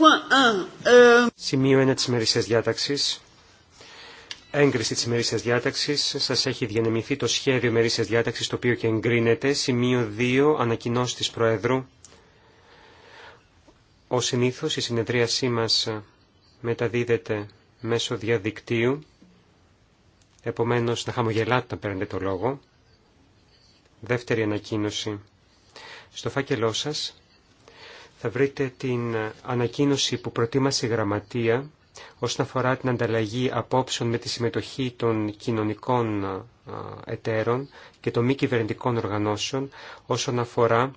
Euh, Σημείο 1 της ημερησίας διάταξης. Έγκριση της ημερησίας διάταξης. Σας έχει διανεμηθεί το σχέδιο ημερησίας διάταξης το οποίο και εγκρίνεται. Σημείο 2. Ανακοινώσεις της Προέδρου. Ο συνήθως η συνεδρίασή μας μεταδίδεται μέσω διαδικτύου. Επομένως να χαμογελάτε να παίρνετε το λόγο. Δεύτερη ανακοίνωση. Στο φάκελό σας θα βρείτε την ανακοίνωση που προτίμασε η Γραμματεία όσον αφορά την ανταλλαγή απόψεων με τη συμμετοχή των κοινωνικών εταίρων και των μη κυβερνητικών οργανώσεων όσον αφορά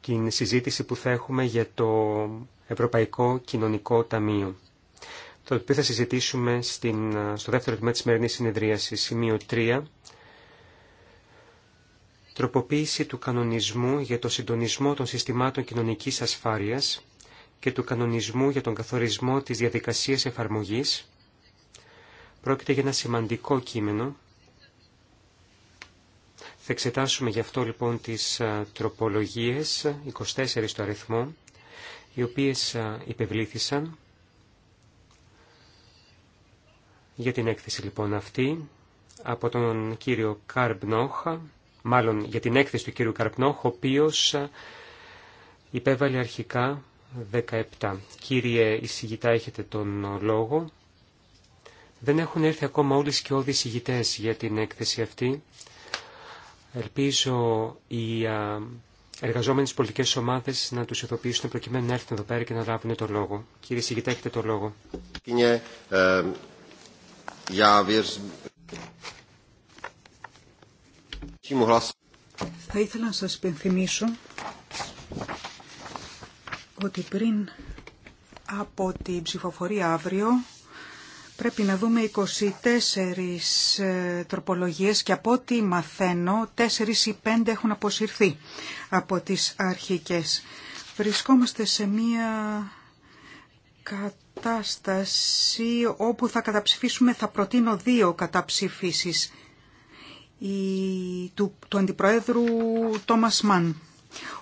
την συζήτηση που θα έχουμε για το Ευρωπαϊκό Κοινωνικό Ταμείο. Το οποίο θα συζητήσουμε στην, στο δεύτερο τμήμα της σημερινής συνεδρίασης, σημείο 3 τροποποίηση του κανονισμού για το συντονισμό των συστημάτων κοινωνικής ασφάλειας και του κανονισμού για τον καθορισμό της διαδικασίας εφαρμογής. Πρόκειται για ένα σημαντικό κείμενο. Θα εξετάσουμε γι' αυτό λοιπόν τις τροπολογίες, 24 στο αριθμό, οι οποίες υπευλήθησαν για την έκθεση λοιπόν αυτή από τον κύριο Καρμπνόχα, μάλλον για την έκθεση του κύριου Καρπνό, ο οποιο ε, υπέβαλε αρχικά 17. Κύριε εισηγητά, έχετε τον λόγο. Δεν έχουν έρθει ακόμα όλοι και όλοι εισηγητές για την έκθεση αυτή. Ελπίζω οι εργαζόμενοι στις πολιτικές ομάδες να τους ειδοποιήσουν προκειμένου να έρθουν εδώ πέρα και να λάβουν το λόγο. Κύριε εισηγητά, έχετε το λόγο. Ε, θα ήθελα να σας υπενθυμίσω ότι πριν από την ψηφοφορία αύριο πρέπει να δούμε 24 ε, τροπολογίες και από ό,τι μαθαίνω 4 ή 5 έχουν αποσυρθεί από τις αρχικές. Βρισκόμαστε σε μία κατάσταση όπου θα καταψηφίσουμε, θα προτείνω δύο καταψηφίσεις του, του Αντιπροέδρου Τόμας Μαν.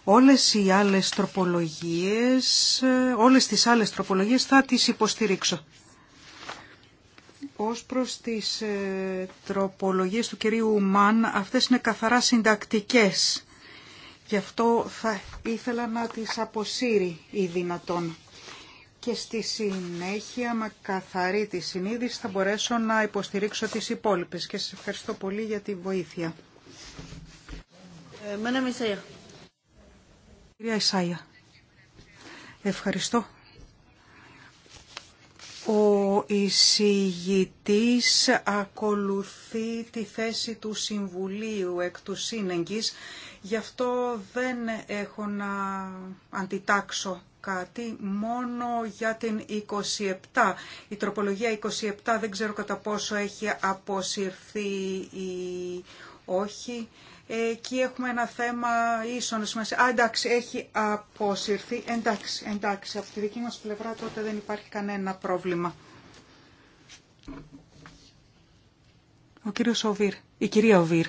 Όλες οι άλλες τροπολογίες, ε, όλες τις άλλες τροπολογίες θα τις υποστηρίξω. Ως προς τις ε, τροπολογίες του κυρίου Μαν, αυτές είναι καθαρά συντακτικές. Γι' αυτό θα ήθελα να τις αποσύρει η δυνατόν και στη συνέχεια με καθαρή τη συνείδηση θα μπορέσω να υποστηρίξω τις υπόλοιπες και σας ευχαριστώ πολύ για τη βοήθεια. Ε, Κυρία Ισάια, ευχαριστώ. Ο εισηγητής ακολουθεί τη θέση του Συμβουλίου εκ του Σύνεγγης, γι' αυτό δεν έχω να αντιτάξω κάτι μόνο για την 27. Η τροπολογία 27 δεν ξέρω κατά πόσο έχει αποσυρθεί ή όχι. Εκεί έχουμε ένα θέμα ίσον σημασία. Α, εντάξει, έχει αποσυρθεί. Εντάξει, εντάξει, από τη δική μας πλευρά τότε δεν υπάρχει κανένα πρόβλημα. Ο κύριος Οβίρ, η κυρία Οβίρ.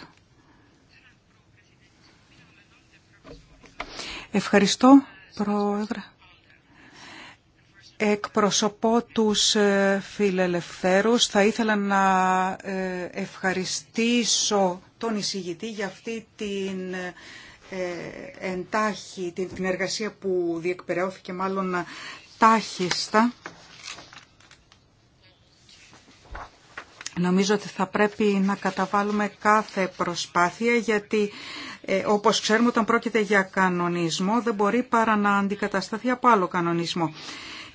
Ευχαριστώ, Πρόεδρε. Εκπροσωπώ τους ε, φιλελευθέρους. Θα ήθελα να ε, ευχαριστήσω τον εισηγητή για αυτή την ε, εντάχει, την εργασία που διεκπαιρεώθηκε μάλλον τάχιστα. Νομίζω ότι θα πρέπει να καταβάλουμε κάθε προσπάθεια γιατί όπως ξέρουμε όταν πρόκειται για κανονισμό δεν μπορεί παρά να αντικατασταθεί από άλλο κανονισμό.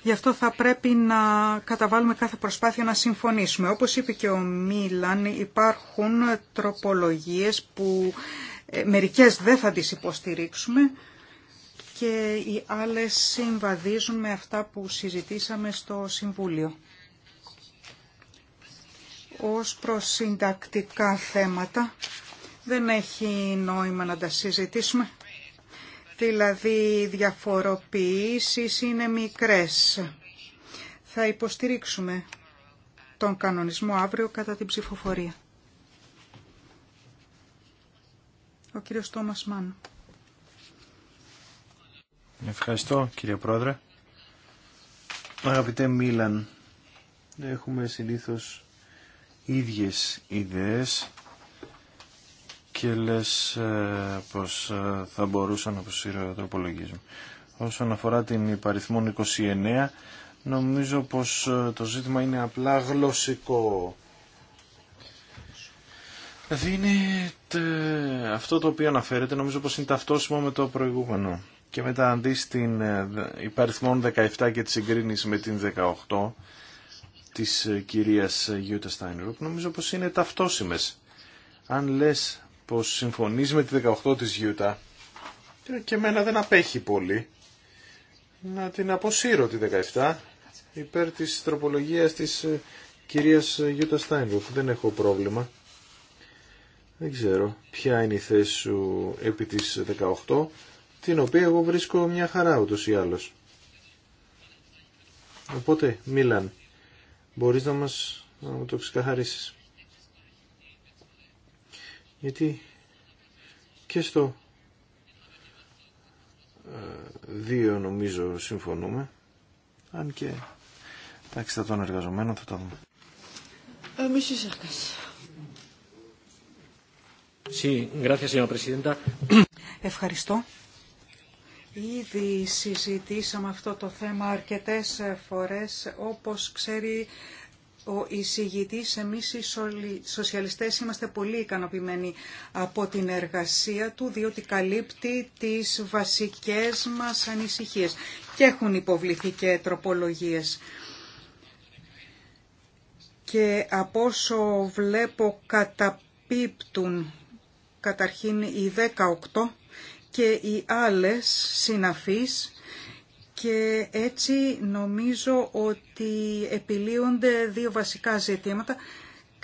Γι' αυτό θα πρέπει να καταβάλουμε κάθε προσπάθεια να συμφωνήσουμε. Όπως είπε και ο Μίλαν, υπάρχουν τροπολογίες που ε, μερικές δεν θα τις υποστηρίξουμε και οι άλλες συμβαδίζουν με αυτά που συζητήσαμε στο Συμβούλιο. Ως προσυντακτικά θέματα δεν έχει νόημα να τα συζητήσουμε δηλαδή οι διαφοροποιήσεις είναι μικρές. Θα υποστηρίξουμε τον κανονισμό αύριο κατά την ψηφοφορία. Ο κύριος Τόμας Μάν. Ευχαριστώ κύριε Πρόεδρε. Αγαπητέ Μίλαν, έχουμε συνήθως ίδιες ιδέες και λες ε, πως ε, θα μπορούσα να αποσύρω το μου. Όσον αφορά την υπαριθμόν 29, νομίζω πως ε, το ζήτημα είναι απλά γλωσσικό. Δηλαδή είναι αυτό το οποίο αναφέρεται, νομίζω πως είναι ταυτόσιμο με το προηγούμενο. Και μετά αντί δεις την υπαριθμόν 17 και τη συγκρίνεις με την 18 της κυρίας Γιούτα Στάινρουπ, νομίζω πως είναι ταυτόσιμες. Αν λες πως συμφωνείς με τη 18 της Γιούτα και εμένα δεν απέχει πολύ να την αποσύρω τη 17 υπέρ της τροπολογίας της ε, κυρίας Γιούτα Στάινγκοφ. Δεν έχω πρόβλημα. Δεν ξέρω ποια είναι η θέση σου επί της 18, την οποία εγώ βρίσκω μια χαρά ούτως ή άλλως. Οπότε, Μίλαν, μπορείς να μας να το ξεκαθαρίσεις γιατί και στο 2 ε, νομίζω συμφωνούμε αν και τα τον τον εργαζομένων θα τα δούμε. Ε, Ευχαριστώ. Ήδη συζητήσαμε αυτό το θέμα αρκετές φορές. Όπως ξέρει ο εισηγητής, εμείς οι σοσιαλιστές είμαστε πολύ ικανοποιημένοι από την εργασία του, διότι καλύπτει τις βασικές μας ανησυχίες και έχουν υποβληθεί και τροπολογίες. Και από όσο βλέπω καταπίπτουν καταρχήν οι 18 και οι άλλες συναφείς και έτσι νομίζω ότι επιλύονται δύο βασικά ζητήματα.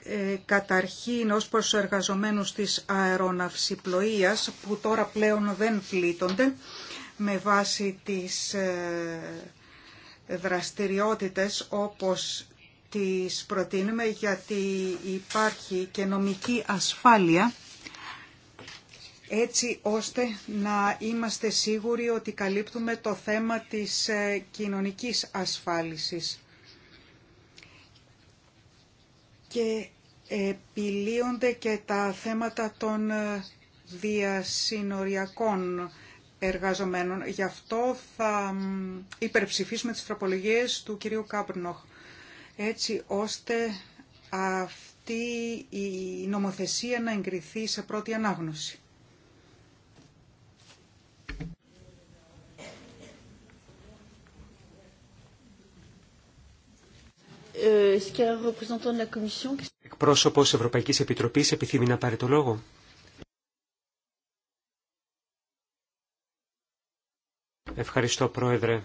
Ε, καταρχήν ως προς τους εργαζομένους της αεροναυσιπλοείας που τώρα πλέον δεν πλήττονται με βάση τις ε, δραστηριότητες όπως τις προτείνουμε γιατί υπάρχει και νομική ασφάλεια έτσι ώστε να είμαστε σίγουροι ότι καλύπτουμε το θέμα της ε, κοινωνικής ασφάλισης. Και επιλύονται και τα θέματα των ε, διασυνοριακών εργαζομένων. Γι' αυτό θα υπερψηφίσουμε τις τροπολογίες του κυρίου Κάμπρνοχ, έτσι ώστε αυτή η νομοθεσία να εγκριθεί σε πρώτη ανάγνωση. Euh, Εκπρόσωπος Ευρωπαϊκής Επιτροπής επιθυμεί να πάρει το λόγο. Ευχαριστώ, Πρόεδρε.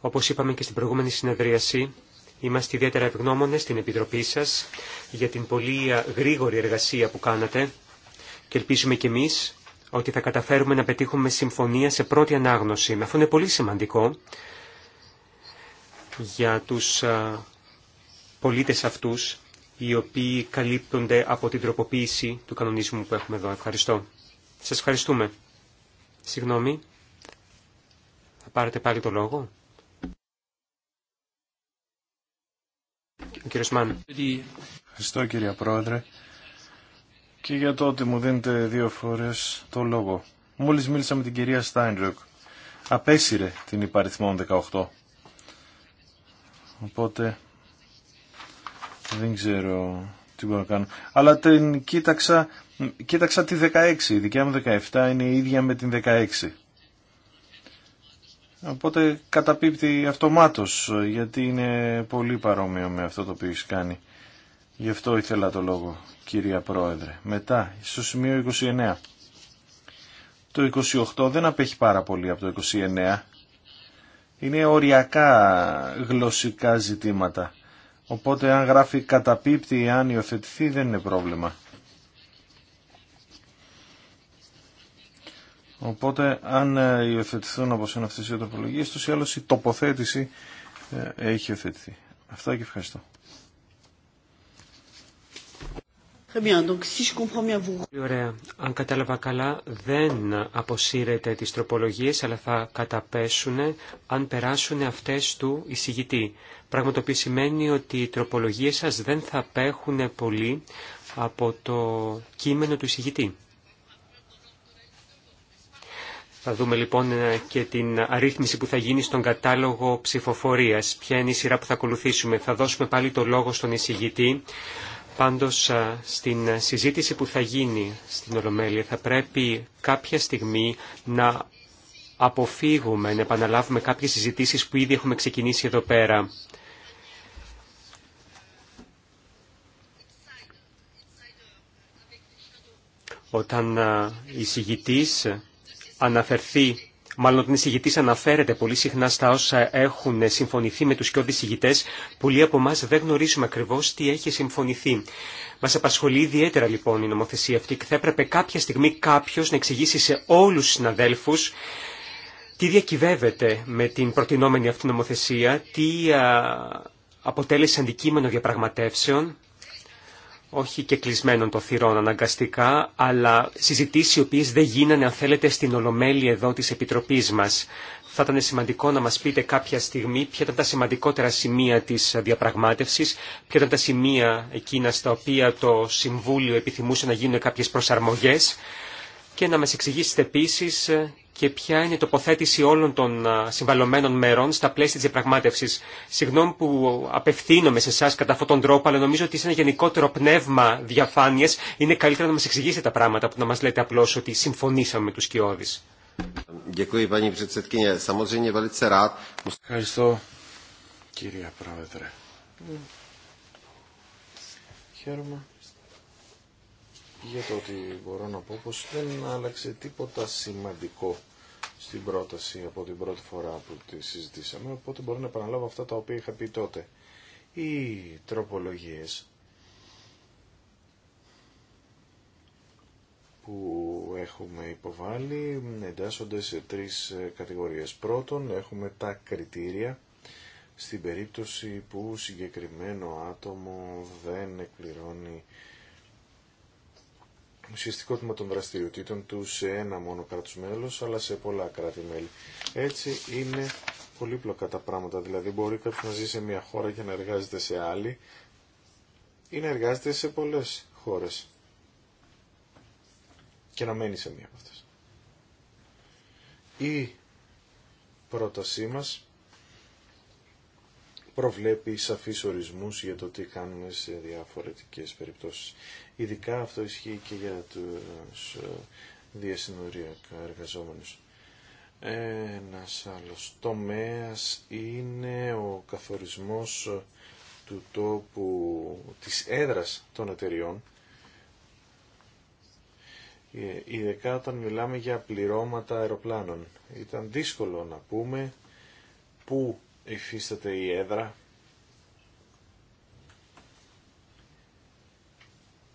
Όπως είπαμε και στην προηγούμενη συνεδρίαση, είμαστε ιδιαίτερα ευγνώμονες στην Επιτροπή σας για την πολύ γρήγορη εργασία που κάνατε και ελπίζουμε κι εμείς ότι θα καταφέρουμε να πετύχουμε συμφωνία σε πρώτη ανάγνωση. Με Αυτό είναι πολύ σημαντικό, για τους πολίτες αυτούς οι οποίοι καλύπτονται από την τροποποίηση του κανονισμού που έχουμε εδώ. Ευχαριστώ. Σας ευχαριστούμε. Συγγνώμη, θα πάρετε πάλι το λόγο. Ο κύριος Ευχαριστώ κύριε Πρόεδρε και για το ότι μου δίνετε δύο φορές το λόγο. Μόλις μίλησα με την κυρία Στάινρουκ. Απέσυρε την υπαριθμόν 18 Οπότε δεν ξέρω τι μπορώ να κάνω. Αλλά την κοίταξα, κοίταξα τη 16. Η δικιά μου 17 είναι η ίδια με την 16. Οπότε καταπίπτει αυτομάτως γιατί είναι πολύ παρόμοιο με αυτό το οποίο έχει κάνει. Γι' αυτό ήθελα το λόγο, κυρία Πρόεδρε. Μετά, στο σημείο 29. Το 28 δεν απέχει πάρα πολύ από το 29 είναι οριακά γλωσσικά ζητήματα. Οπότε αν γράφει καταπίπτει ή αν υιοθετηθεί δεν είναι πρόβλημα. Οπότε αν ε, υιοθετηθούν όπως είναι αυτές οι τροπολογίες, τους ή άλλως η τοποθέτηση ε, έχει υιοθετηθεί. Αυτά και ευχαριστώ. Ωραία. Αν κατάλαβα καλά, δεν αποσύρεται τις τροπολογίες, αλλά θα καταπέσουν αν περάσουν αυτές του εισηγητή. Πράγμα το οποίο σημαίνει ότι οι τροπολογίες σας δεν θα απέχουν πολύ από το κείμενο του εισηγητή. Θα δούμε λοιπόν ε, και την αρρύθμιση που θα γίνει στον κατάλογο ψηφοφορίας. Ποια είναι η σειρά που θα ακολουθήσουμε. Θα δώσουμε πάλι το λόγο στον εισηγητή Πάντως στην συζήτηση που θα γίνει στην Ολομέλεια θα πρέπει κάποια στιγμή να αποφύγουμε, να επαναλάβουμε κάποιες συζητήσεις που ήδη έχουμε ξεκινήσει εδώ πέρα. Όταν η συγητής αναφερθεί μάλλον ότι είναι συγητή αναφέρεται πολύ συχνά στα όσα έχουν συμφωνηθεί με του κοιόδη συγητέ. Πολλοί από εμά δεν γνωρίζουμε ακριβώ τι έχει συμφωνηθεί. Μα απασχολεί ιδιαίτερα λοιπόν η νομοθεσία αυτή και θα έπρεπε κάποια στιγμή κάποιο να εξηγήσει σε όλου του συναδέλφου τι διακυβεύεται με την προτινόμενη αυτή νομοθεσία, τι αποτέλεσε αντικείμενο διαπραγματεύσεων όχι και κλεισμένων των θυρών αναγκαστικά, αλλά συζητήσεις οι οποίες δεν γίνανε, αν θέλετε, στην ολομέλη εδώ της Επιτροπής μας. Θα ήταν σημαντικό να μας πείτε κάποια στιγμή ποια ήταν τα σημαντικότερα σημεία της διαπραγμάτευσης, ποια ήταν τα σημεία εκείνα στα οποία το Συμβούλιο επιθυμούσε να γίνουν κάποιες προσαρμογές και να μας εξηγήσετε επίσης και ποια είναι η τοποθέτηση όλων των συμβαλωμένων μέρων στα πλαίσια τη διαπραγμάτευση. Συγγνώμη που απευθύνομαι σε εσά κατά αυτόν τον τρόπο, αλλά νομίζω ότι σε ένα γενικότερο πνεύμα διαφάνεια είναι καλύτερα να μα εξηγήσετε τα πράγματα που να μα λέτε απλώ ότι συμφωνήσαμε με του κοιόδη. Ευχαριστώ, κύριε Πρόεδρε. Χαίρομαι για το ότι μπορώ να πω πως δεν άλλαξε τίποτα σημαντικό στην πρόταση από την πρώτη φορά που τη συζητήσαμε, οπότε μπορώ να επαναλάβω αυτά τα οποία είχα πει τότε. Οι τροπολογίες που έχουμε υποβάλει εντάσσονται σε τρεις κατηγορίες. Πρώτον, έχουμε τα κριτήρια στην περίπτωση που συγκεκριμένο άτομο δεν εκπληρώνει ουσιαστικό τμήμα των δραστηριοτήτων του σε ένα μόνο κράτο μέλο, αλλά σε πολλά κράτη-μέλη. Έτσι είναι πολύπλοκα τα πράγματα. Δηλαδή μπορεί κάποιο να ζει σε μια χώρα και να εργάζεται σε άλλη ή να εργάζεται σε πολλέ χώρες και να μένει σε μία από αυτές. Η πρότασή μας προβλέπει σαφείς ορισμούς για το τι κάνουμε σε διάφορετικές περιπτώσεις. Ειδικά αυτό ισχύει και για τους ε, διασυνοριακά εργαζόμενους. Ένας άλλος τομέας είναι ο καθορισμός του τόπου της έδρας των εταιριών. Ε, ειδικά όταν μιλάμε για πληρώματα αεροπλάνων. Ήταν δύσκολο να πούμε πού υφίσταται η έδρα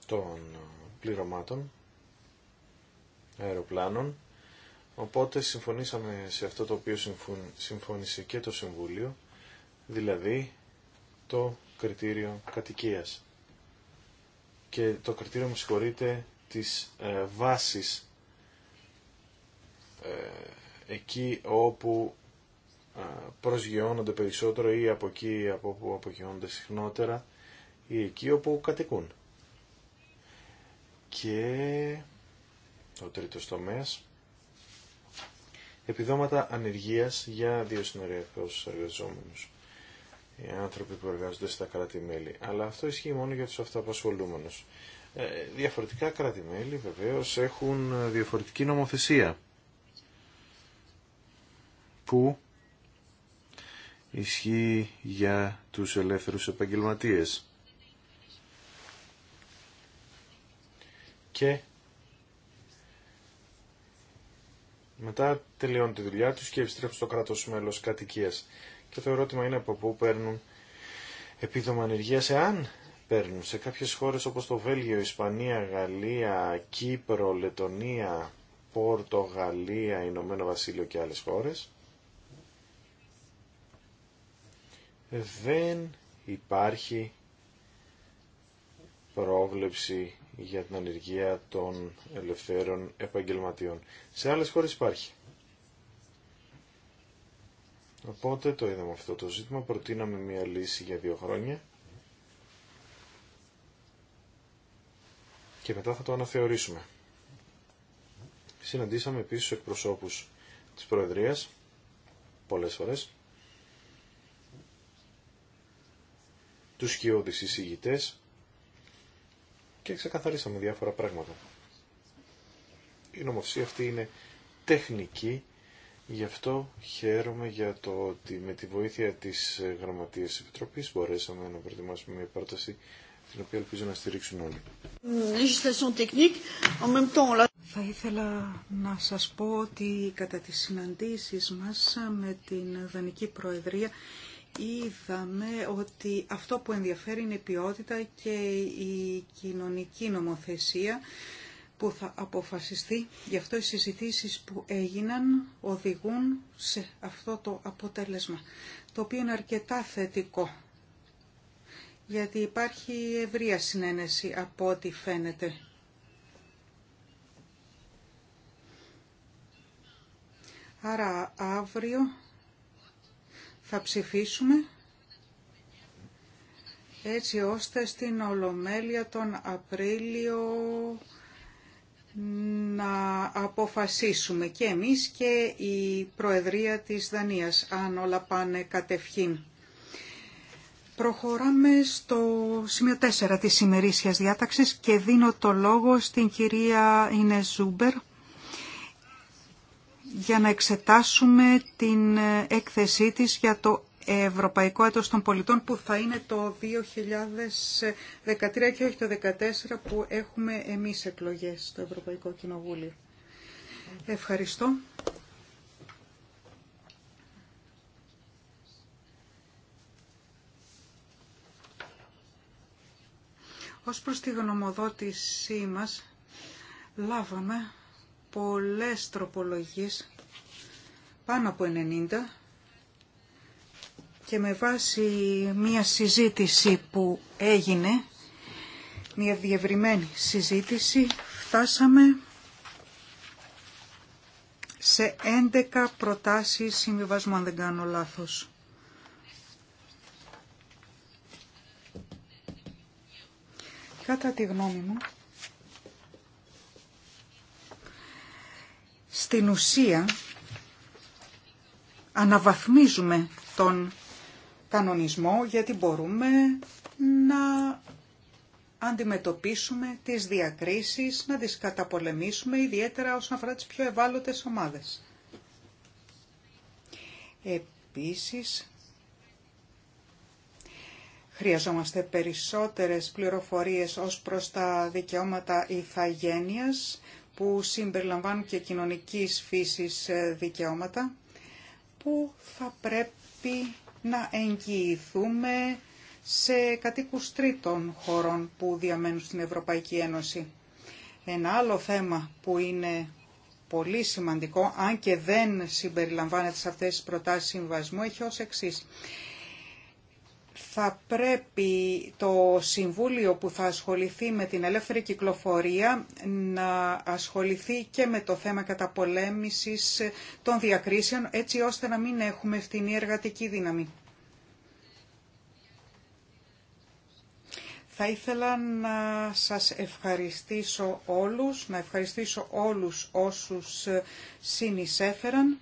των ε, πληρωμάτων αεροπλάνων οπότε συμφωνήσαμε σε αυτό το οποίο συμφώνησε και το Συμβούλιο δηλαδή το κριτήριο κατοικίας και το κριτήριο μου συγχωρείτε της ε, βάσης ε, εκεί όπου προσγειώνονται περισσότερο ή από εκεί από όπου απογειώνονται συχνότερα ή εκεί όπου κατοικούν. Και ο τρίτος τομέας επιδόματα ανεργίας για δύο συνεργατικούς εργαζόμενους. Οι άνθρωποι που εργάζονται στα κράτη-μέλη. Αλλά αυτό ισχύει μόνο για τους αυτοαπασχολούμενους. Ε, διαφορετικά κράτη-μέλη βεβαίως έχουν διαφορετική νομοθεσία που ισχύει για τους ελεύθερους επαγγελματίες. Και μετά τελειώνουν τη δουλειά τους και επιστρέφουν στο κράτος μέλος κατοικίας. Και το ερώτημα είναι από πού παίρνουν επίδομα ανεργίας, εάν παίρνουν. Σε κάποιες χώρες όπως το Βέλγιο, Ισπανία, Γαλλία, Κύπρο, Λετωνία, Πορτογαλία, Ηνωμένο Βασίλειο και άλλες χώρες, δεν υπάρχει πρόβλεψη για την ανεργία των ελευθέρων επαγγελματιών. Σε άλλες χώρες υπάρχει. Οπότε το είδαμε αυτό το ζήτημα, προτείναμε μια λύση για δύο χρόνια και μετά θα το αναθεωρήσουμε. Συναντήσαμε επίσης εκπροσώπους της Προεδρίας πολλές φορές τους σκιώδεις εισηγητές και ξεκαθαρίσαμε διάφορα πράγματα. Η νομοθεσία αυτή είναι τεχνική, γι' αυτό χαίρομαι για το ότι με τη βοήθεια της Γραμματείας Επιτροπής μπορέσαμε να προετοιμάσουμε μια πρόταση την οποία ελπίζω να στηρίξουν όλοι. Θα ήθελα να σας πω ότι κατά τις συναντήσεις μας με την Δανική Προεδρία είδαμε ότι αυτό που ενδιαφέρει είναι η ποιότητα και η κοινωνική νομοθεσία που θα αποφασιστεί. Γι' αυτό οι συζητήσεις που έγιναν οδηγούν σε αυτό το αποτέλεσμα, το οποίο είναι αρκετά θετικό. Γιατί υπάρχει ευρεία συνένεση από ό,τι φαίνεται. Άρα αύριο θα ψηφίσουμε έτσι ώστε στην Ολομέλεια τον Απρίλιο να αποφασίσουμε και εμείς και η Προεδρία της Δανίας, αν όλα πάνε κατευχήν. Προχωράμε στο σημείο 4 της ημερήσιας διάταξης και δίνω το λόγο στην κυρία Ζούμπερ για να εξετάσουμε την έκθεσή της για το Ευρωπαϊκό Έτος των Πολιτών που θα είναι το 2013 και όχι το 2014 που έχουμε εμείς εκλογές στο Ευρωπαϊκό Κοινοβούλιο. Ευχαριστώ. Ως προς τη γνωμοδότησή μας λάβαμε πολλές τροπολογίες, πάνω από 90, και με βάση μία συζήτηση που έγινε, μία διευρυμένη συζήτηση, φτάσαμε σε 11 προτάσεις συμβιβασμού, αν δεν κάνω λάθος. Κατά τη γνώμη μου, στην ουσία αναβαθμίζουμε τον κανονισμό γιατί μπορούμε να αντιμετωπίσουμε τις διακρίσεις, να τις καταπολεμήσουμε ιδιαίτερα όσον αφορά τις πιο ευάλωτες ομάδες. Επίσης, χρειαζόμαστε περισσότερες πληροφορίες ως προς τα δικαιώματα ηθαγένειας που συμπεριλαμβάνουν και κοινωνικής φύσης ε, δικαιώματα που θα πρέπει να εγγυηθούμε σε κατοίκους τρίτων χωρών που διαμένουν στην Ευρωπαϊκή Ένωση. Ένα άλλο θέμα που είναι πολύ σημαντικό, αν και δεν συμπεριλαμβάνεται σε αυτές τις προτάσεις συμβασμού, έχει ως εξής θα πρέπει το Συμβούλιο που θα ασχοληθεί με την ελεύθερη κυκλοφορία να ασχοληθεί και με το θέμα καταπολέμησης των διακρίσεων έτσι ώστε να μην έχουμε φτηνή εργατική δύναμη. Θα ήθελα να σας ευχαριστήσω όλους, να ευχαριστήσω όλους όσους συνεισέφεραν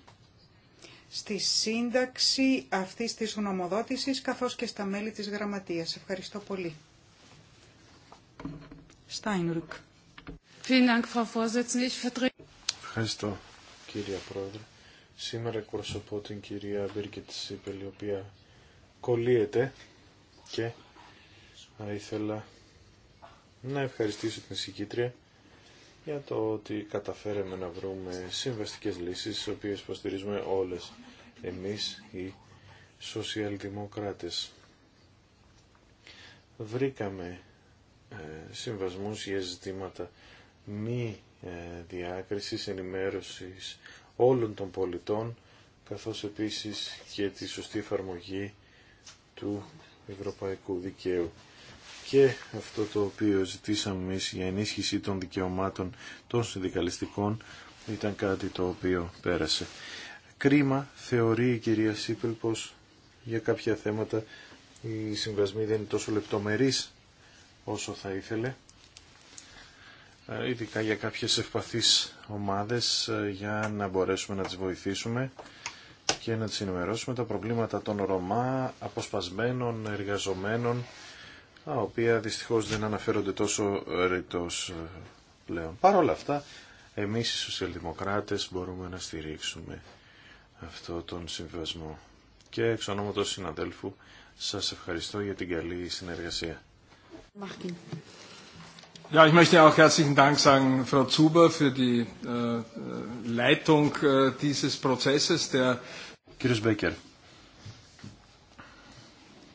στη σύνταξη αυτής της γνωμοδότησης καθώς και στα μέλη της Γραμματείας. Ευχαριστώ πολύ. Steinrück. Ευχαριστώ κύριε Πρόεδρε. Σήμερα εκπροσωπώ την κυρία Μπίρκετ Σίπελ, η οποία κολλείεται και θα ήθελα να ευχαριστήσω την συγκήτρια για το ότι καταφέραμε να βρούμε συμβαστικές λύσεις, τις οποίες υποστηρίζουμε όλες εμείς οι σοσιαλδημοκράτες. Βρήκαμε ε, συμβασμούς για ζητήματα μη ε, διάκρισης, ενημέρωσης όλων των πολιτών, καθώς επίσης και τη σωστή εφαρμογή του ευρωπαϊκού δικαίου και αυτό το οποίο ζητήσαμε εμείς για ενίσχυση των δικαιωμάτων των συνδικαλιστικών ήταν κάτι το οποίο πέρασε. Κρίμα θεωρεί η κυρία Σίπελ πως για κάποια θέματα οι συμβασμοί δεν είναι τόσο λεπτομερείς όσο θα ήθελε ε, ειδικά για κάποιες ευπαθείς ομάδες ε, για να μπορέσουμε να τις βοηθήσουμε και να τις ενημερώσουμε τα προβλήματα των Ρωμά, αποσπασμένων, εργαζομένων τα οποία δυστυχώς δεν αναφέρονται τόσο ρητός ε, πλέον. Παρ' όλα αυτά, εμείς οι σοσιαλδημοκράτες μπορούμε να στηρίξουμε αυτό τον συμβασμό. Και εξ ονόματος συναδέλφου, σας ευχαριστώ για την καλή συνεργασία. Ja, ich möchte auch herzlichen Dank sagen, Frau Zuber, für die äh, äh Leitung äh, dieses Prozesses. Der Κύριος Becker.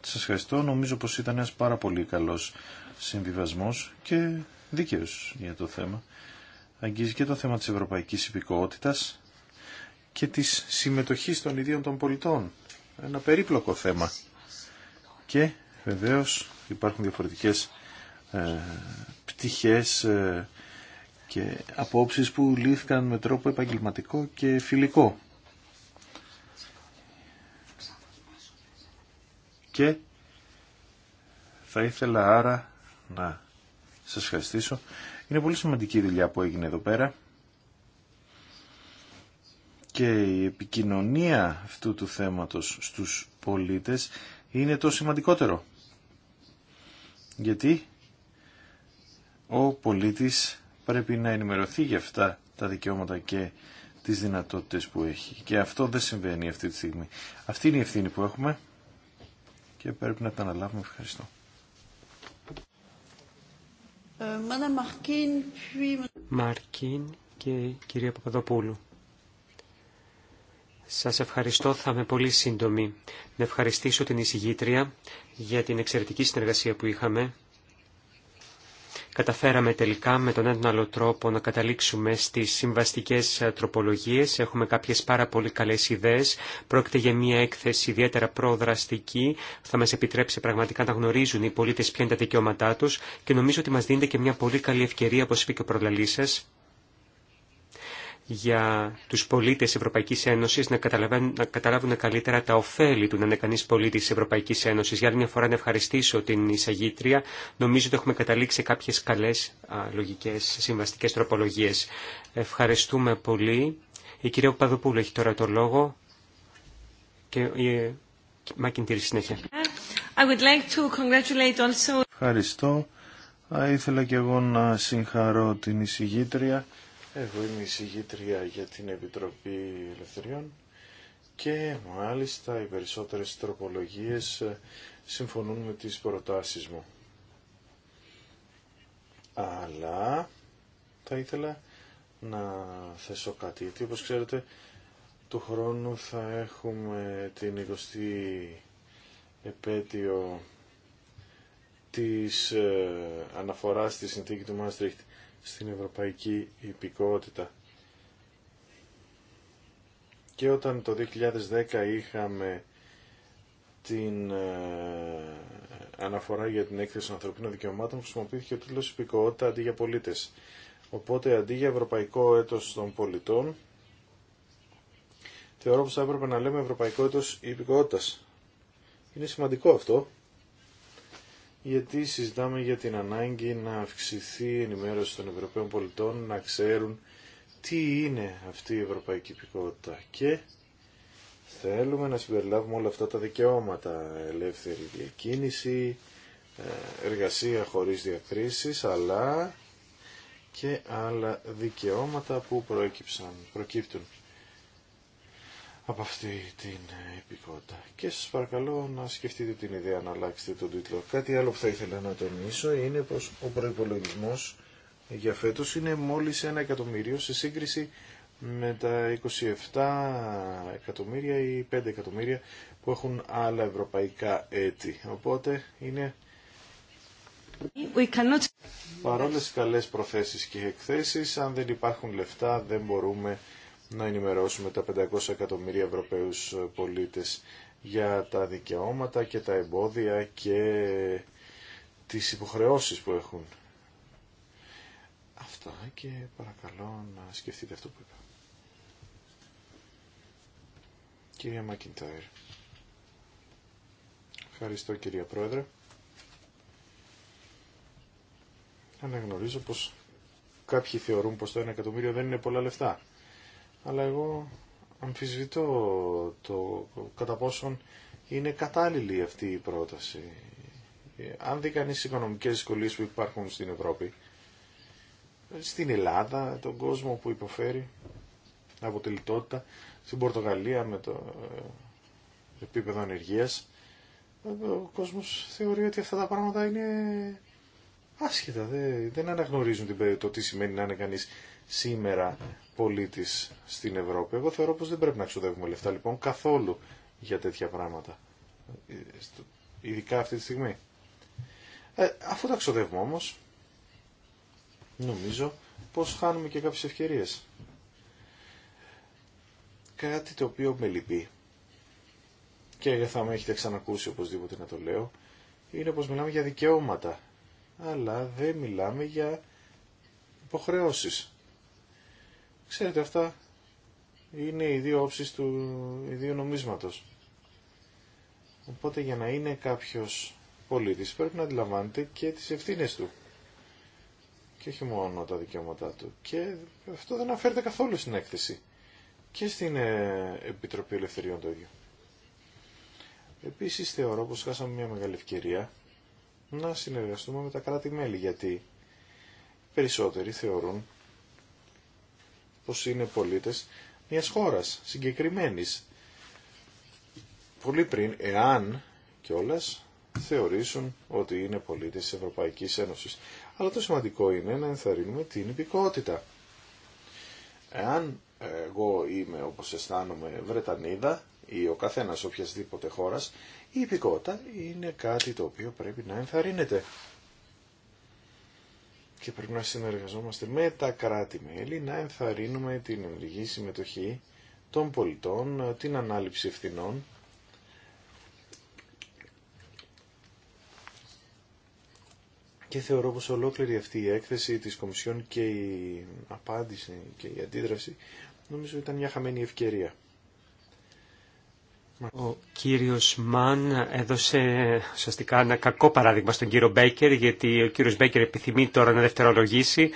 Σα ευχαριστώ. Νομίζω πως ήταν ένα πάρα πολύ καλός συμβιβασμό και δίκαιος για το θέμα. Αγγίζει και το θέμα της ευρωπαϊκής υπηκότητα και της συμμετοχής των ιδίων των πολιτών. Ένα περίπλοκο θέμα. Και βεβαίως υπάρχουν διαφορετικές ε, ε και απόψει που λύθηκαν με τρόπο επαγγελματικό και φιλικό. και θα ήθελα άρα να σας ευχαριστήσω. Είναι πολύ σημαντική η δουλειά που έγινε εδώ πέρα και η επικοινωνία αυτού του θέματος στους πολίτες είναι το σημαντικότερο. Γιατί ο πολίτης πρέπει να ενημερωθεί για αυτά τα δικαιώματα και τις δυνατότητες που έχει. Και αυτό δεν συμβαίνει αυτή τη στιγμή. Αυτή είναι η ευθύνη που έχουμε και πρέπει να τα αναλάβουμε. Ευχαριστώ. Ε, Μαρκίν και κυρία Παπαδοπούλου. Σας ευχαριστώ, θα είμαι πολύ σύντομη. Να ευχαριστήσω την εισηγήτρια για την εξαιρετική συνεργασία που είχαμε Καταφέραμε τελικά με τον έναν άλλο τρόπο να καταλήξουμε στις συμβαστικές ε, τροπολογίες. Έχουμε κάποιες πάρα πολύ καλές ιδέες. Πρόκειται για μια έκθεση ιδιαίτερα προδραστική. Θα μας επιτρέψει πραγματικά να γνωρίζουν οι πολίτες ποια είναι τα δικαιώματά τους και νομίζω ότι μας δίνεται και μια πολύ καλή ευκαιρία, όπως είπε και ο προλαλής σας, για τους πολίτες Ευρωπαϊκής Ένωσης να, να καταλάβουν καλύτερα τα ωφέλη του να είναι κανείς πολίτης Ευρωπαϊκής Ένωσης. Για άλλη μια φορά να ευχαριστήσω την εισαγήτρια. Νομίζω ότι έχουμε καταλήξει σε κάποιες καλές α, λογικές συμβαστικές τροπολογίες. Ευχαριστούμε πολύ. Η κυρία Παδοπούλου έχει τώρα το λόγο και η Μάκιντήρη συνέχεια. Ευχαριστώ. ήθελα και εγώ να συγχαρώ την εισηγήτρια εγώ είμαι συγγήτρια για την Επιτροπή Ελευθεριών και μάλιστα οι περισσότερες τροπολογίες ε, συμφωνούν με τις προτάσεις μου. Αλλά θα ήθελα να θέσω κάτι, γιατί όπως ξέρετε του χρόνου θα έχουμε την 20η επέτειο της ε, αναφοράς στη συνθήκη του Μάστριχτ στην ευρωπαϊκή υπηκότητα. Και όταν το 2010 είχαμε την ε, αναφορά για την έκθεση των ανθρωπίνων δικαιωμάτων χρησιμοποιήθηκε ο τίτλος υπηκότητα αντί για πολίτες. Οπότε αντί για ευρωπαϊκό έτος των πολιτών θεωρώ πως θα έπρεπε να λέμε ευρωπαϊκό έτος υπηκότητας. Είναι σημαντικό αυτό γιατί συζητάμε για την ανάγκη να αυξηθεί η ενημέρωση των Ευρωπαίων πολιτών, να ξέρουν τι είναι αυτή η ευρωπαϊκή υπηκότητα και θέλουμε να συμπεριλάβουμε όλα αυτά τα δικαιώματα, ελεύθερη διακίνηση, ε, εργασία χωρίς διακρίσεις, αλλά και άλλα δικαιώματα που προέκυψαν, προκύπτουν από αυτή την επικότητα. Και σας παρακαλώ να σκεφτείτε την ιδέα να αλλάξετε τον τίτλο. Κάτι άλλο που θα ήθελα να τονίσω είναι πως ο προϋπολογισμός για φέτος είναι μόλις ένα εκατομμύριο σε σύγκριση με τα 27 εκατομμύρια ή 5 εκατομμύρια που έχουν άλλα ευρωπαϊκά έτη. Οπότε είναι cannot... παρόλες καλές προθέσεις και εκθέσεις, αν δεν υπάρχουν λεφτά δεν μπορούμε να ενημερώσουμε τα 500 εκατομμύρια Ευρωπαίους πολίτες για τα δικαιώματα και τα εμπόδια και τις υποχρεώσεις που έχουν. Αυτά και παρακαλώ να σκεφτείτε αυτό που είπα. Κυρία Μακιντάιρ. Ευχαριστώ κυρία Πρόεδρε. Αναγνωρίζω πως κάποιοι θεωρούν πως το 1 εκατομμύριο δεν είναι πολλά λεφτά αλλά εγώ αμφισβητώ το κατά πόσον είναι κατάλληλη αυτή η πρόταση. Ε, αν δει κανείς τις οικονομικές δυσκολίες που υπάρχουν στην Ευρώπη, στην Ελλάδα, τον κόσμο που υποφέρει από τη λιτότητα, στην Πορτογαλία με το ε, επίπεδο ανεργίας, ε, ο κόσμος θεωρεί ότι αυτά τα πράγματα είναι άσχετα, δεν αναγνωρίζουν το τι σημαίνει να είναι κανείς σήμερα πολίτης στην Ευρώπη. Εγώ θεωρώ πώ δεν πρέπει να ξοδεύουμε λεφτά λοιπόν καθόλου για τέτοια πράγματα. Ε, ειδικά αυτή τη στιγμή. Ε, αφού τα ξοδεύουμε όμως, νομίζω πως χάνουμε και κάποιες ευκαιρίες. Κάτι το οποίο με λυπεί και θα με έχετε ξανακούσει οπωσδήποτε να το λέω, είναι πως μιλάμε για δικαιώματα, αλλά δεν μιλάμε για υποχρεώσεις. Ξέρετε αυτά είναι οι δύο όψεις του ιδίου νομίσματος. Οπότε για να είναι κάποιος πολίτης πρέπει να αντιλαμβάνεται και τις ευθύνες του και όχι μόνο τα δικαιώματά του. Και αυτό δεν αναφέρεται καθόλου στην έκθεση και στην ε, Επιτροπή Ελευθεριών το ίδιο. Επίσης θεωρώ πως χάσαμε μια μεγάλη ευκαιρία να συνεργαστούμε με τα κράτη-μέλη γιατί περισσότεροι θεωρούν πως είναι πολίτες μιας χώρας συγκεκριμένης. Πολύ πριν, εάν κιόλα θεωρήσουν ότι είναι πολίτες της Ευρωπαϊκής Ένωσης. Αλλά το σημαντικό είναι να ενθαρρύνουμε την υπηκότητα. Εάν εγώ είμαι όπως αισθάνομαι Βρετανίδα ή ο καθένας οποιασδήποτε χώρας, η υπηκότητα είναι κάτι το οποίο πρέπει να ενθαρρύνεται και πρέπει να συνεργαζόμαστε με τα κράτη-μέλη να ενθαρρύνουμε την ενεργή συμμετοχή των πολιτών, την ανάληψη ευθυνών και θεωρώ πως ολόκληρη αυτή η έκθεση της Κομισιόν και η απάντηση και η αντίδραση νομίζω ήταν μια χαμένη ευκαιρία. Ο κύριος Μαν έδωσε ουσιαστικά ένα κακό παράδειγμα στον κύριο Μπέικερ, γιατί ο κύριος Μπέικερ επιθυμεί τώρα να δευτερολογήσει.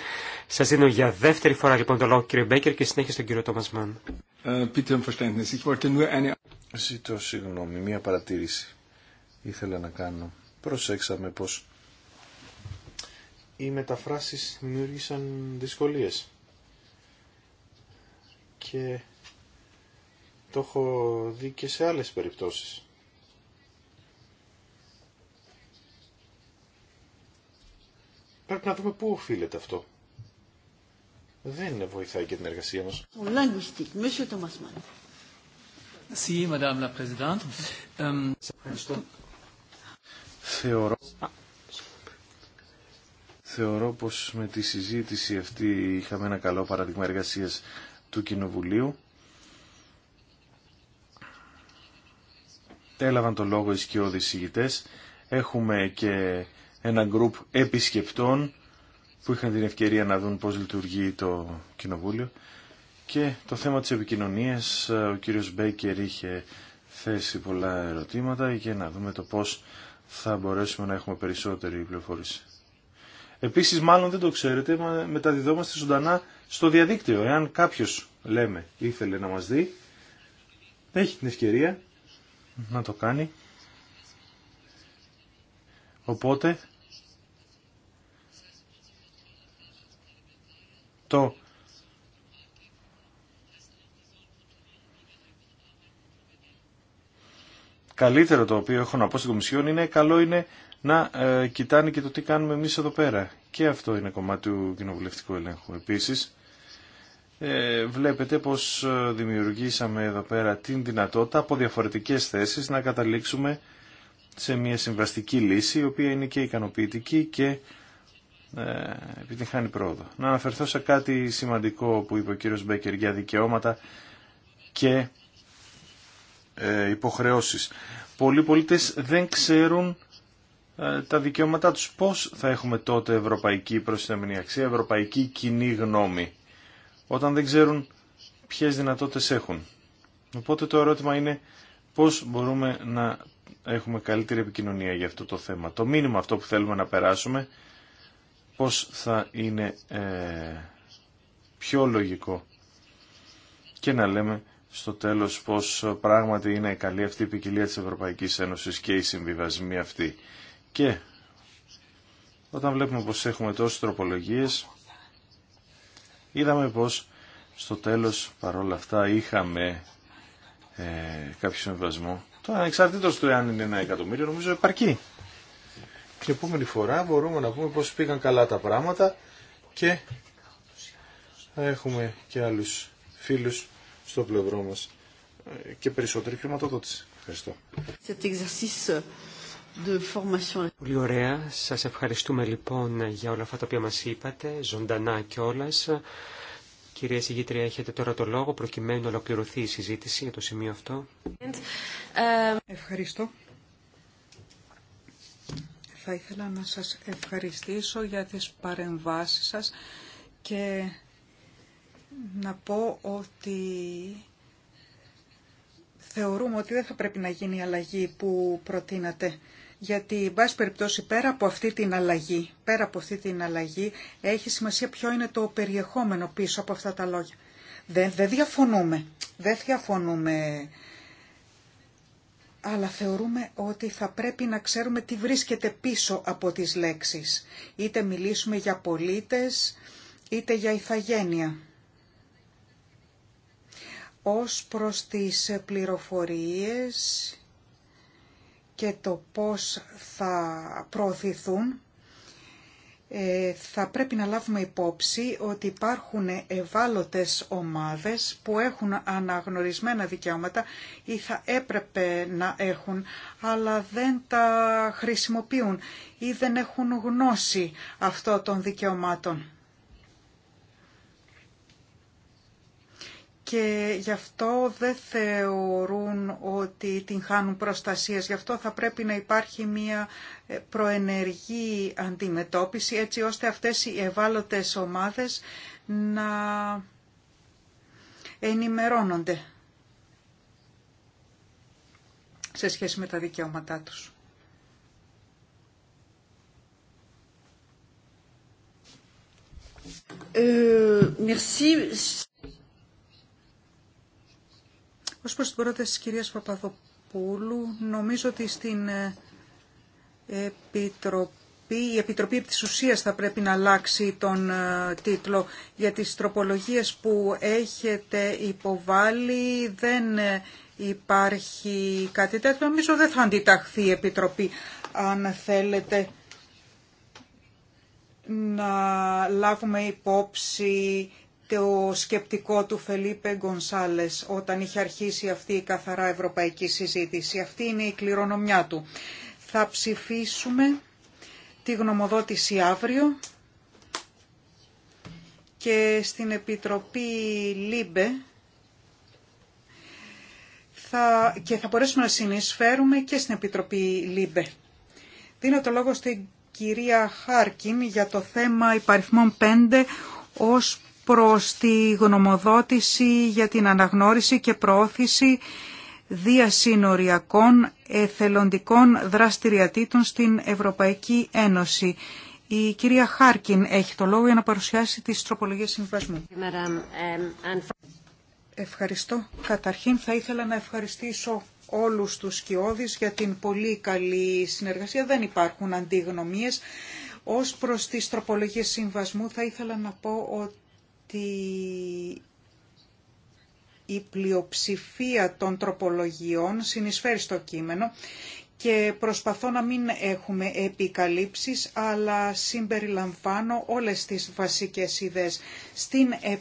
Σας δίνω για δεύτερη φορά λοιπόν το λόγο κύριο Μπέικερ και συνέχεια στον κύριο Τόμας Μαν. Ε, um Ζητώ συγγνώμη, μία παρατήρηση ήθελα να κάνω. Προσέξαμε πως οι μεταφράσεις δημιούργησαν δυσκολίες και το έχω δει και σε άλλες περιπτώσεις. Πρέπει να δούμε πού οφείλεται αυτό. Δεν είναι βοηθάει και την εργασία μας. Euh, ευχαριστώ. Θεωρώ, θεωρώ πως με τη συζήτηση αυτή είχαμε ένα καλό παραδείγμα εργασίας του Κοινοβουλίου έλαβαν το λόγο οι σκιώδεις συγητές. Έχουμε και ένα γκρουπ επισκεπτών που είχαν την ευκαιρία να δουν πώς λειτουργεί το Κοινοβούλιο. Και το θέμα της επικοινωνίας, ο κύριος Μπέκερ είχε θέσει πολλά ερωτήματα για να δούμε το πώς θα μπορέσουμε να έχουμε περισσότερη πληροφόρηση. Επίσης μάλλον δεν το ξέρετε, μεταδιδόμαστε ζωντανά στο διαδίκτυο. Εάν κάποιος, λέμε, ήθελε να μας δει, έχει την ευκαιρία να το κάνει. Οπότε το καλύτερο το οποίο έχω να πω στην Κομισιόν είναι καλό είναι να ε, κοιτάνε και το τι κάνουμε εμείς εδώ πέρα. Και αυτό είναι κομμάτι του κοινοβουλευτικού ελέγχου. Επίσης, ε, βλέπετε πως ε, δημιουργήσαμε εδώ πέρα την δυνατότητα από διαφορετικές θέσεις να καταλήξουμε σε μια συμβαστική λύση η οποία είναι και ικανοποιητική και ε, επιτυχάνει πρόοδο. Να αναφερθώ σε κάτι σημαντικό που είπε ο κύριος Μπέκερ για δικαιώματα και ε, υποχρεώσεις. Πολλοί πολίτες δεν ξέρουν ε, τα δικαιώματά τους. Πώς θα έχουμε τότε ευρωπαϊκή προσθέμενη αξία, ευρωπαϊκή κοινή γνώμη όταν δεν ξέρουν ποιες δυνατότητες έχουν. Οπότε το ερώτημα είναι πώς μπορούμε να έχουμε καλύτερη επικοινωνία για αυτό το θέμα. Το μήνυμα αυτό που θέλουμε να περάσουμε, πώς θα είναι ε, πιο λογικό και να λέμε στο τέλος πως πράγματι είναι καλή αυτή η ποικιλία της Ευρωπαϊκής Ένωσης και οι συμβιβασμοί αυτοί. Και όταν βλέπουμε πως έχουμε τόσες τροπολογίες, Είδαμε πως στο τέλος παρόλα αυτά είχαμε ε, κάποιο συμβασμό. Τώρα ανεξαρτήτως του εάν είναι ένα εκατομμύριο νομίζω επαρκεί. Την επόμενη φορά μπορούμε να πούμε πως πήγαν καλά τα πράγματα και θα έχουμε και άλλους φίλους στο πλευρό μας ε, και περισσότερη χρηματοδότηση. Ευχαριστώ de formation. Πολύ ωραία. Σας ευχαριστούμε λοιπόν για όλα αυτά τα οποία μας είπατε, ζωντανά κιόλα. Κυρία Συγήτρια, έχετε τώρα το λόγο προκειμένου να ολοκληρωθεί η συζήτηση για το σημείο αυτό. Ευχαριστώ. Θα ήθελα να σας ευχαριστήσω για τις παρεμβάσεις σας και να πω ότι θεωρούμε ότι δεν θα πρέπει να γίνει η αλλαγή που προτείνατε γιατί εν πάση περιπτώσει πέρα από αυτή την αλλαγή, πέρα από αυτή την αλλαγή έχει σημασία ποιο είναι το περιεχόμενο πίσω από αυτά τα λόγια. Δεν, δεν διαφωνούμε, δεν διαφωνούμε, αλλά θεωρούμε ότι θα πρέπει να ξέρουμε τι βρίσκεται πίσω από τις λέξεις. Είτε μιλήσουμε για πολίτες, είτε για ηθαγένεια ως προς τις πληροφορίες και το πώς θα προωθηθούν, ε, θα πρέπει να λάβουμε υπόψη ότι υπάρχουν ευάλωτες ομάδες που έχουν αναγνωρισμένα δικαιώματα ή θα έπρεπε να έχουν, αλλά δεν τα χρησιμοποιούν ή δεν έχουν γνώση αυτών των δικαιωμάτων. και γι' αυτό δεν θεωρούν ότι την χάνουν προστασίες. Γι' αυτό θα πρέπει να υπάρχει μια ε, προενεργή αντιμετώπιση έτσι ώστε αυτές οι ευάλωτες ομάδες να ενημερώνονται σε σχέση με τα δικαιώματά τους. Ε, ως προς την πρόταση της κυρίας Παπαδοπούλου, νομίζω ότι στην ε, Επιτροπή η Επιτροπή της Ουσίας θα πρέπει να αλλάξει τον ε, τίτλο για τις τροπολογίες που έχετε υποβάλει δεν ε, υπάρχει κάτι τέτοιο. Νομίζω δεν θα αντιταχθεί η Επιτροπή αν θέλετε να λάβουμε υπόψη το σκεπτικό του Φελίπε Γκονσάλες όταν είχε αρχίσει αυτή η καθαρά ευρωπαϊκή συζήτηση. Αυτή είναι η κληρονομιά του. Θα ψηφίσουμε τη γνωμοδότηση αύριο και στην Επιτροπή ΛΥΜΠΕ θα... και θα μπορέσουμε να συνεισφέρουμε και στην Επιτροπή ΛΥΜΠΕ. Δίνω το λόγο στην κυρία Χάρκιν για το θέμα υπαριθμών 5 ως προς τη γνωμοδότηση για την αναγνώριση και προώθηση διασύνοριακών εθελοντικών δραστηριατήτων στην Ευρωπαϊκή Ένωση. Η κυρία Χάρκιν έχει το λόγο για να παρουσιάσει τις τροπολογίες συμβασμού. Ευχαριστώ. Καταρχήν θα ήθελα να ευχαριστήσω όλους τους σκιώδεις για την πολύ καλή συνεργασία. Δεν υπάρχουν αντιγνωμίες. Ως προς τις τροπολογίες συμβασμού θα ήθελα να πω ότι ότι η πλειοψηφία των τροπολογιών συνεισφέρει στο κείμενο και προσπαθώ να μην έχουμε επικαλύψεις, αλλά συμπεριλαμβάνω όλες τις βασικές ιδέες. Στην ε,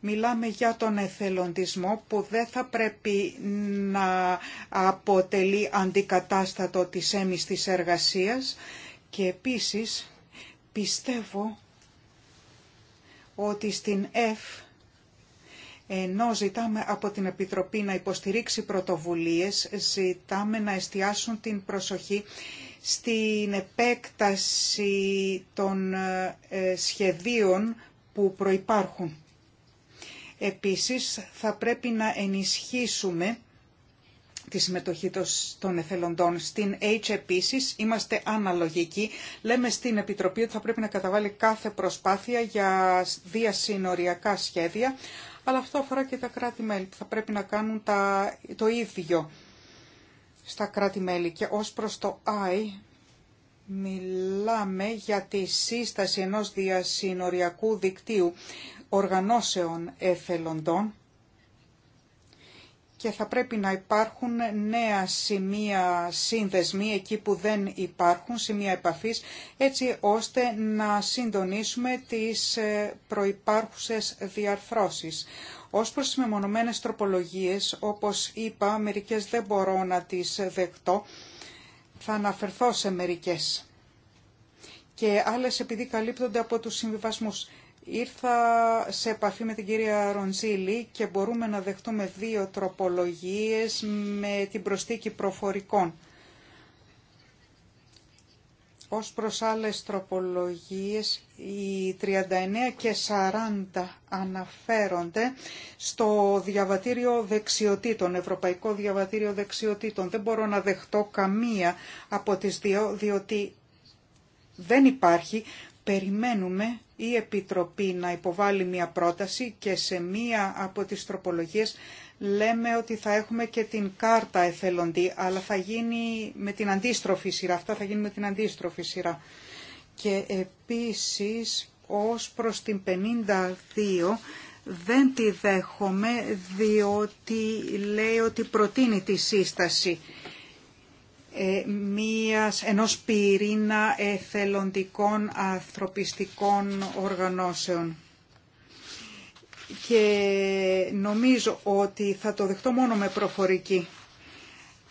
μιλάμε για τον εθελοντισμό που δεν θα πρέπει να αποτελεί αντικατάστατο της έμιστης εργασίας και επίσης πιστεύω ότι στην ΕΦ, ενώ ζητάμε από την Επιτροπή να υποστηρίξει πρωτοβουλίες, ζητάμε να εστιάσουν την προσοχή στην επέκταση των ε, σχεδίων που προϋπάρχουν. Επίσης, θα πρέπει να ενισχύσουμε τη συμμετοχή των εθελοντών. Στην H επίση είμαστε αναλογικοί. Λέμε στην Επιτροπή ότι θα πρέπει να καταβάλει κάθε προσπάθεια για διασυνοριακά σχέδια, αλλά αυτό αφορά και τα κράτη-μέλη θα πρέπει να κάνουν το ίδιο στα κράτη-μέλη. Και ως προς το I, μιλάμε για τη σύσταση ενός διασυνοριακού δικτύου οργανώσεων εθελοντών, και θα πρέπει να υπάρχουν νέα σημεία σύνδεσμοι εκεί που δεν υπάρχουν, σημεία επαφής, έτσι ώστε να συντονίσουμε τις ε, προϋπάρχουσες διαρθρώσεις. Ως προς τις μεμονωμένες τροπολογίες, όπως είπα, μερικές δεν μπορώ να τις δεχτώ, θα αναφερθώ σε μερικές. Και άλλες επειδή καλύπτονται από τους συμβιβασμούς. Ήρθα σε επαφή με την κυρία Ροντζίλη και μπορούμε να δεχτούμε δύο τροπολογίες με την προστίκη προφορικών. Ως προς άλλες τροπολογίες, οι 39 και 40 αναφέρονται στο διαβατήριο δεξιοτήτων, Ευρωπαϊκό Διαβατήριο Δεξιοτήτων. Δεν μπορώ να δεχτώ καμία από τις δύο, διότι δεν υπάρχει. Περιμένουμε η Επιτροπή να υποβάλει μία πρόταση και σε μία από τις τροπολογίες λέμε ότι θα έχουμε και την κάρτα εθελοντή, αλλά θα γίνει με την αντίστροφη σειρά. Αυτά θα γίνει με την αντίστροφη σειρά. Και επίσης ως προς την 52 δεν τη δέχομαι διότι λέει ότι προτείνει τη σύσταση ε, μίας, ενός πυρήνα εθελοντικών ανθρωπιστικών οργανώσεων. Και νομίζω ότι θα το δεχτώ μόνο με προφορική.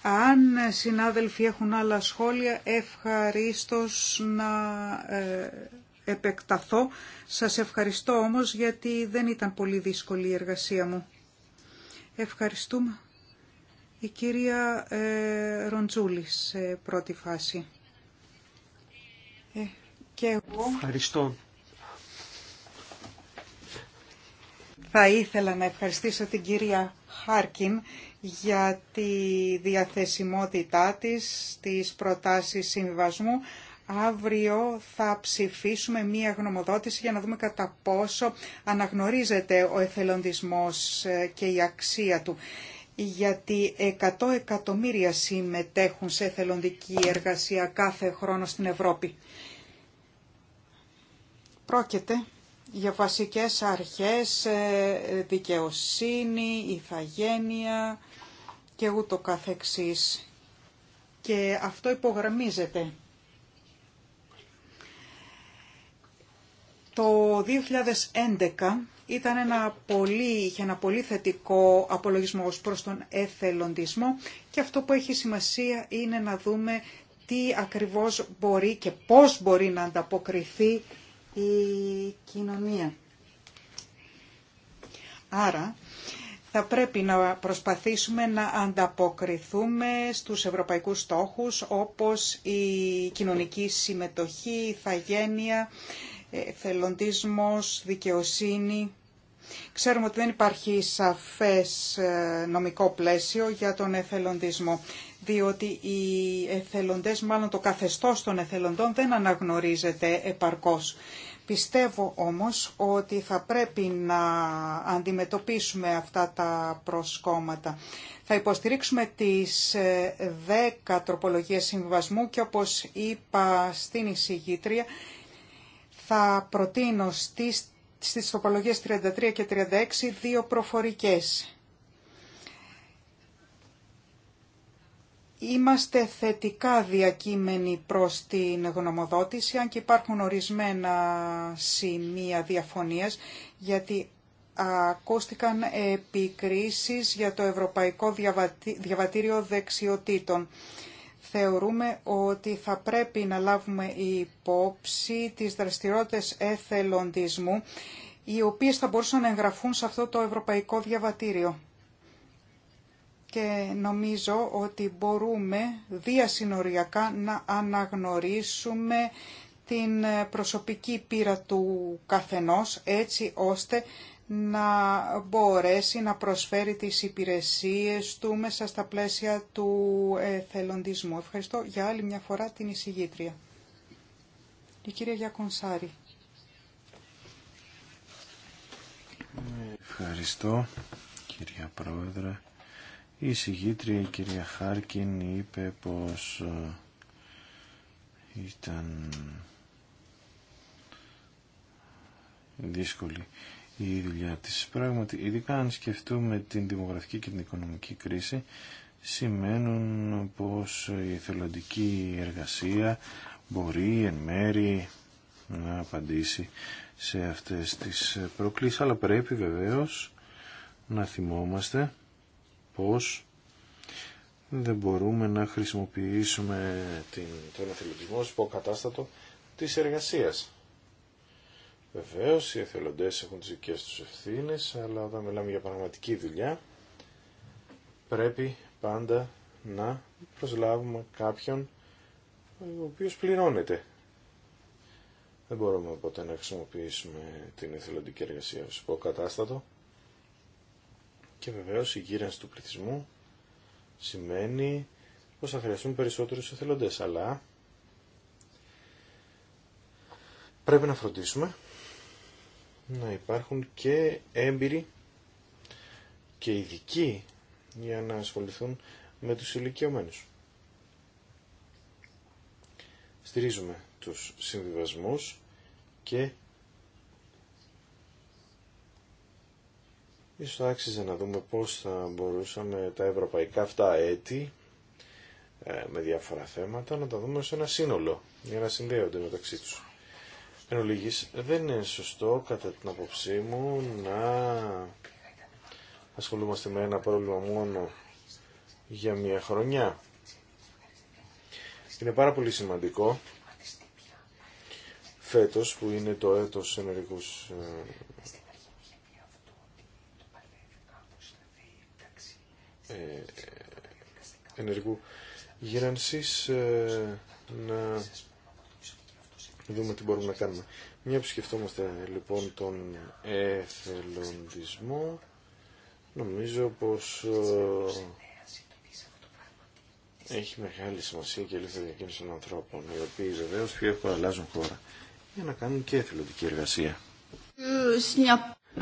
Αν συνάδελφοι έχουν άλλα σχόλια, ευχαρίστως να ε, επεκταθώ. Σας ευχαριστώ όμως γιατί δεν ήταν πολύ δύσκολη η εργασία μου. Ευχαριστούμε. Η κυρία ε, Ροντζούλη σε πρώτη φάση. Ε, εγώ... Ευχαριστώ. Θα ήθελα να ευχαριστήσω την κυρία Χάρκιν για τη διαθεσιμότητά της στις προτάσεις συμβιβασμού. Αύριο θα ψηφίσουμε μία γνωμοδότηση για να δούμε κατά πόσο αναγνωρίζεται ο εθελοντισμός ε, και η αξία του γιατί 100 εκατομμύρια συμμετέχουν σε εθελοντική εργασία κάθε χρόνο στην Ευρώπη. Πρόκειται για βασικές αρχές, ε, δικαιοσύνη, ηθαγένεια και ούτω καθεξής. Και αυτό υπογραμμίζεται. Το 2011 ήταν ένα πολύ, είχε ένα πολύ θετικό απολογισμό ως προς τον εθελοντισμό και αυτό που έχει σημασία είναι να δούμε τι ακριβώς μπορεί και πώς μπορεί να ανταποκριθεί η κοινωνία. Άρα θα πρέπει να προσπαθήσουμε να ανταποκριθούμε στους ευρωπαϊκούς στόχους όπως η κοινωνική συμμετοχή, η θαγένεια, εθελοντισμός, δικαιοσύνη. Ξέρουμε ότι δεν υπάρχει σαφές ε, νομικό πλαίσιο για τον εθελοντισμό, διότι οι εθελοντές, μάλλον το καθεστώς των εθελοντών δεν αναγνωρίζεται επαρκώς. Πιστεύω όμως ότι θα πρέπει να αντιμετωπίσουμε αυτά τα προσκόμματα. Θα υποστηρίξουμε τις 10 ε, τροπολογίες συμβασμού και όπως είπα στην εισηγήτρια, θα προτείνω στις, στις τροπολογίες 33 και 36 δύο προφορικές. Είμαστε θετικά διακείμενοι προς την γνωμοδότηση, αν και υπάρχουν ορισμένα σημεία διαφωνίας, γιατί ακούστηκαν επικρίσεις για το Ευρωπαϊκό Διαβατήριο Δεξιοτήτων θεωρούμε ότι θα πρέπει να λάβουμε υπόψη τις δραστηριότητες εθελοντισμού οι οποίες θα μπορούσαν να εγγραφούν σε αυτό το Ευρωπαϊκό Διαβατήριο. Και νομίζω ότι μπορούμε διασυνοριακά να αναγνωρίσουμε την προσωπική πείρα του καθενός έτσι ώστε να μπορέσει να προσφέρει τις υπηρεσίες του μέσα στα πλαίσια του θελοντισμού. Ευχαριστώ για άλλη μια φορά την εισηγήτρια. Η κυρία Γιακονσάρη. Ευχαριστώ κυρία Πρόεδρε. Η εισηγήτρια η κυρία Χάρκιν είπε πως ε, ήταν δύσκολη η δουλειά τη Πράγματι, ειδικά αν σκεφτούμε την δημογραφική και την οικονομική κρίση, σημαίνουν πως η εθελοντική εργασία μπορεί εν μέρη να απαντήσει σε αυτές τις προκλήσεις, αλλά πρέπει βεβαίως να θυμόμαστε πως δεν μπορούμε να χρησιμοποιήσουμε την, τον εθελοντισμό ως υποκατάστατο της εργασίας. Βεβαίω, οι εθελοντέ έχουν τι δικές τους ευθύνες, αλλά όταν μιλάμε για πραγματική δουλειά, πρέπει πάντα να προσλάβουμε κάποιον ο οποίος πληρώνεται. Δεν μπορούμε ποτέ να χρησιμοποιήσουμε την εθελοντική εργασία ως υποκατάστατο. Και βεβαίως η γύρανση του πληθυσμού σημαίνει πως θα χρειαστούν περισσότερους εθελοντές, αλλά πρέπει να φροντίσουμε να υπάρχουν και έμπειροι και ειδικοί για να ασχοληθούν με τους ηλικιωμένους. Στηρίζουμε τους συμβιβασμούς και ίσως άξιζε να δούμε πώς θα μπορούσαμε τα ευρωπαϊκά αυτά έτη ε, με διάφορα θέματα να τα δούμε σε ένα σύνολο για να συνδέονται μεταξύ τους. Εν ολίγης, δεν είναι σωστό κατά την απόψή μου να ασχολούμαστε με ένα πρόβλημα μόνο για μία χρονιά. Είναι πάρα πολύ σημαντικό φέτος που είναι το έτος ε, ε, ενεργού γύρανσης ε, να να δούμε τι μπορούμε να κάνουμε. Μια που σκεφτόμαστε λοιπόν τον εθελοντισμό, νομίζω πως ε, έχει μεγάλη σημασία και ελεύθερη διακίνηση των ανθρώπων, οι οποίοι βεβαίως πιο εύκολα αλλάζουν χώρα για να κάνουν και εθελοντική εργασία.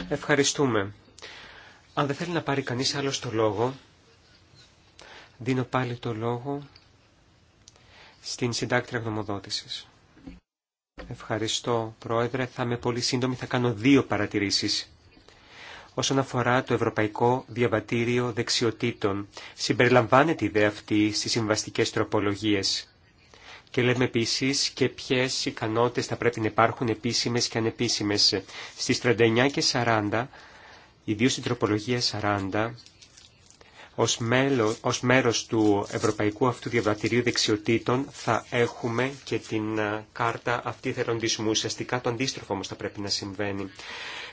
Ευχαριστούμε. Αν δεν θέλει να πάρει κανείς άλλο το λόγο, δίνω πάλι το λόγο στην συντάκτρια γνωμοδότησης. Ευχαριστώ, Πρόεδρε. Θα είμαι πολύ σύντομη. Θα κάνω δύο παρατηρήσεις. Όσον αφορά το Ευρωπαϊκό Διαβατήριο Δεξιοτήτων, συμπεριλαμβάνεται η ιδέα αυτή στις συμβαστικές τροπολογίες. Και λέμε επίσης και ποιε ικανότητες θα πρέπει να υπάρχουν επίσημες και ανεπίσημες στις 39 και 40, ιδίω στην τροπολογία 40, ως, μέλο, ως μέρος του Ευρωπαϊκού Αυτού Διαβατηρίου Δεξιοτήτων θα έχουμε και την ε, κάρτα αυτή θεροντισμού. Ουσιαστικά το αντίστροφο όμως θα πρέπει να συμβαίνει.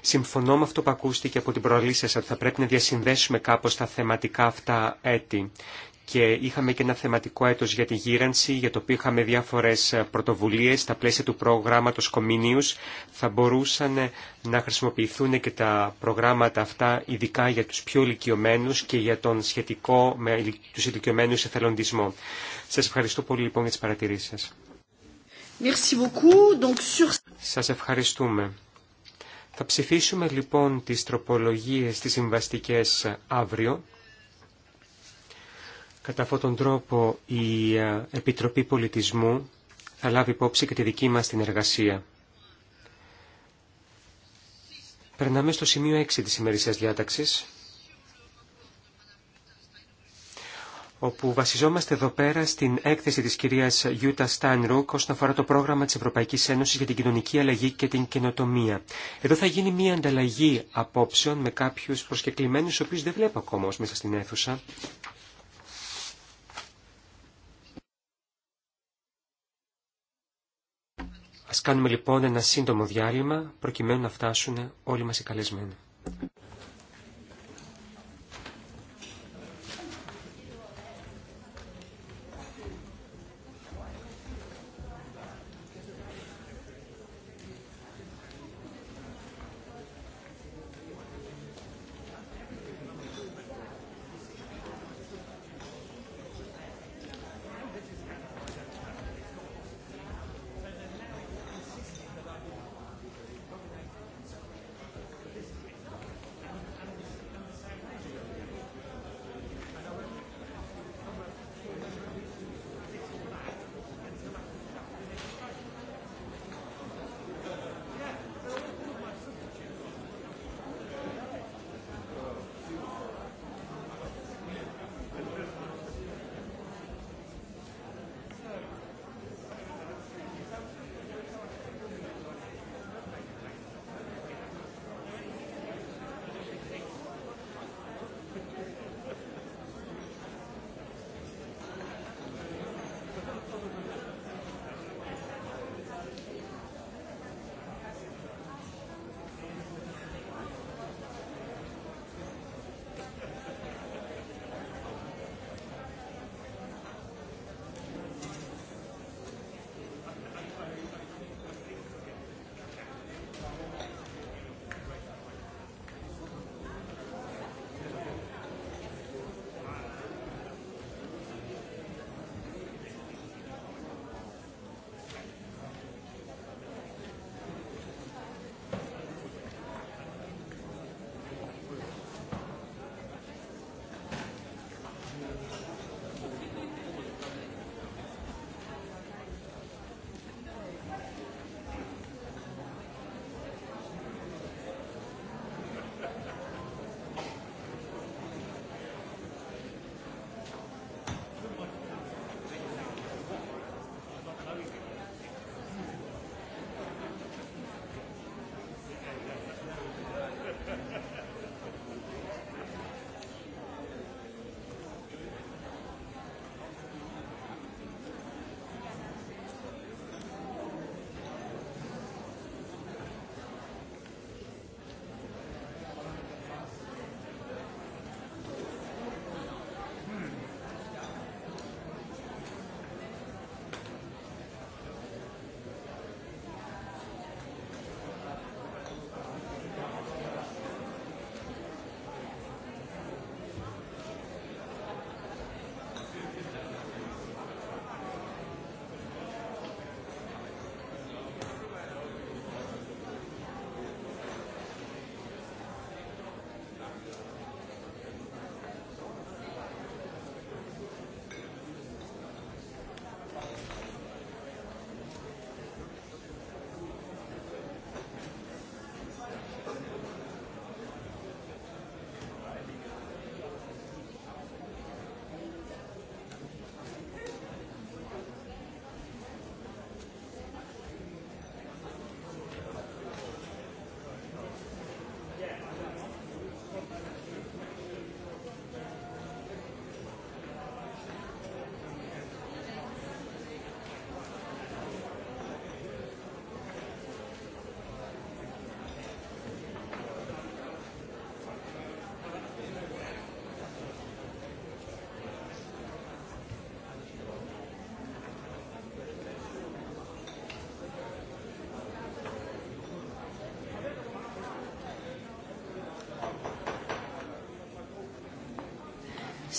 Συμφωνώ με αυτό που ακούστηκε από την προαλή σας, ότι θα πρέπει να διασυνδέσουμε κάπως τα θεματικά αυτά έτη και είχαμε και ένα θεματικό έτος για τη γύρανση, για το οποίο είχαμε διάφορες ε, πρωτοβουλίες στα πλαίσια του προγράμματος κομμήνιους. Θα μπορούσαν ε, να χρησιμοποιηθούν και τα προγράμματα αυτά, ειδικά για τους πιο ηλικιωμένους και για τον σχετικό με τους ηλικιωμένους εθελοντισμό. Σας ευχαριστώ πολύ λοιπόν για τις παρατηρήσεις σας. Σα ευχαριστούμε. Θα ψηφίσουμε λοιπόν τις τροπολογίες, τις συμβαστικές ε, αύριο. Κατά αυτόν τον τρόπο η ε, Επιτροπή Πολιτισμού θα λάβει υπόψη και τη δική μας την εργασία. Περνάμε στο σημείο 6 της ημερησίας διάταξης, όπου βασιζόμαστε εδώ πέρα στην έκθεση της κυρίας Γιούτα Στάνρουκ όσον αφορά το πρόγραμμα της Ευρωπαϊκής Ένωσης για την κοινωνική αλλαγή και την καινοτομία. Εδώ θα γίνει μια ανταλλαγή απόψεων με κάποιους προσκεκλημένους, ο οποίους δεν βλέπω ακόμα μέσα στην αίθουσα. Ας κάνουμε λοιπόν ένα σύντομο διάλειμμα προκειμένου να φτάσουν όλοι μας οι καλεσμένοι.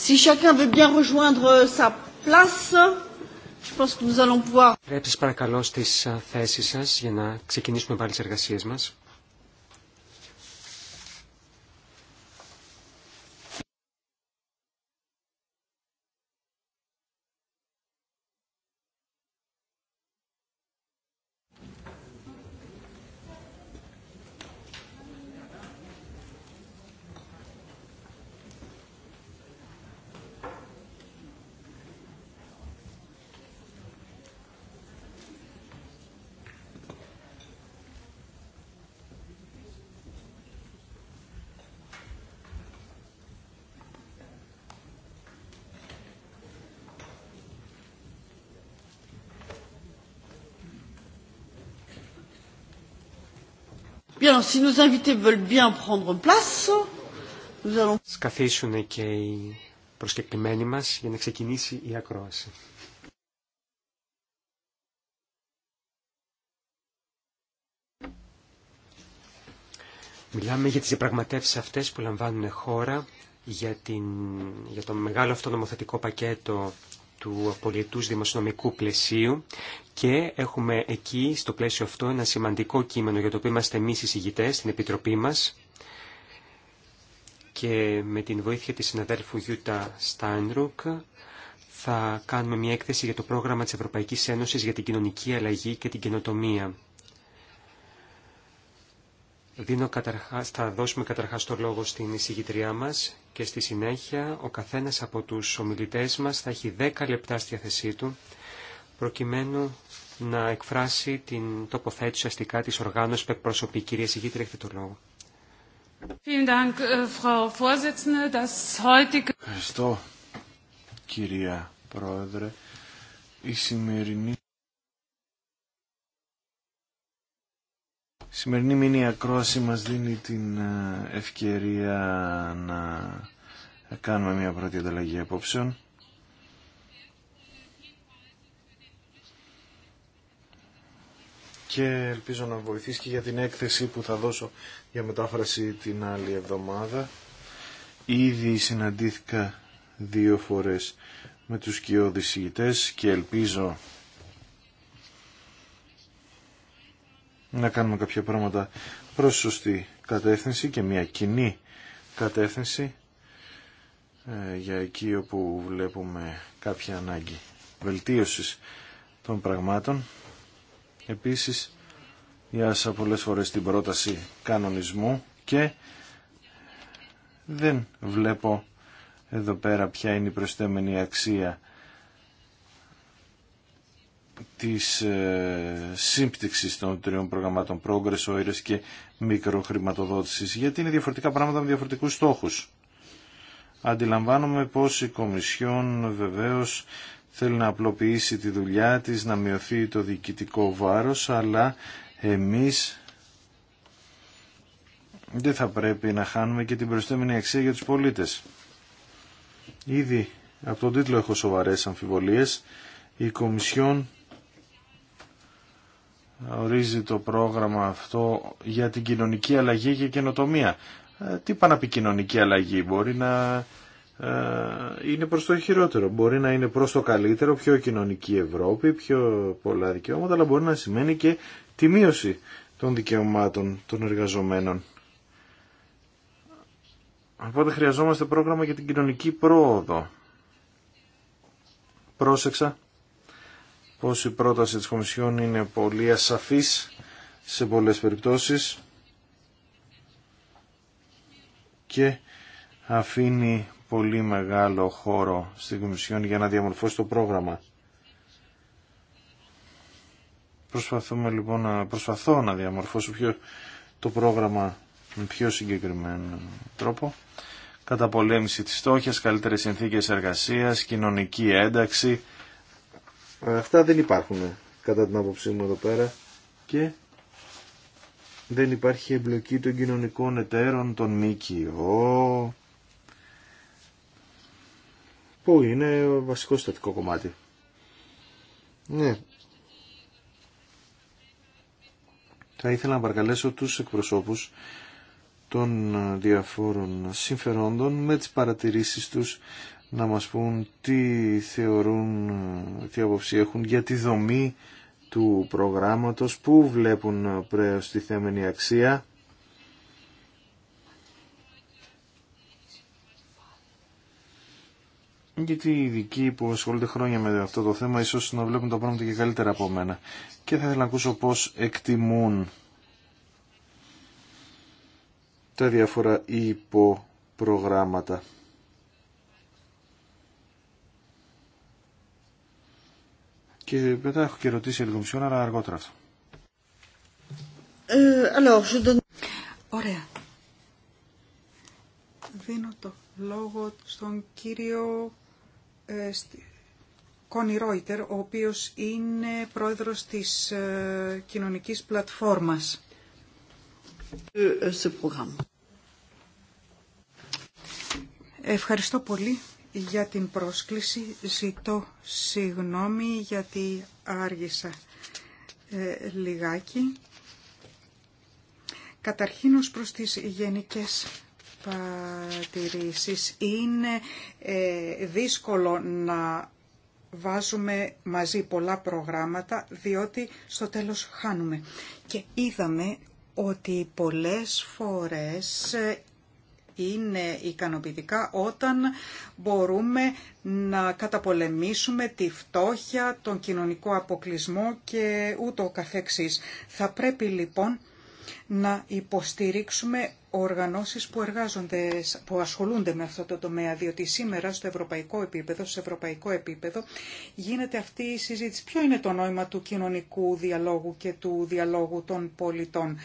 Si chacun θέλει bien rejoindre θέση του, ότι θα μπορούμε... θέσεις για να ξεκινήσουμε πάλι τις si nos invités veulent bien και οι προσκεκλημένοι μας για να ξεκινήσει η ακρόαση. Μιλάμε για τις διαπραγματεύσεις αυτές που λαμβάνουν χώρα για, την, για το μεγάλο αυτό νομοθετικό πακέτο του πολιτούς δημοσιονομικού πλαισίου και έχουμε εκεί στο πλαίσιο αυτό ένα σημαντικό κείμενο για το οποίο είμαστε εμείς εισηγητές στην Επιτροπή μας και με την βοήθεια της συναδέλφου Γιούτα Στάινρουκ θα κάνουμε μια έκθεση για το πρόγραμμα της Ευρωπαϊκής Ένωσης για την κοινωνική αλλαγή και την καινοτομία. Δίνω καταρχάς, θα δώσουμε καταρχάς το λόγο στην εισηγητριά μας και στη συνέχεια ο καθένας από τους ομιλητές μας θα έχει 10 λεπτά στη διάθεσή του προκειμένου να εκφράσει την τοποθέτηση αστικά της οργάνωσης που εκπροσωπεί. Κυρία Σιγήτρη, έχετε το λόγο. Äh, Ευχαριστώ, κυρία Πρόεδρε. Η σημερινή... Η σημερινή μήνυα ακρόαση μας δίνει την ε, ευκαιρία να κάνουμε μια πρώτη ανταλλαγή απόψεων και ελπίζω να βοηθήσει και για την έκθεση που θα δώσω για μετάφραση την άλλη εβδομάδα. Ήδη συναντήθηκα δύο φορές με τους κοιόδης και ελπίζω να κάνουμε κάποια πράγματα προς σωστή κατεύθυνση και μια κοινή κατεύθυνση ε, για εκεί όπου βλέπουμε κάποια ανάγκη βελτίωσης των πραγμάτων Επίσης, διάσα πολλές φορές την πρόταση κανονισμού και δεν βλέπω εδώ πέρα ποια είναι η προστέμενη αξία της ε, σύμπτυξης των τριών προγραμμάτων Progress, Oires και μικροχρηματοδότησης, γιατί είναι διαφορετικά πράγματα με διαφορετικούς στόχους. Αντιλαμβάνομαι πως η Κομισιόν βεβαίως θέλει να απλοποιήσει τη δουλειά της, να μειωθεί το διοικητικό βάρος, αλλά εμείς δεν θα πρέπει να χάνουμε και την προσθέμενη αξία για τους πολίτες. Ήδη από τον τίτλο έχω σοβαρές αμφιβολίες. Η Κομισιόν ορίζει το πρόγραμμα αυτό για την κοινωνική αλλαγή και καινοτομία. Ε, τι κοινωνική αλλαγή μπορεί να ε, είναι προς το χειρότερο. Μπορεί να είναι προς το καλύτερο, πιο κοινωνική Ευρώπη, πιο πολλά δικαιώματα, αλλά μπορεί να σημαίνει και τη μείωση των δικαιωμάτων των εργαζομένων. Οπότε χρειαζόμαστε πρόγραμμα για την κοινωνική πρόοδο. Πρόσεξα πως η πρόταση της Κομισιόν είναι πολύ ασαφής σε πολλές περιπτώσεις και αφήνει πολύ μεγάλο χώρο στην Κομισιόν για να διαμορφώσει το πρόγραμμα. Προσπαθούμε λοιπόν να προσπαθώ να διαμορφώσω πιο το πρόγραμμα με πιο συγκεκριμένο τρόπο. Καταπολέμηση της στόχιας, καλύτερες συνθήκες εργασίας, κοινωνική ένταξη. Αυτά δεν υπάρχουν κατά την άποψή μου εδώ πέρα και δεν υπάρχει εμπλοκή των κοινωνικών εταίρων, των ΜΚΟ, που είναι βασικό στατικό κομμάτι. Ναι. Θα ήθελα να παρακαλέσω τους εκπροσώπους των διαφόρων συμφερόντων με τις παρατηρήσεις τους να μας πούν τι θεωρούν, τι άποψη έχουν για τη δομή του προγράμματος, πού βλέπουν θεμενή αξία γιατί οι ειδικοί που ασχολούνται χρόνια με αυτό το θέμα ίσως να βλέπουν τα πράγματα και καλύτερα από μένα. Και θα ήθελα να ακούσω πώς εκτιμούν τα διάφορα υποπρογράμματα. Και μετά έχω και ερωτήσει μισό, αλλά αργότερα αυτό. Ε, Ωραία. Δίνω το λόγο στον κύριο Κόνι ε, Ρόιτερ, ο οποίος είναι πρόεδρος της ε, κοινωνικής πλατφόρμας. Ε, Ευχαριστώ πολύ για την πρόσκληση. Ζητώ συγγνώμη γιατί άργησα λιγάκι. Καταρχήν ως προς τις γενικές παρατηρήσεις. Είναι ε, δύσκολο να βάζουμε μαζί πολλά προγράμματα διότι στο τέλος χάνουμε. Και είδαμε ότι πολλές φορές ε, είναι ικανοποιητικά όταν μπορούμε να καταπολεμήσουμε τη φτώχεια, τον κοινωνικό αποκλεισμό και ούτω καθεξής. Θα πρέπει λοιπόν να υποστηρίξουμε οργανώσεις που, εργάζονται, που ασχολούνται με αυτό το τομέα, διότι σήμερα στο ευρωπαϊκό επίπεδο, στο ευρωπαϊκό επίπεδο γίνεται αυτή η συζήτηση. Ποιο είναι το νόημα του κοινωνικού διαλόγου και του διαλόγου των πολιτών.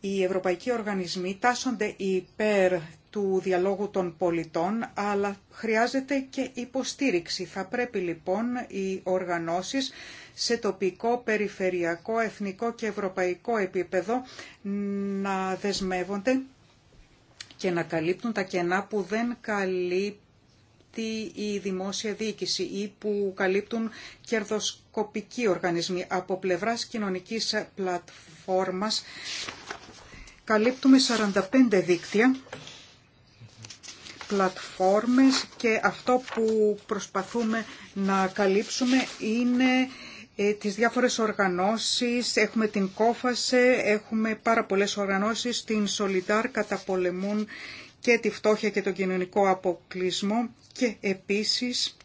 Οι ευρωπαϊκοί οργανισμοί τάσσονται υπέρ του διαλόγου των πολιτών, αλλά χρειάζεται και υποστήριξη. Θα πρέπει λοιπόν οι οργανώσεις σε τοπικό, περιφερειακό, εθνικό και ευρωπαϊκό επίπεδο να δεσμεύονται και να καλύπτουν τα κενά που δεν καλύπτει η δημόσια διοίκηση ή που καλύπτουν κερδοσκοπικοί οργανισμοί. Από πλευράς κοινωνικής πλατφόρμας καλύπτουμε 45 δίκτυα πλατφόρμες και αυτό που προσπαθούμε να καλύψουμε είναι ε, τις διάφορες οργανώσεις, έχουμε την Κόφασε, έχουμε πάρα πολλές οργανώσεις, την Σολιντάρ καταπολεμούν και τη φτώχεια και τον κοινωνικό αποκλεισμό και επίσης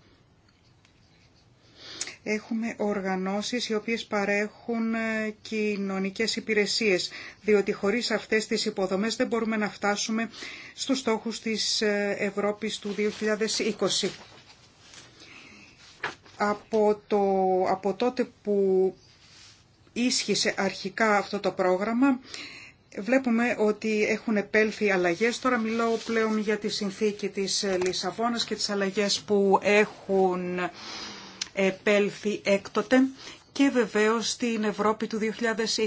έχουμε οργανώσεις οι οποίες παρέχουν ε, κοινωνικές υπηρεσίες, διότι χωρίς αυτές τις υποδομές δεν μπορούμε να φτάσουμε στους στόχους της ε, Ευρώπης του 2020 από, το, από τότε που ίσχυσε αρχικά αυτό το πρόγραμμα βλέπουμε ότι έχουν επέλθει αλλαγές. Τώρα μιλώ πλέον για τη συνθήκη της Λισαβόνας και τις αλλαγές που έχουν επέλθει έκτοτε και βεβαίως στην Ευρώπη του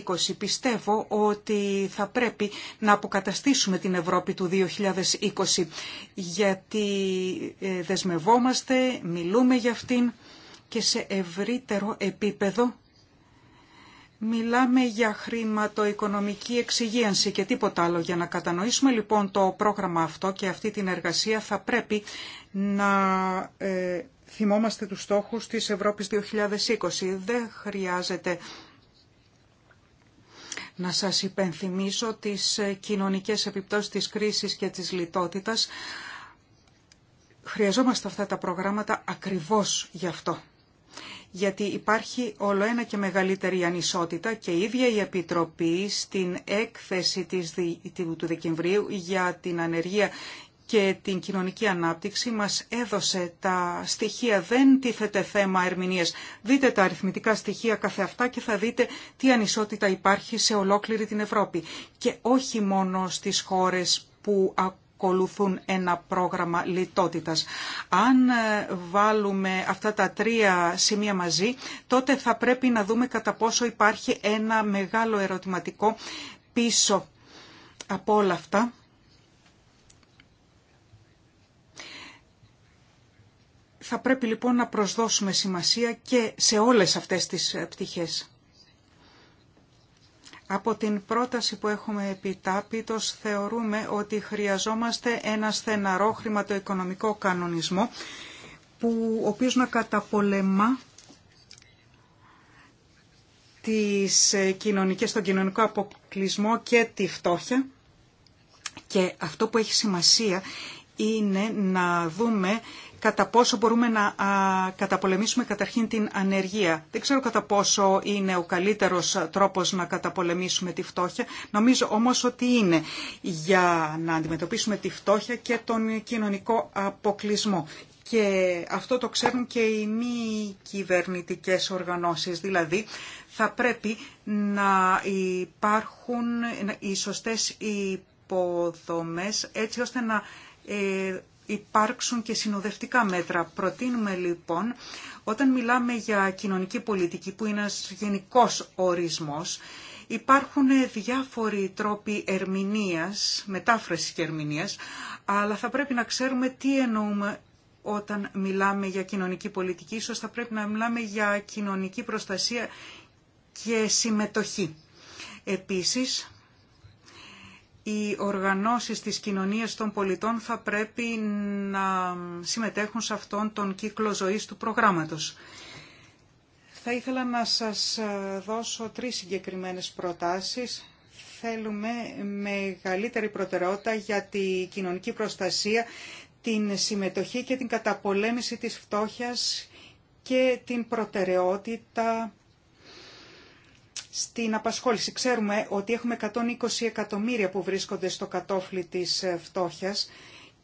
2020. Πιστεύω ότι θα πρέπει να αποκαταστήσουμε την Ευρώπη του 2020 γιατί ε, δεσμευόμαστε, μιλούμε για αυτήν και σε ευρύτερο επίπεδο Μιλάμε για χρηματοοικονομική εξυγίανση και τίποτα άλλο. Για να κατανοήσουμε λοιπόν το πρόγραμμα αυτό και αυτή την εργασία θα πρέπει να ε, θυμόμαστε τους στόχους της Ευρώπης 2020. Δεν χρειάζεται να σας υπενθυμίσω τις ε, κοινωνικές επιπτώσεις της κρίσης και της λιτότητας. Χρειαζόμαστε αυτά τα προγράμματα ακριβώς γι' αυτό γιατί υπάρχει όλο ένα και μεγαλύτερη ανισότητα και η ίδια η Επιτροπή στην έκθεση της, του Δεκεμβρίου για την ανεργία και την κοινωνική ανάπτυξη μας έδωσε τα στοιχεία. Δεν τίθεται θέμα ερμηνείας. Δείτε τα αριθμητικά στοιχεία καθεαυτά και θα δείτε τι ανισότητα υπάρχει σε ολόκληρη την Ευρώπη. Και όχι μόνο στις χώρες που ακολουθούν ένα πρόγραμμα λιτότητας. Αν ε, βάλουμε αυτά τα τρία σημεία μαζί, τότε θα πρέπει να δούμε κατά πόσο υπάρχει ένα μεγάλο ερωτηματικό πίσω από όλα αυτά. Θα πρέπει λοιπόν να προσδώσουμε σημασία και σε όλες αυτές τις ε, πτυχές. Από την πρόταση που έχουμε επιτάπητος θεωρούμε ότι χρειαζόμαστε ένα στεναρό χρηματοοικονομικό κανονισμό που, ο οποίος να καταπολεμά τις ε, κοινωνικές, τον κοινωνικό αποκλεισμό και τη φτώχεια. Και αυτό που έχει σημασία είναι να δούμε κατά πόσο μπορούμε να καταπολεμήσουμε καταρχήν την ανεργία. Δεν ξέρω κατά πόσο είναι ο καλύτερος τρόπος να καταπολεμήσουμε τη φτώχεια. Νομίζω όμως ότι είναι για να αντιμετωπίσουμε τη φτώχεια και τον κοινωνικό αποκλεισμό. Και αυτό το ξέρουν και οι μη κυβερνητικές οργανώσεις. Δηλαδή θα πρέπει να υπάρχουν οι σωστές υποδομές έτσι ώστε να ε, υπάρξουν και συνοδευτικά μέτρα. Προτείνουμε λοιπόν, όταν μιλάμε για κοινωνική πολιτική που είναι ένας γενικός ορισμός, υπάρχουν διάφοροι τρόποι ερμηνείας, μετάφρασης και ερμηνείας, αλλά θα πρέπει να ξέρουμε τι εννοούμε όταν μιλάμε για κοινωνική πολιτική. Ίσως θα πρέπει να μιλάμε για κοινωνική προστασία και συμμετοχή. Επίσης, οι οργανώσεις της κοινωνίας των πολιτών θα πρέπει να συμμετέχουν σε αυτόν τον κύκλο ζωής του προγράμματος. Θα ήθελα να σας δώσω τρεις συγκεκριμένες προτάσεις. Θέλουμε μεγαλύτερη προτεραιότητα για τη κοινωνική προστασία, την συμμετοχή και την καταπολέμηση της φτώχειας και την προτεραιότητα στην απασχόληση. Ξέρουμε ότι έχουμε 120 εκατομμύρια που βρίσκονται στο κατόφλι της ε, φτώχειας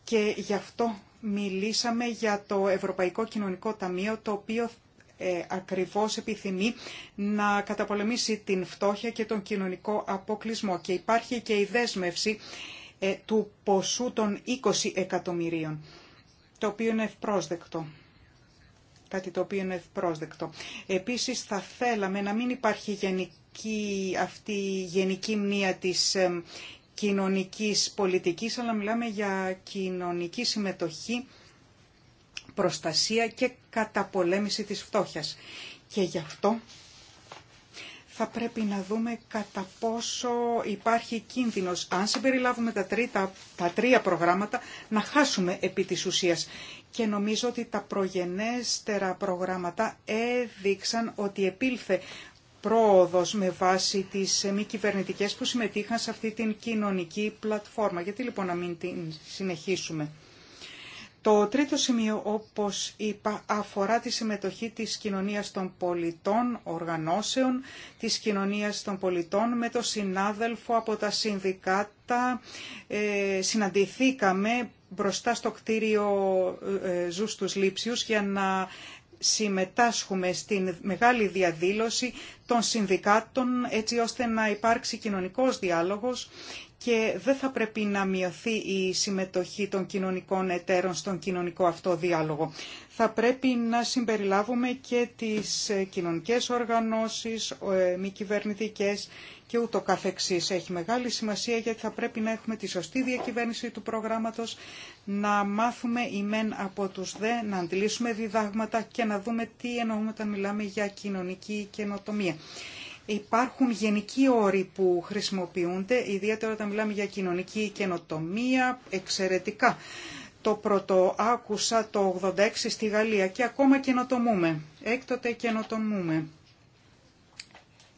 και γι' αυτό μιλήσαμε για το Ευρωπαϊκό Κοινωνικό Ταμείο το οποίο ε, ακριβώς επιθυμεί να καταπολεμήσει την φτώχεια και τον κοινωνικό αποκλεισμό. Και υπάρχει και η δέσμευση ε, του ποσού των 20 εκατομμυρίων, το οποίο είναι ευπρόσδεκτο κάτι το οποίο είναι ευπρόσδεκτο. Επίσης θα θέλαμε να μην υπάρχει γενική, αυτή η γενική μνήα της κοινωνικής πολιτικής, αλλά μιλάμε για κοινωνική συμμετοχή, προστασία και καταπολέμηση της φτώχειας. Και γι' αυτό θα πρέπει να δούμε κατά πόσο υπάρχει κίνδυνος, αν συμπεριλάβουμε τα, τρίτα, τα τρία προγράμματα, να χάσουμε επί της ουσίας. Και νομίζω ότι τα προγενέστερα προγράμματα έδειξαν ότι επήλθε πρόοδος με βάση τις μη κυβερνητικές που συμμετείχαν σε αυτή την κοινωνική πλατφόρμα. Γιατί λοιπόν να μην την συνεχίσουμε. Το τρίτο σημείο, όπως είπα, αφορά τη συμμετοχή της κοινωνίας των πολιτών, οργανώσεων της κοινωνίας των πολιτών. Με το συνάδελφο από τα συνδικάτα ε, συναντηθήκαμε μπροστά στο κτίριο ε, Ζούστους Λήψιους για να συμμετάσχουμε στην μεγάλη διαδήλωση των συνδικάτων έτσι ώστε να υπάρξει κοινωνικός διάλογος και δεν θα πρέπει να μειωθεί η συμμετοχή των κοινωνικών εταίρων στον κοινωνικό αυτό διάλογο. Θα πρέπει να συμπεριλάβουμε και τις ε, κοινωνικές οργανώσεις, ε, μη κυβερνητικέ και ούτω καθεξής. Έχει μεγάλη σημασία γιατί θα πρέπει να έχουμε τη σωστή διακυβέρνηση του προγράμματος, να μάθουμε ημέν από τους δε, να αντιλήσουμε διδάγματα και να δούμε τι εννοούμε όταν μιλάμε για κοινωνική καινοτομία. Υπάρχουν γενικοί όροι που χρησιμοποιούνται, ιδιαίτερα όταν μιλάμε για κοινωνική καινοτομία, εξαιρετικά. Το πρώτο άκουσα το 86 στη Γαλλία και ακόμα καινοτομούμε. Έκτοτε καινοτομούμε.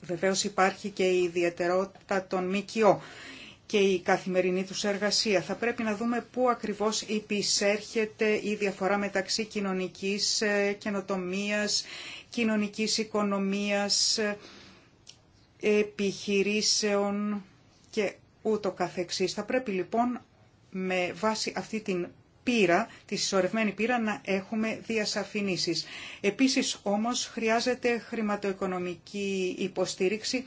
Βεβαίως υπάρχει και η ιδιαιτερότητα των ΜΚΟ και η καθημερινή τους εργασία. Θα πρέπει να δούμε πού ακριβώς υπησέρχεται η διαφορά μεταξύ κοινωνικής ε, καινοτομίας, κοινωνικής οικονομίας, επιχειρήσεων και ούτω καθεξής. Θα πρέπει λοιπόν με βάση αυτή την πύρα, τη συσσωρευμένη πύρα, να έχουμε διασαφηνίσεις. Επίσης όμως χρειάζεται χρηματοοικονομική υποστήριξη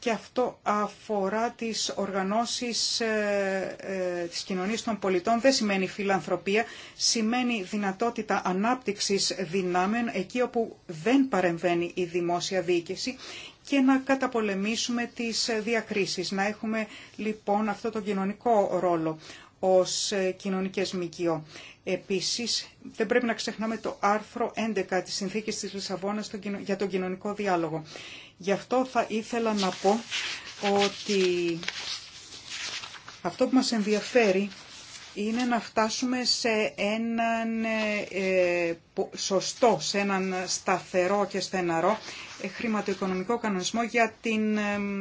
και αυτό αφορά τις οργανώσεις ε, ε, της κοινωνίας των πολιτών. Δεν σημαίνει φιλανθρωπία, σημαίνει δυνατότητα ανάπτυξης δυνάμεων εκεί όπου δεν παρεμβαίνει η δημόσια διοίκηση και να καταπολεμήσουμε τις διακρίσεις. Να έχουμε λοιπόν αυτό το κοινωνικό ρόλο ως ε, κοινωνικές μοικείο. Επίσης, δεν πρέπει να ξεχνάμε το άρθρο 11 της Συνθήκης της Λισαβόνας για τον κοινωνικό διάλογο. Γι' αυτό θα ήθελα να πω ότι αυτό που μας ενδιαφέρει είναι να φτάσουμε σε έναν ε, ε, σωστό, σε έναν σταθερό και στεναρό ε, χρηματοοικονομικό κανονισμό για την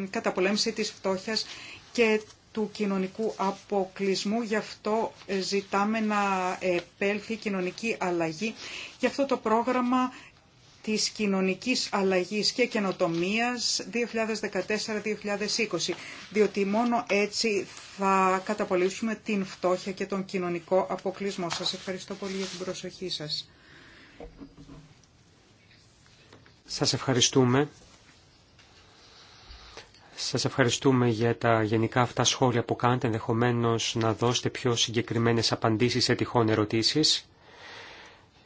καταπολέμηση της φτώχειας και του κοινωνικού αποκλεισμού. Γι' αυτό ζητάμε να επέλθει κοινωνική αλλαγή. Γι' αυτό το πρόγραμμα της κοινωνικής αλλαγής και καινοτομίας 2014-2020, διότι μόνο έτσι θα καταπολύσουμε την φτώχεια και τον κοινωνικό αποκλεισμό. Σας ευχαριστώ πολύ για την προσοχή σας. Σας ευχαριστούμε. Σας ευχαριστούμε για τα γενικά αυτά σχόλια που κάνετε, ενδεχομένω να δώσετε πιο συγκεκριμένες απαντήσεις σε τυχόν ερωτήσεις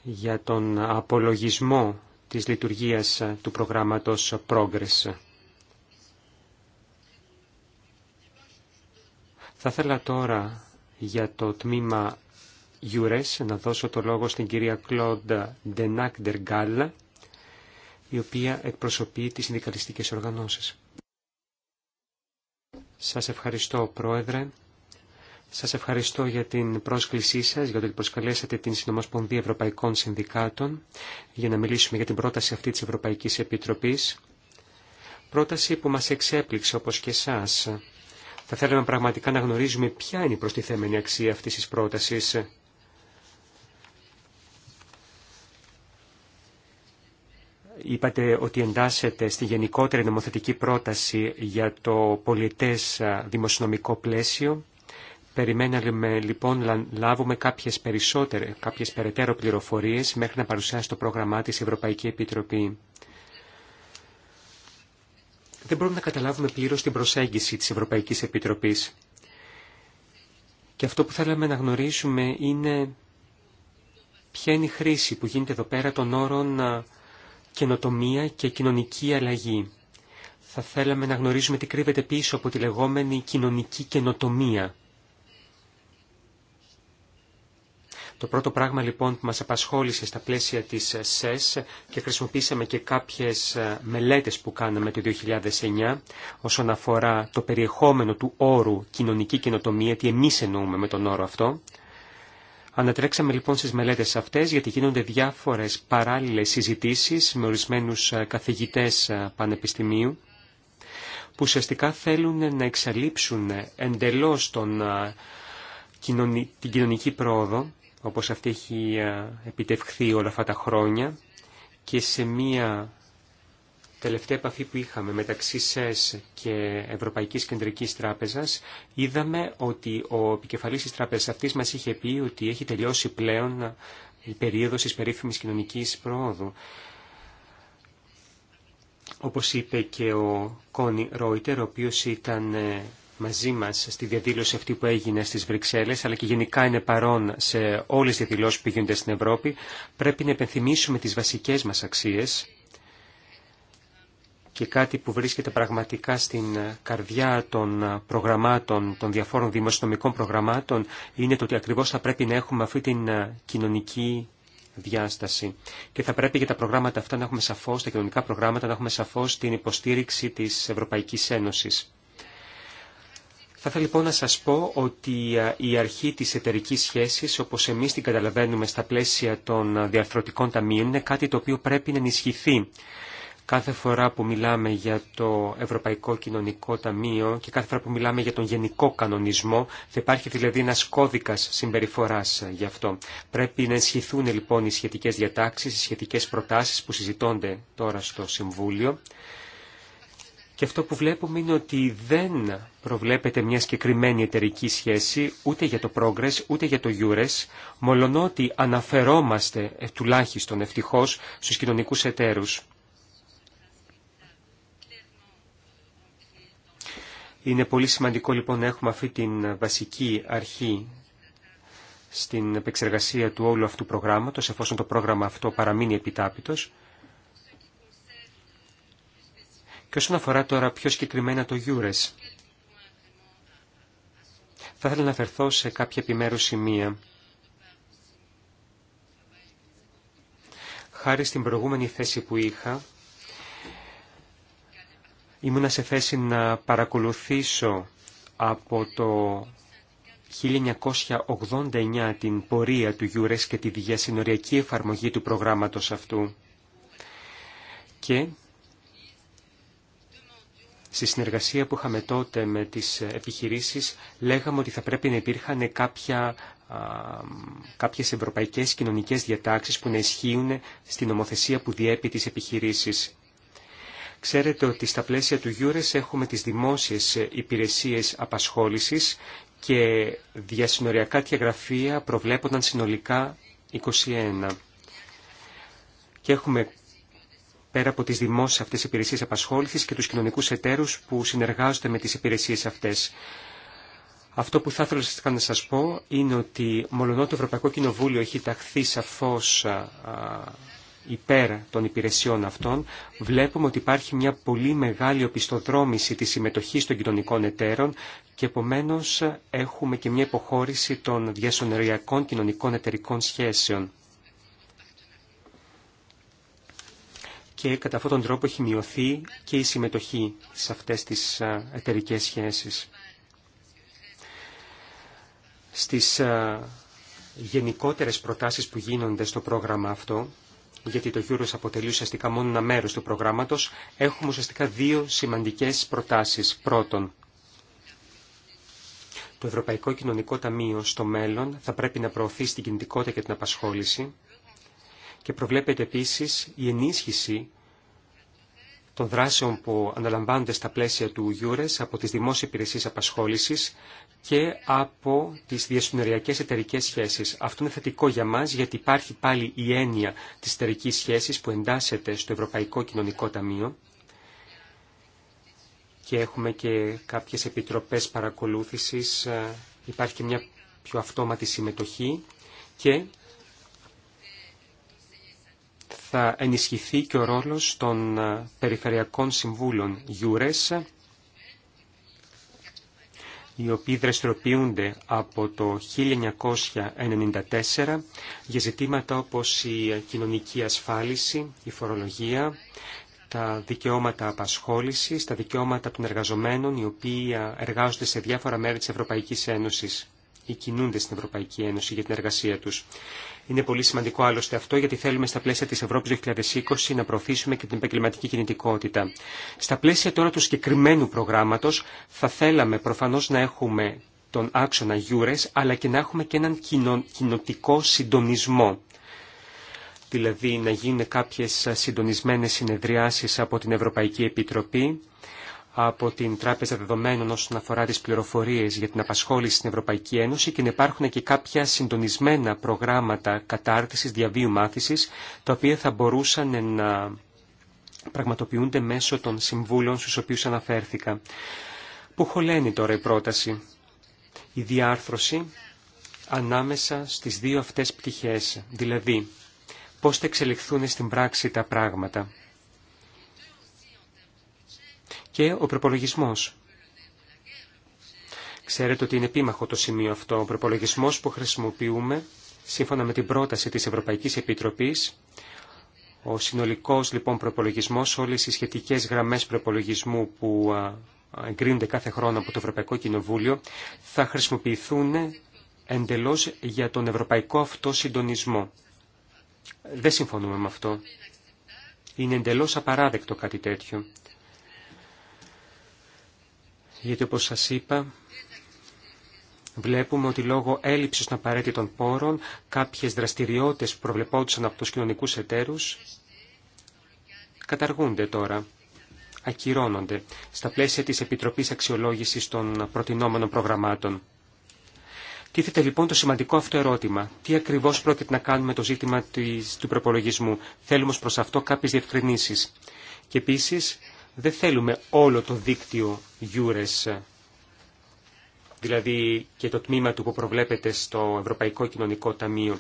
για τον απολογισμό της λειτουργίας ε, του προγράμματος Progress. Θα ήθελα τώρα για το τμήμα URES να δώσω το λόγο στην κυρία Κλοντ Ντενάκ Ντεργκάλ, η οποία εκπροσωπεί τις συνδικαλιστικές οργανώσεις. Σας ευχαριστώ, Πρόεδρε. Σας ευχαριστώ για την πρόσκλησή σας, για το ότι προσκαλέσατε την Συνομοσπονδία Ευρωπαϊκών Συνδικάτων για να μιλήσουμε για την πρόταση αυτή της Ευρωπαϊκής Επιτροπής. Πρόταση που μας εξέπληξε όπως και εσάς. Θα θέλαμε πραγματικά να γνωρίζουμε ποια είναι η προστιθέμενη αξία αυτής της πρότασης. Είπατε ότι εντάσσεται στη γενικότερη νομοθετική πρόταση για το πολιτές δημοσιονομικό πλαίσιο Περιμέναμε λοιπόν να λάβουμε κάποιες, περισσότερες, κάποιες περαιτέρω πληροφορίες μέχρι να παρουσιάσει το πρόγραμμά της Ευρωπαϊκή Επιτροπή. Δεν μπορούμε να καταλάβουμε πλήρως την προσέγγιση της Ευρωπαϊκής Επιτροπής. Και αυτό που θέλαμε να γνωρίσουμε είναι ποια είναι η χρήση που γίνεται εδώ πέρα των όρων καινοτομία και κοινωνική αλλαγή. Θα θέλαμε να γνωρίζουμε τι κρύβεται πίσω από τη λεγόμενη κοινωνική καινοτομία. Το πρώτο πράγμα λοιπόν που μας απασχόλησε στα πλαίσια της ε, ΣΕΣ και χρησιμοποίησαμε και κάποιες ε, μελέτες που κάναμε το 2009 όσον αφορά το περιεχόμενο του όρου κοινωνική καινοτομία, τι εμείς εννοούμε με τον όρο αυτό. Ανατρέξαμε λοιπόν στις μελέτες αυτές γιατί γίνονται διάφορες παράλληλες συζητήσεις με ορισμένους ε, καθηγητές πανεπιστημίου που ουσιαστικά θέλουν να εξαλείψουν εντελώς τον, την κοινωνική πρόοδο όπως αυτή έχει επιτευχθεί όλα αυτά τα χρόνια και σε μία τελευταία επαφή που είχαμε μεταξύ ΣΕΣ και Ευρωπαϊκής Κεντρικής Τράπεζας, είδαμε ότι ο επικεφαλής της τράπεζας αυτής μας είχε πει ότι έχει τελειώσει πλέον η περίοδος της περίφημης κοινωνικής προόδου. Όπως είπε και ο Κόνι Ρόιτερ, ο οποίος ήταν ε, μαζί μας στη διαδήλωση αυτή που έγινε στις Βρυξέλλες, αλλά και γενικά είναι παρόν σε όλες τις διαδηλώσεις που γίνονται στην Ευρώπη, πρέπει να επενθυμίσουμε τις βασικές μας αξίες και κάτι που βρίσκεται πραγματικά στην καρδιά των προγραμμάτων, των διαφόρων δημοσιονομικών προγραμμάτων, είναι το ότι ακριβώς θα πρέπει να έχουμε αυτή την κοινωνική διάσταση. Και θα πρέπει για τα προγράμματα αυτά να έχουμε σαφώ, τα κοινωνικά προγράμματα να έχουμε σαφώς την υποστήριξη της Ευρωπαϊκής Ένωσης. Θα ήθελα λοιπόν να σας πω ότι ε, η αρχή της εταιρική σχέσης, όπως εμείς την καταλαβαίνουμε στα πλαίσια των ε, διαρθρωτικών ταμείων, είναι κάτι το οποίο πρέπει να ενισχυθεί. Κάθε φορά που μιλάμε για το Ευρωπαϊκό Κοινωνικό Ταμείο και κάθε φορά που μιλάμε για τον γενικό κανονισμό, θα υπάρχει δηλαδή ένα κώδικα συμπεριφορά ε, γι' αυτό. Πρέπει να ενισχυθούν λοιπόν οι σχετικέ διατάξει, οι σχετικέ προτάσει που συζητώνται τώρα στο Συμβούλιο. Και αυτό που βλέπουμε είναι ότι δεν προβλέπεται μια συγκεκριμένη εταιρική σχέση ούτε για το Progress ούτε για το Eures, μολονότι αναφερόμαστε ε, τουλάχιστον ευτυχώς στους κοινωνικούς εταίρους. Είναι πολύ σημαντικό λοιπόν να έχουμε αυτή την βασική αρχή στην επεξεργασία του όλου αυτού προγράμματος, εφόσον το πρόγραμμα αυτό παραμείνει επιτάπητος. Και όσον αφορά τώρα πιο συγκεκριμένα το Γιούρες θα ήθελα να αφαιρθώ σε κάποια επιμέρους σημεία. Χάρη στην προηγούμενη θέση που είχα, ήμουνα σε θέση να παρακολουθήσω από το 1989 την πορεία του Γιούρες και τη διασυνοριακή εφαρμογή του προγράμματος αυτού. Και Στη συνεργασία που είχαμε τότε με τις επιχειρήσεις λέγαμε ότι θα πρέπει να υπήρχαν κάποια, α, κάποιες ευρωπαϊκές κοινωνικές διατάξεις που να ισχύουν στην νομοθεσία που διέπει τις επιχειρήσεις. Ξέρετε ότι στα πλαίσια του Γιούρες έχουμε τις δημόσιες υπηρεσίες απασχόλησης και διασυνοριακά διαγραφεία προβλέπονταν συνολικά 21. Και έχουμε πέρα από τις δημόσιες αυτές υπηρεσίες απασχόλησης και τους κοινωνικούς εταίρους που συνεργάζονται με τις υπηρεσίες αυτές. Αυτό που θα ήθελα να σας πω είναι ότι μολονό το Ευρωπαϊκό Κοινοβούλιο έχει ταχθεί σαφώς υπέρ των υπηρεσιών αυτών, βλέπουμε ότι υπάρχει μια πολύ μεγάλη οπισθοδρόμηση της συμμετοχής των κοινωνικών εταίρων και επομένως έχουμε και μια υποχώρηση των διασωνεριακών κοινωνικών εταιρικών σχέσεων. και κατά αυτόν τον τρόπο έχει μειωθεί και η συμμετοχή σε αυτές τις εταιρικέ σχέσεις. Στις γενικότερες προτάσεις που γίνονται στο πρόγραμμα αυτό, γιατί το Euros αποτελεί ουσιαστικά μόνο ένα μέρος του προγράμματος, έχουμε ουσιαστικά δύο σημαντικές προτάσεις. Πρώτον, το Ευρωπαϊκό Κοινωνικό Ταμείο στο μέλλον θα πρέπει να προωθεί στην κινητικότητα και την απασχόληση, και προβλέπεται επίσης η ενίσχυση των δράσεων που αναλαμβάνονται στα πλαίσια του Γιούρες από τις δημόσιες υπηρεσίες απασχόλησης και από τις διασυνοριακές εταιρικέ σχέσεις. Αυτό είναι θετικό για μας γιατί υπάρχει πάλι η έννοια της εταιρική σχέσης που εντάσσεται στο Ευρωπαϊκό Κοινωνικό Ταμείο και έχουμε και κάποιες επιτροπές παρακολούθησης, ε, υπάρχει και μια πιο αυτόματη συμμετοχή και θα ενισχυθεί και ο ρόλος των ε, περιφερειακών συμβούλων Γιούρες, οι οποίοι δραστηριοποιούνται από το 1994 για ζητήματα όπως η κοινωνική ασφάλιση, η φορολογία, τα δικαιώματα απασχόλησης, τα δικαιώματα των εργαζομένων οι οποίοι ε, εργάζονται σε διάφορα μέρη της Ευρωπαϊκής Ένωσης ή κινούνται στην Ευρωπαϊκή Ένωση για την εργασία τους. Είναι πολύ σημαντικό άλλωστε αυτό γιατί θέλουμε στα πλαίσια της Ευρώπης 2020 να προωθήσουμε και την επαγγελματική κινητικότητα. Στα πλαίσια τώρα του συγκεκριμένου προγράμματος θα θέλαμε προφανώς να έχουμε τον άξονα γιούρες αλλά και να έχουμε και έναν κοινο, κοινοτικό συντονισμό δηλαδή να γίνουν κάποιες συντονισμένες συνεδριάσεις από την Ευρωπαϊκή Επιτροπή από την Τράπεζα Δεδομένων όσον αφορά τις πληροφορίες για την απασχόληση στην Ευρωπαϊκή Ένωση και να υπάρχουν και κάποια συντονισμένα προγράμματα κατάρτισης διαβίου μάθησης, τα οποία θα μπορούσαν να πραγματοποιούνται μέσω των συμβούλων στους οποίους αναφέρθηκα. Που χωλαίνει τώρα η πρόταση. Η διάρθρωση ανάμεσα στις δύο αυτές πτυχές, δηλαδή πώς θα εξελιχθούν στην πράξη τα πράγματα και ο προπολογισμό. Ξέρετε ότι είναι επίμαχο το σημείο αυτό. Ο προπολογισμό που χρησιμοποιούμε, σύμφωνα με την πρόταση τη Ευρωπαϊκή Επιτροπή, ο συνολικό λοιπόν προπολογισμό, όλες οι σχετικές γραμμές προπολογισμού που εγκρίνονται κάθε χρόνο από το Ευρωπαϊκό Κοινοβούλιο, θα χρησιμοποιηθούν εντελώ για τον ευρωπαϊκό αυτό συντονισμό. Δεν συμφωνούμε με αυτό. Είναι εντελώς απαράδεκτο κάτι τέτοιο γιατί όπως σας είπα βλέπουμε ότι λόγω έλλειψης των απαραίτητων πόρων κάποιες δραστηριότητες που προβλεπόντουσαν από τους κοινωνικούς εταίρους καταργούνται τώρα, ακυρώνονται στα πλαίσια της Επιτροπής Αξιολόγησης των προτινόμενων προγραμμάτων. Τίθεται λοιπόν το σημαντικό αυτό ερώτημα. Τι ακριβώ πρόκειται να κάνουμε το ζήτημα του προπολογισμού. Θέλουμε προ αυτό κάποιε διευκρινήσει. Και επίση δεν θέλουμε όλο το δίκτυο Γιούρες, δηλαδή και το τμήμα του που προβλέπεται στο Ευρωπαϊκό Κοινωνικό Ταμείο,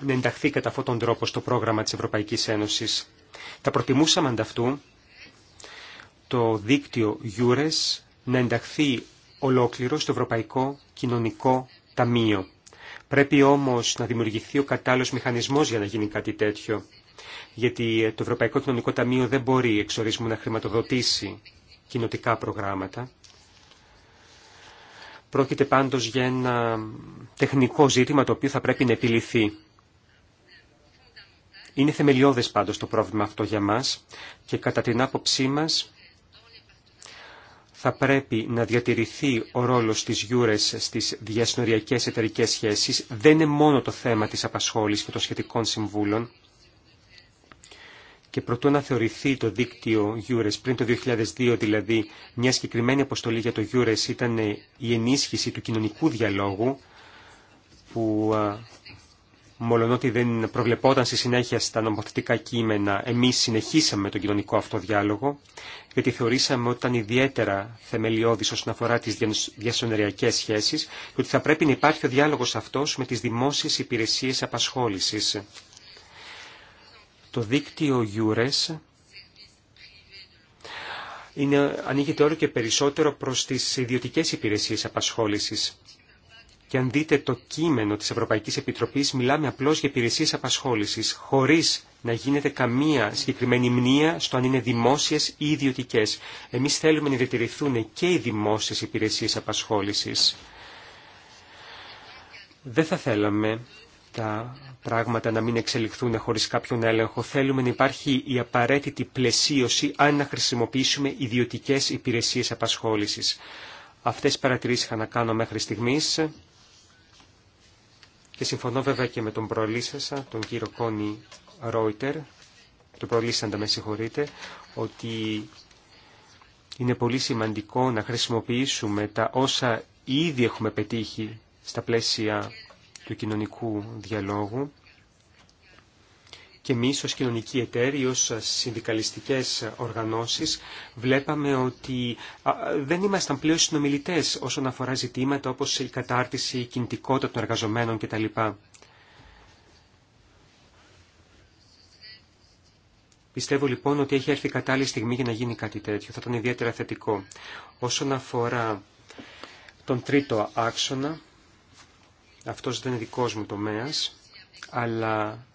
να ενταχθεί κατά αυτόν τον τρόπο στο πρόγραμμα της Ευρωπαϊκής Ένωσης. Θα προτιμούσαμε ανταυτού το δίκτυο Γιούρες να ενταχθεί ολόκληρο στο Ευρωπαϊκό Κοινωνικό Ταμείο. Πρέπει όμως να δημιουργηθεί ο κατάλληλος μηχανισμός για να γίνει κάτι τέτοιο γιατί το Ευρωπαϊκό Κοινωνικό Ταμείο δεν μπορεί εξορίσμου να χρηματοδοτήσει κοινοτικά προγράμματα. Πρόκειται πάντως για ένα τεχνικό ζήτημα το οποίο θα πρέπει να επιληθεί. Είναι θεμελιώδες πάντως το πρόβλημα αυτό για μας και κατά την άποψή μας θα πρέπει να διατηρηθεί ο ρόλος της Γιούρες στις διασυνοριακές εταιρικές σχέσεις. Δεν είναι μόνο το θέμα της απασχόλησης και των σχετικών συμβούλων και προτού να θεωρηθεί το δίκτυο EURES πριν το 2002 δηλαδή μια συγκεκριμένη αποστολή για το EURES ήταν η ενίσχυση του κοινωνικού διαλόγου που μολονότι δεν προβλεπόταν στη συνέχεια στα νομοθετικά κείμενα, εμείς συνεχίσαμε τον κοινωνικό αυτό διάλογο, γιατί θεωρήσαμε ότι ήταν ιδιαίτερα θεμελιώδης όσον αφορά τις διασωνεριακές σχέσεις και ότι θα πρέπει να υπάρχει ο διάλογος αυτός με τις δημόσιες υπηρεσίες απασχόλησης το δίκτυο EURES είναι, ανοίγεται όλο και περισσότερο προς τις ιδιωτικές υπηρεσίες απασχόλησης. Και αν δείτε το κείμενο της Ευρωπαϊκής Επιτροπής, μιλάμε απλώς για υπηρεσίες απασχόλησης, χωρίς να γίνεται καμία συγκεκριμένη μνήα στο αν είναι δημόσιες ή ιδιωτικές. Εμείς θέλουμε να διατηρηθούν και οι δημόσιες υπηρεσίες απασχόλησης. Δεν θα θέλαμε τα πράγματα να μην εξελιχθούν χωρίς κάποιον έλεγχο. Θέλουμε να υπάρχει η απαραίτητη πλαισίωση αν να χρησιμοποιήσουμε ιδιωτικές υπηρεσίες απασχόλησης. Αυτές οι παρατηρήσεις είχα να κάνω μέχρι στιγμής και συμφωνώ βέβαια και με τον προλήσασα, τον κύριο Κόνι Ρόιτερ, τον προλήσαντα με συγχωρείτε, ότι είναι πολύ σημαντικό να χρησιμοποιήσουμε τα όσα ήδη έχουμε πετύχει στα πλαίσια του κοινωνικού διαλόγου και εμεί ως κοινωνικοί εταίροι, ως συνδικαλιστικές οργανώσεις, βλέπαμε ότι δεν ήμασταν πλέον συνομιλητές όσον αφορά ζητήματα όπως η κατάρτιση, η κινητικότητα των εργαζομένων κτλ. Πιστεύω λοιπόν ότι έχει έρθει κατάλληλη στιγμή για να γίνει κάτι τέτοιο. Θα ήταν ιδιαίτερα θετικό. Όσον αφορά τον τρίτο άξονα, αυτός δεν είναι δικός μου τομέας, αλλά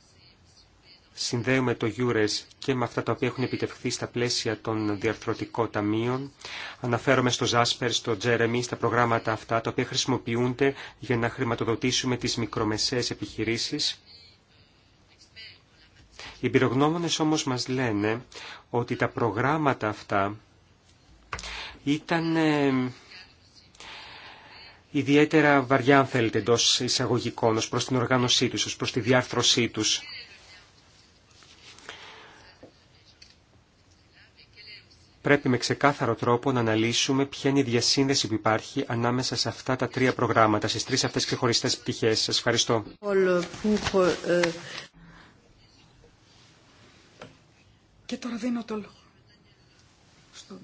συνδέουμε το Eures και με αυτά τα οποία έχουν επιτευχθεί στα πλαίσια των διαρθρωτικών ταμείων. Αναφέρομαι στο Ζάσπερ, στο Τζέρεμι, στα προγράμματα αυτά, τα οποία χρησιμοποιούνται για να χρηματοδοτήσουμε τις μικρομεσαίες επιχειρήσεις. Οι εμπειρογνώμονες όμως μας λένε ότι τα προγράμματα αυτά ήταν ε, ιδιαίτερα βαριά, αν θέλετε, εντό εισαγωγικών, ως προς την οργάνωσή τους, ως προς τη διάρθρωσή τους. Πρέπει με ξεκάθαρο τρόπο να αναλύσουμε ποια είναι η διασύνδεση που υπάρχει ανάμεσα σε αυτά τα τρία προγράμματα, στις τρεις αυτές ξεχωριστές πτυχές. Σας ευχαριστώ. Και τώρα δίνω το λόγο στον,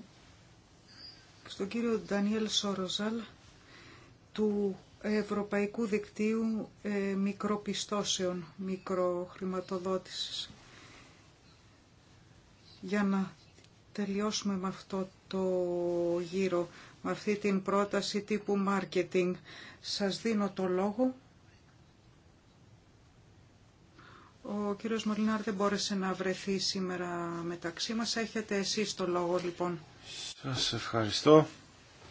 στον κύριο Ντανιέλ Σόροζαλ του Ευρωπαϊκού Δικτύου ε, Μικροπιστώσεων, Μικροχρηματοδότησης. Για να τελειώσουμε με αυτό το γύρο, με αυτή την πρόταση τύπου marketing, σας δίνω το λόγο. Ο κύριος Μολινάρ δεν μπόρεσε να βρεθεί σήμερα μεταξύ μας. Έχετε εσείς το λόγο λοιπόν. Σας ευχαριστώ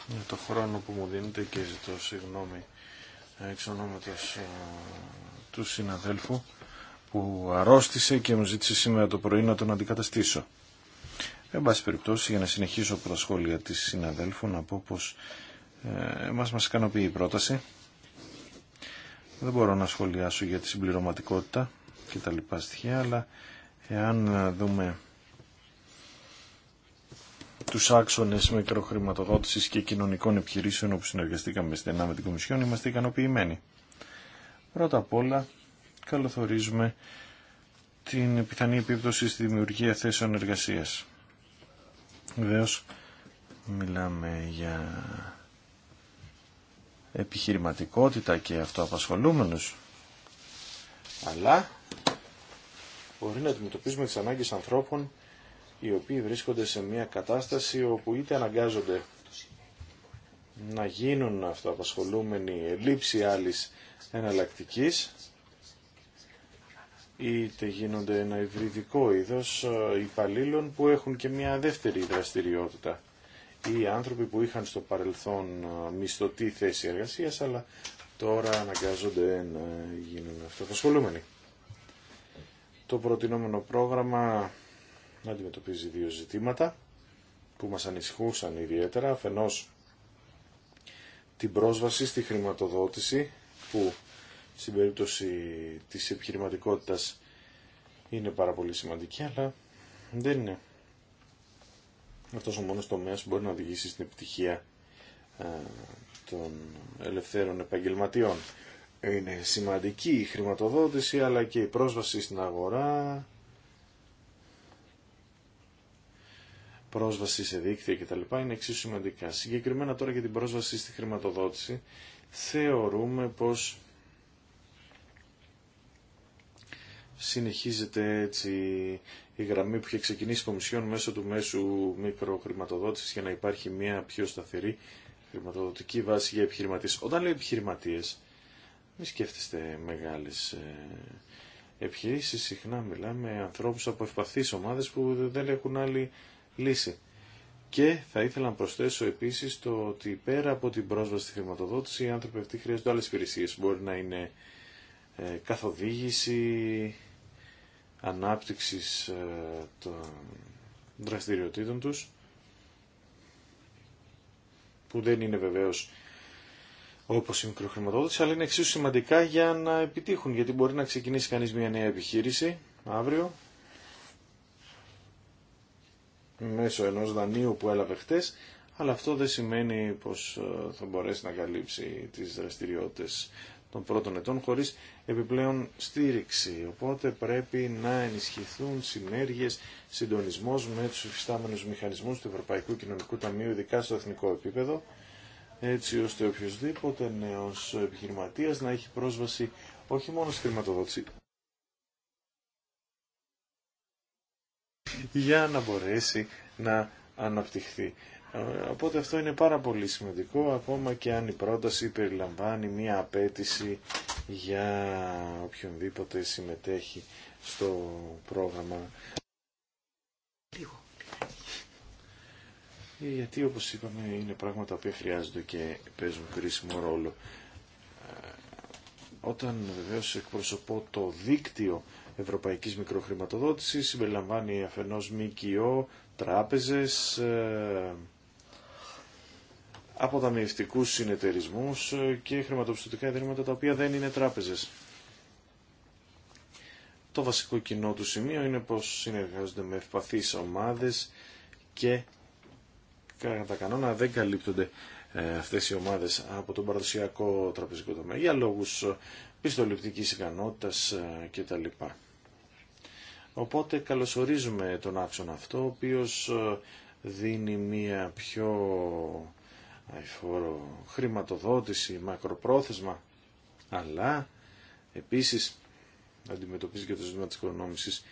για το χρόνο που μου δίνετε και ζητώ συγγνώμη εξ ονόματος ε, του συναδέλφου που αρρώστησε και μου ζήτησε σήμερα το πρωί να τον αντικαταστήσω. Εν πάση περιπτώσει, για να συνεχίσω από τα σχόλια της συναδέλφου, να πω πως ε, μας μας ικανοποιεί η πρόταση. Δεν μπορώ να σχολιάσω για τη συμπληρωματικότητα και τα λοιπά στοιχεία, αλλά εάν ε, δούμε τους άξονες μικροχρηματοδότηση και κοινωνικών επιχειρήσεων όπου συνεργαστήκαμε στενά με την Κομισιόν είμαστε ικανοποιημένοι. Πρώτα απ' όλα καλωθορίζουμε την πιθανή επίπτωση στη δημιουργία θέσεων εργασία. Βεβαίω μιλάμε για επιχειρηματικότητα και αυτοαπασχολούμενους αλλά μπορεί να αντιμετωπίζουμε τις ανάγκες ανθρώπων οι οποίοι βρίσκονται σε μια κατάσταση όπου είτε αναγκάζονται να γίνουν αυτοαπασχολούμενοι λήψη άλλης εναλλακτική είτε γίνονται ένα υβριδικό είδος ε, υπαλλήλων που έχουν και μια δεύτερη δραστηριότητα ή άνθρωποι που είχαν στο παρελθόν ε, μισθωτή θέση εργασία αλλά τώρα αναγκάζονται να γίνουν αυτοαπασχολούμενοι. Το προτινόμενο πρόγραμμα να αντιμετωπίζει δύο ζητήματα που μας ανησυχούσαν ιδιαίτερα. Αφενός την πρόσβαση στη χρηματοδότηση που στην περίπτωση της επιχειρηματικότητας είναι πάρα πολύ σημαντική, αλλά δεν είναι αυτός ο μόνος τομέας που μπορεί να οδηγήσει στην επιτυχία ε, των ελευθέρων επαγγελματιών. Είναι σημαντική η χρηματοδότηση αλλά και η πρόσβαση στην αγορά πρόσβαση σε δίκτυα κτλ. είναι εξίσου σημαντικά. Συγκεκριμένα τώρα για την πρόσβαση στη χρηματοδότηση θεωρούμε πως συνεχίζεται έτσι η γραμμή που είχε ξεκινήσει η Κομισιόν μέσω του μέσου μικροχρηματοδότησης για να υπάρχει μια πιο σταθερή χρηματοδοτική βάση για επιχειρηματίες. Όταν λέω επιχειρηματίες, μην σκέφτεστε μεγάλες ε, επιχειρήσεις, συχνά μιλάμε ανθρώπους από ευπαθείς ομάδες που δεν έχουν άλλη λύση. Και θα ήθελα να προσθέσω επίσης το ότι πέρα από την πρόσβαση στη χρηματοδότηση οι άνθρωποι αυτοί χρειάζονται άλλες υπηρεσίες. Μπορεί να είναι ε, καθοδήγηση, ανάπτυξης ε, των δραστηριοτήτων τους, που δεν είναι βεβαίως όπως η μικροχρηματοδότηση, αλλά είναι εξίσου σημαντικά για να επιτύχουν, γιατί μπορεί να ξεκινήσει κανείς μια νέα επιχείρηση αύριο μέσω ενός δανείου που έλαβε χτες, αλλά αυτό δεν σημαίνει πως ε, θα μπορέσει να καλύψει τις δραστηριότητες των πρώτων ετών χωρίς επιπλέον στήριξη. Οπότε πρέπει να ενισχυθούν συνέργειες, συντονισμός με τους υφιστάμενους μηχανισμούς του Ευρωπαϊκού Κοινωνικού Ταμείου, ειδικά στο εθνικό επίπεδο, έτσι ώστε οποιοδήποτε νέος επιχειρηματίας να έχει πρόσβαση όχι μόνο στη χρηματοδότηση, για να μπορέσει να αναπτυχθεί. Ε, οπότε αυτό είναι πάρα πολύ σημαντικό, ακόμα και αν η πρόταση περιλαμβάνει μία απέτηση για οποιονδήποτε συμμετέχει στο πρόγραμμα. Γιατί όπως είπαμε είναι πράγματα που χρειάζονται και παίζουν κρίσιμο ρόλο. Ε, όταν βεβαίως εκπροσωπώ το δίκτυο ευρωπαϊκής μικροχρηματοδότησης, συμπεριλαμβάνει αφενός ΜΚΟ, τράπεζες, ε, αποταμιευτικούς συνεταιρισμούς και χρηματοπιστωτικά ιδρύματα τα οποία δεν είναι τράπεζες. Το βασικό κοινό του σημείο είναι πως συνεργάζονται με ευπαθείς ομάδες και κατά κανόνα δεν καλύπτονται ε, αυτές οι ομάδες από τον παραδοσιακό τραπεζικό τομέα για λόγους πιστοληπτικής ικανότητας ε, κτλ. Οπότε καλωσορίζουμε τον άξονα αυτό, ο οποίος ε, δίνει μία πιο αηφόρο χρηματοδότηση, μακροπρόθεσμα, αλλά επίσης αντιμετωπίζει και το ζήτημα της οικονόμησης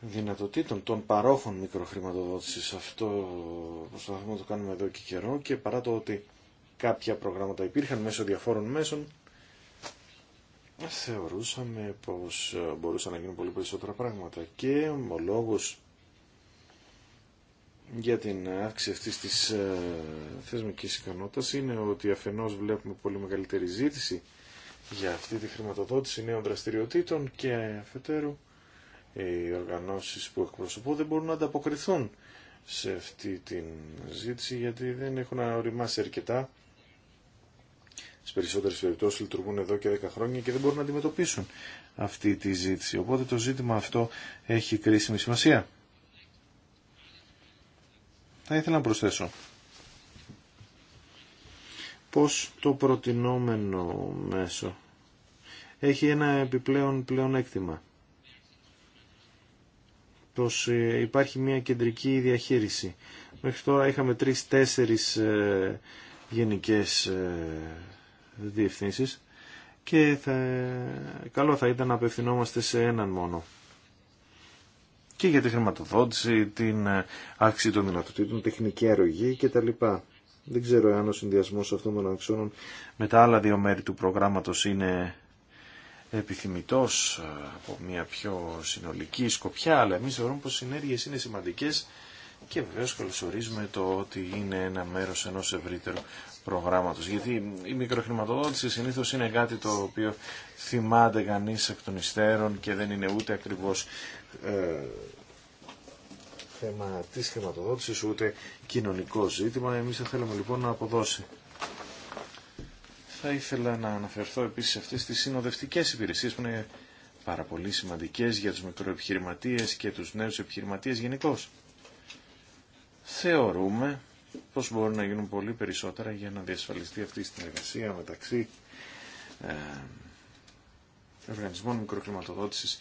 δυνατοτήτων των παρόχων μικροχρηματοδότησης. Αυτό προσπαθούμε να το κάνουμε εδώ και καιρό και παρά το ότι κάποια προγράμματα υπήρχαν μέσω διαφόρων μέσων, θεωρούσαμε πως ε, μπορούσαν να γίνουν πολύ περισσότερα πράγματα και ο λόγος για την αύξηση αυτής της ε, θεσμικής ικανότητας είναι ότι αφενός βλέπουμε πολύ μεγαλύτερη ζήτηση για αυτή τη χρηματοδότηση νέων δραστηριοτήτων και αφετέρου οι οργανώσεις που εκπροσωπώ δεν μπορούν να ανταποκριθούν σε αυτή την ζήτηση γιατί δεν έχουν οριμάσει αρκετά σε περισσότερε περιπτώσει λειτουργούν εδώ και 10 χρόνια και δεν μπορούν να αντιμετωπίσουν αυτή τη ζήτηση. Οπότε το ζήτημα αυτό έχει κρίσιμη σημασία. Θα ήθελα να προσθέσω πως το προτινόμενο μέσο έχει ένα επιπλέον πλεονέκτημα. Πως ε, υπάρχει μια κεντρική διαχείριση. Μέχρι τώρα είχαμε τρεις-τέσσερις ε, γενικές ε, διευθύνσεις και θα, καλό θα ήταν να απευθυνόμαστε σε έναν μόνο. Και για τη χρηματοδότηση, την ε, αύξηση των δυνατοτήτων, τεχνική αρρωγή κτλ. Δεν ξέρω αν ο συνδυασμό αυτών των αξώνων με τα άλλα δύο μέρη του προγράμματο είναι επιθυμητό ε, από μια πιο συνολική σκοπιά, αλλά εμεί θεωρούμε πω οι συνέργειες είναι σημαντικέ και βεβαίω καλωσορίζουμε το ότι είναι ένα μέρο ενό ευρύτερου προγράμματος. Γιατί η μικροχρηματοδότηση συνήθω είναι κάτι το οποίο θυμάται κανείς εκ των υστέρων και δεν είναι ούτε ακριβώς ε, θέμα τη χρηματοδότηση ούτε κοινωνικό ζήτημα. Εμείς θα θέλαμε λοιπόν να αποδώσει. Θα ήθελα να αναφερθώ επίσης σε αυτές τις συνοδευτικές υπηρεσίες που είναι πάρα πολύ σημαντικέ για του μικροεπιχειρηματίε και του νέου επιχειρηματίε γενικώ. Θεωρούμε πως μπορούν να γίνουν πολύ περισσότερα για να διασφαλιστεί αυτή η συνεργασία μεταξύ ε, οργανισμών μικροκληματοδότησης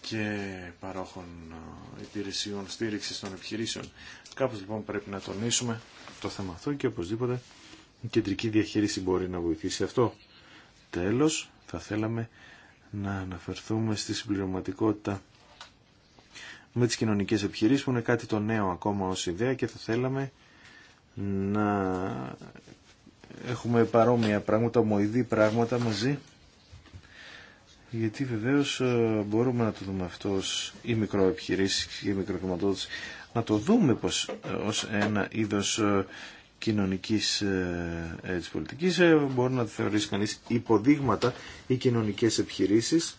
και παρόχων ε, υπηρεσιών στήριξης των επιχειρήσεων. Κάπως λοιπόν πρέπει να τονίσουμε το θέμα αυτό και οπωσδήποτε η κεντρική διαχείριση μπορεί να βοηθήσει αυτό. Τέλος, θα θέλαμε να αναφερθούμε στη συμπληρωματικότητα με τις κοινωνικές επιχειρήσεις που είναι κάτι το νέο ακόμα ως ιδέα και θα θέλαμε να έχουμε παρόμοια πράγματα, ομοειδή πράγματα μαζί γιατί βεβαίως ε, μπορούμε να το δούμε αυτό ή μικροεπιχειρήσεις και μικροχρηματοδότηση να το δούμε πως, ε, ως ένα είδος ε, κοινωνικής έτσι, πολιτικής μπορεί να θεωρήσει κανείς υποδείγματα ή κοινωνικές επιχειρήσεις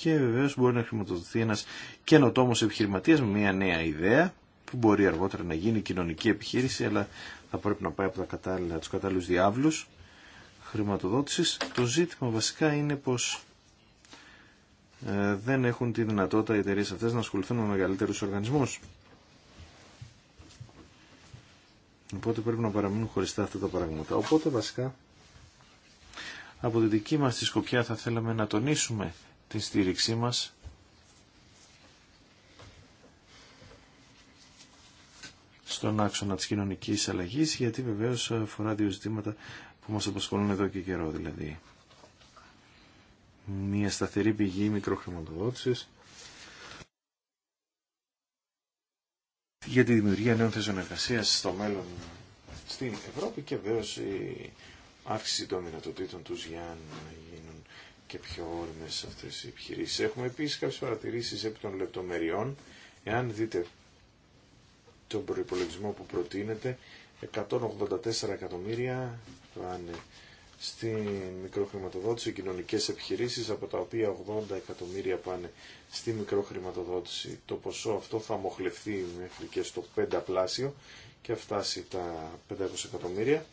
και βεβαίω μπορεί να χρηματοδοθεί ένα καινοτόμο επιχειρηματία με μια νέα ιδέα που μπορεί αργότερα να γίνει κοινωνική επιχείρηση αλλά θα πρέπει να πάει από του κατάλληλου τους χρηματοδότηση. Το ζήτημα βασικά είναι πως ε, δεν έχουν τη δυνατότητα οι εταιρείε αυτέ να ασχοληθούν με μεγαλύτερους οργανισμούς. Οπότε πρέπει να παραμείνουν χωριστά αυτά τα πράγματα. Οπότε βασικά από την δική μας τη σκοπιά θα θέλαμε να τονίσουμε τη στήριξή μας στον άξονα της κοινωνικής αλλαγής γιατί βεβαίως αφορά δύο ζητήματα που μας απασχολούν εδώ και καιρό δηλαδή μια σταθερή πηγή μικροχρηματοδότησης για τη δημιουργία νέων θέσεων εργασία στο μέλλον στην Ευρώπη και βεβαίω η αύξηση των δυνατοτήτων τους για να γίνουν και πιο όριμες αυτές οι επιχειρήσεις. Έχουμε επίσης κάποιες παρατηρήσεις επί των λεπτομεριών. Εάν δείτε τον προϋπολογισμό που προτείνεται, 184 εκατομμύρια πάνε στην μικροχρηματοδότηση, οι κοινωνικές επιχειρήσεις, από τα οποία 80 εκατομμύρια πάνε στη μικροχρηματοδότηση. Το ποσό αυτό θα μοχλευθεί μέχρι και στο πλάσιο και φτάσει τα 500 εκατομμύρια.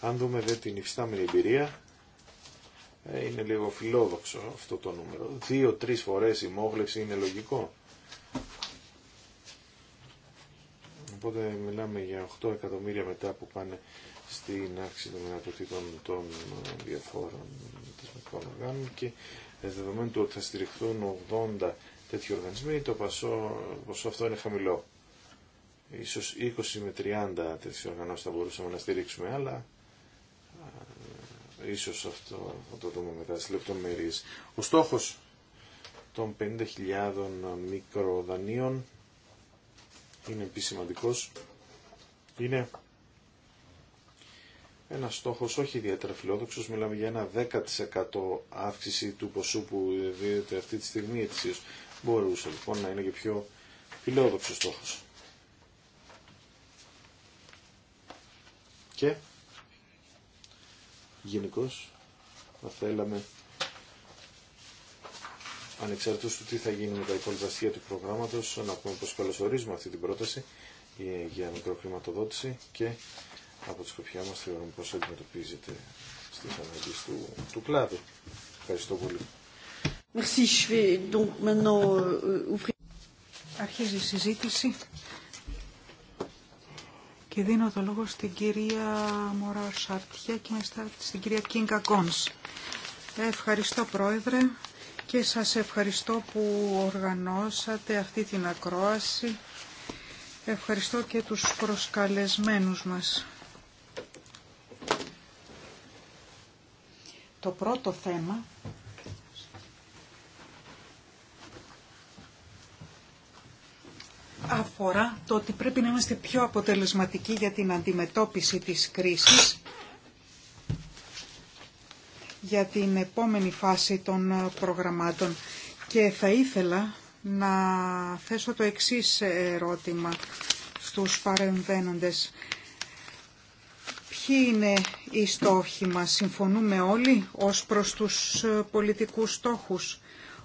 Αν δούμε δε την υφιστάμενη εμπειρία, ε, είναι λίγο φιλόδοξο αυτό το νούμερο. Δύο-τρεις φορές η μόχλευση είναι λογικό. Οπότε μιλάμε για 8 εκατομμύρια μετά που πάνε στην αύξηση των δυνατοτήτων των ε, διαφόρων της οργάνων και ε, δεδομένου του ότι θα στηριχθούν 80 τέτοιοι οργανισμοί, το ποσό, ποσό αυτό είναι χαμηλό. Ίσως 20 με 30 τέτοιες οργανώσεις θα μπορούσαμε να στηρίξουμε, αλλά ίσως αυτό θα το δούμε μετά στις λεπτομέρειες. Ο στόχος των 50.000 μικροδανείων είναι επισημαντικός. Είναι ένα στόχος όχι ιδιαίτερα φιλόδοξος, μιλάμε για ένα 10% αύξηση του ποσού που δίνεται αυτή τη στιγμή Επίσης Μπορούσε λοιπόν να είναι και πιο φιλόδοξος στόχος. Και Γενικώ θα θέλαμε ανεξαρτήτως του τι θα γίνει με τα υπόλοιπα του προγράμματος να πούμε πως καλωσορίζουμε αυτή την πρόταση ε, για μικροχρηματοδότηση και από τη σκοπιά μας θεωρούμε πως αντιμετωπίζεται στις ανάγκες του, του κλάδου. Ευχαριστώ πολύ. Merci, je vais donc maintenant euh, συζήτηση. Και δίνω το λόγο στην κυρία Μωρά Σαρτιά και μετά στην κυρία Κίνκα Κόνς. Ευχαριστώ πρόεδρε και σας ευχαριστώ που οργανώσατε αυτή την ακρόαση. Ευχαριστώ και τους προσκαλεσμένους μας. Το πρώτο θέμα αφορά το ότι πρέπει να είμαστε πιο αποτελεσματικοί για την αντιμετώπιση της κρίσης για την επόμενη φάση των προγραμμάτων. Και θα ήθελα να θέσω το εξής ερώτημα στους παρεμβαίνοντες. Ποιοι είναι οι στόχοι μας, συμφωνούμε όλοι ως προς τους πολιτικούς στόχους,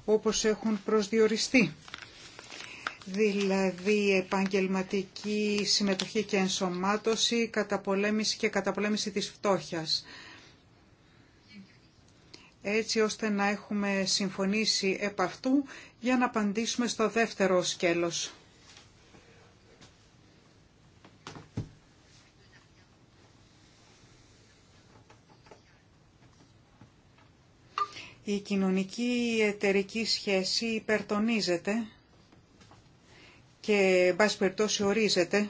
όπως έχουν προσδιοριστεί δηλαδή επαγγελματική συμμετοχή και ενσωμάτωση, καταπολέμηση και καταπολέμηση της φτώχειας. Έτσι ώστε να έχουμε συμφωνήσει επ' αυτού για να απαντήσουμε στο δεύτερο σκέλος. Η κοινωνική εταιρική σχέση υπερτονίζεται και, εν πάση περιπτώσει, ορίζεται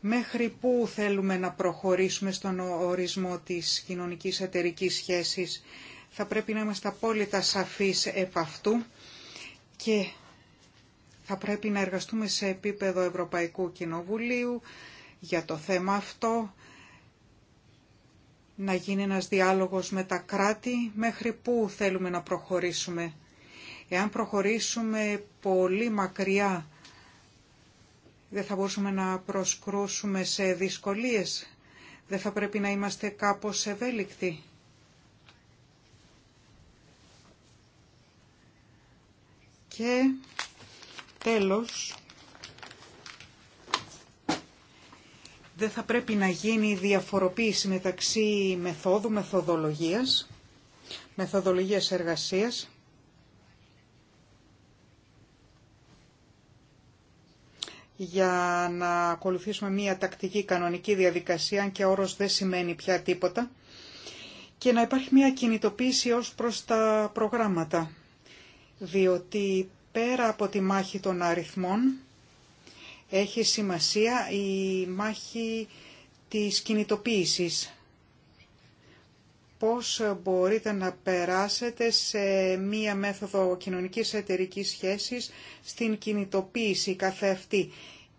μέχρι πού θέλουμε να προχωρήσουμε στον ορισμό της κοινωνικής εταιρικής σχέσης. Θα πρέπει να είμαστε απόλυτα σαφείς επ' αυτού και θα πρέπει να εργαστούμε σε επίπεδο Ευρωπαϊκού Κοινοβουλίου για το θέμα αυτό, να γίνει ένας διάλογος με τα κράτη, μέχρι πού θέλουμε να προχωρήσουμε. Εάν προχωρήσουμε πολύ μακριά δεν θα μπορούσαμε να προσκρούσουμε σε δυσκολίες. Δεν θα πρέπει να είμαστε κάπως ευέλικτοι. Και τέλος, δεν θα πρέπει να γίνει διαφοροποίηση μεταξύ μεθόδου, μεθοδολογίας, μεθοδολογίας εργασίας για να ακολουθήσουμε μία τακτική κανονική διαδικασία, αν και όρος δεν σημαίνει πια τίποτα, και να υπάρχει μία κινητοποίηση ως προς τα προγράμματα. Διότι πέρα από τη μάχη των αριθμών, έχει σημασία η μάχη της κινητοποίησης πώς μπορείτε να περάσετε σε μία μέθοδο κοινωνικής εταιρικής σχέσης στην κινητοποίηση καθε αυτή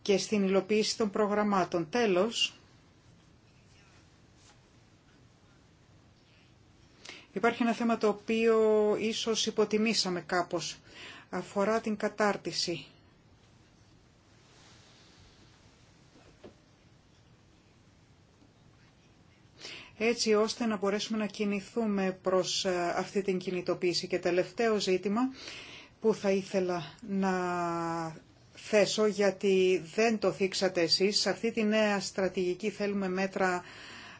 και στην υλοποίηση των προγραμμάτων. Τέλος, υπάρχει ένα θέμα το οποίο ίσως υποτιμήσαμε κάπως. Αφορά την κατάρτιση έτσι ώστε να μπορέσουμε να κινηθούμε προς ε, αυτή την κινητοποίηση. Και τελευταίο ζήτημα που θα ήθελα να θέσω, γιατί δεν το θίξατε εσείς, σε αυτή τη νέα στρατηγική θέλουμε μέτρα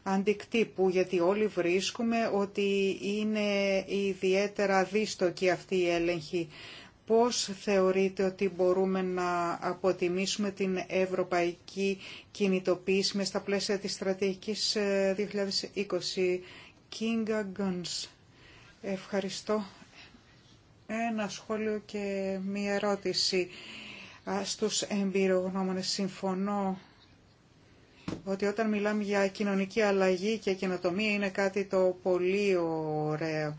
αντικτύπου, γιατί όλοι βρίσκουμε ότι είναι ιδιαίτερα δύστοκη αυτή η έλεγχη πώς θεωρείτε ότι μπορούμε να αποτιμήσουμε την ευρωπαϊκή κινητοποίηση με στα πλαίσια της στρατηγικής 2020. Kinga Guns. Ευχαριστώ. Ένα σχόλιο και μία ερώτηση. τους εμπειρογνώμονες συμφωνώ ότι όταν μιλάμε για κοινωνική αλλαγή και καινοτομία είναι κάτι το πολύ ωραίο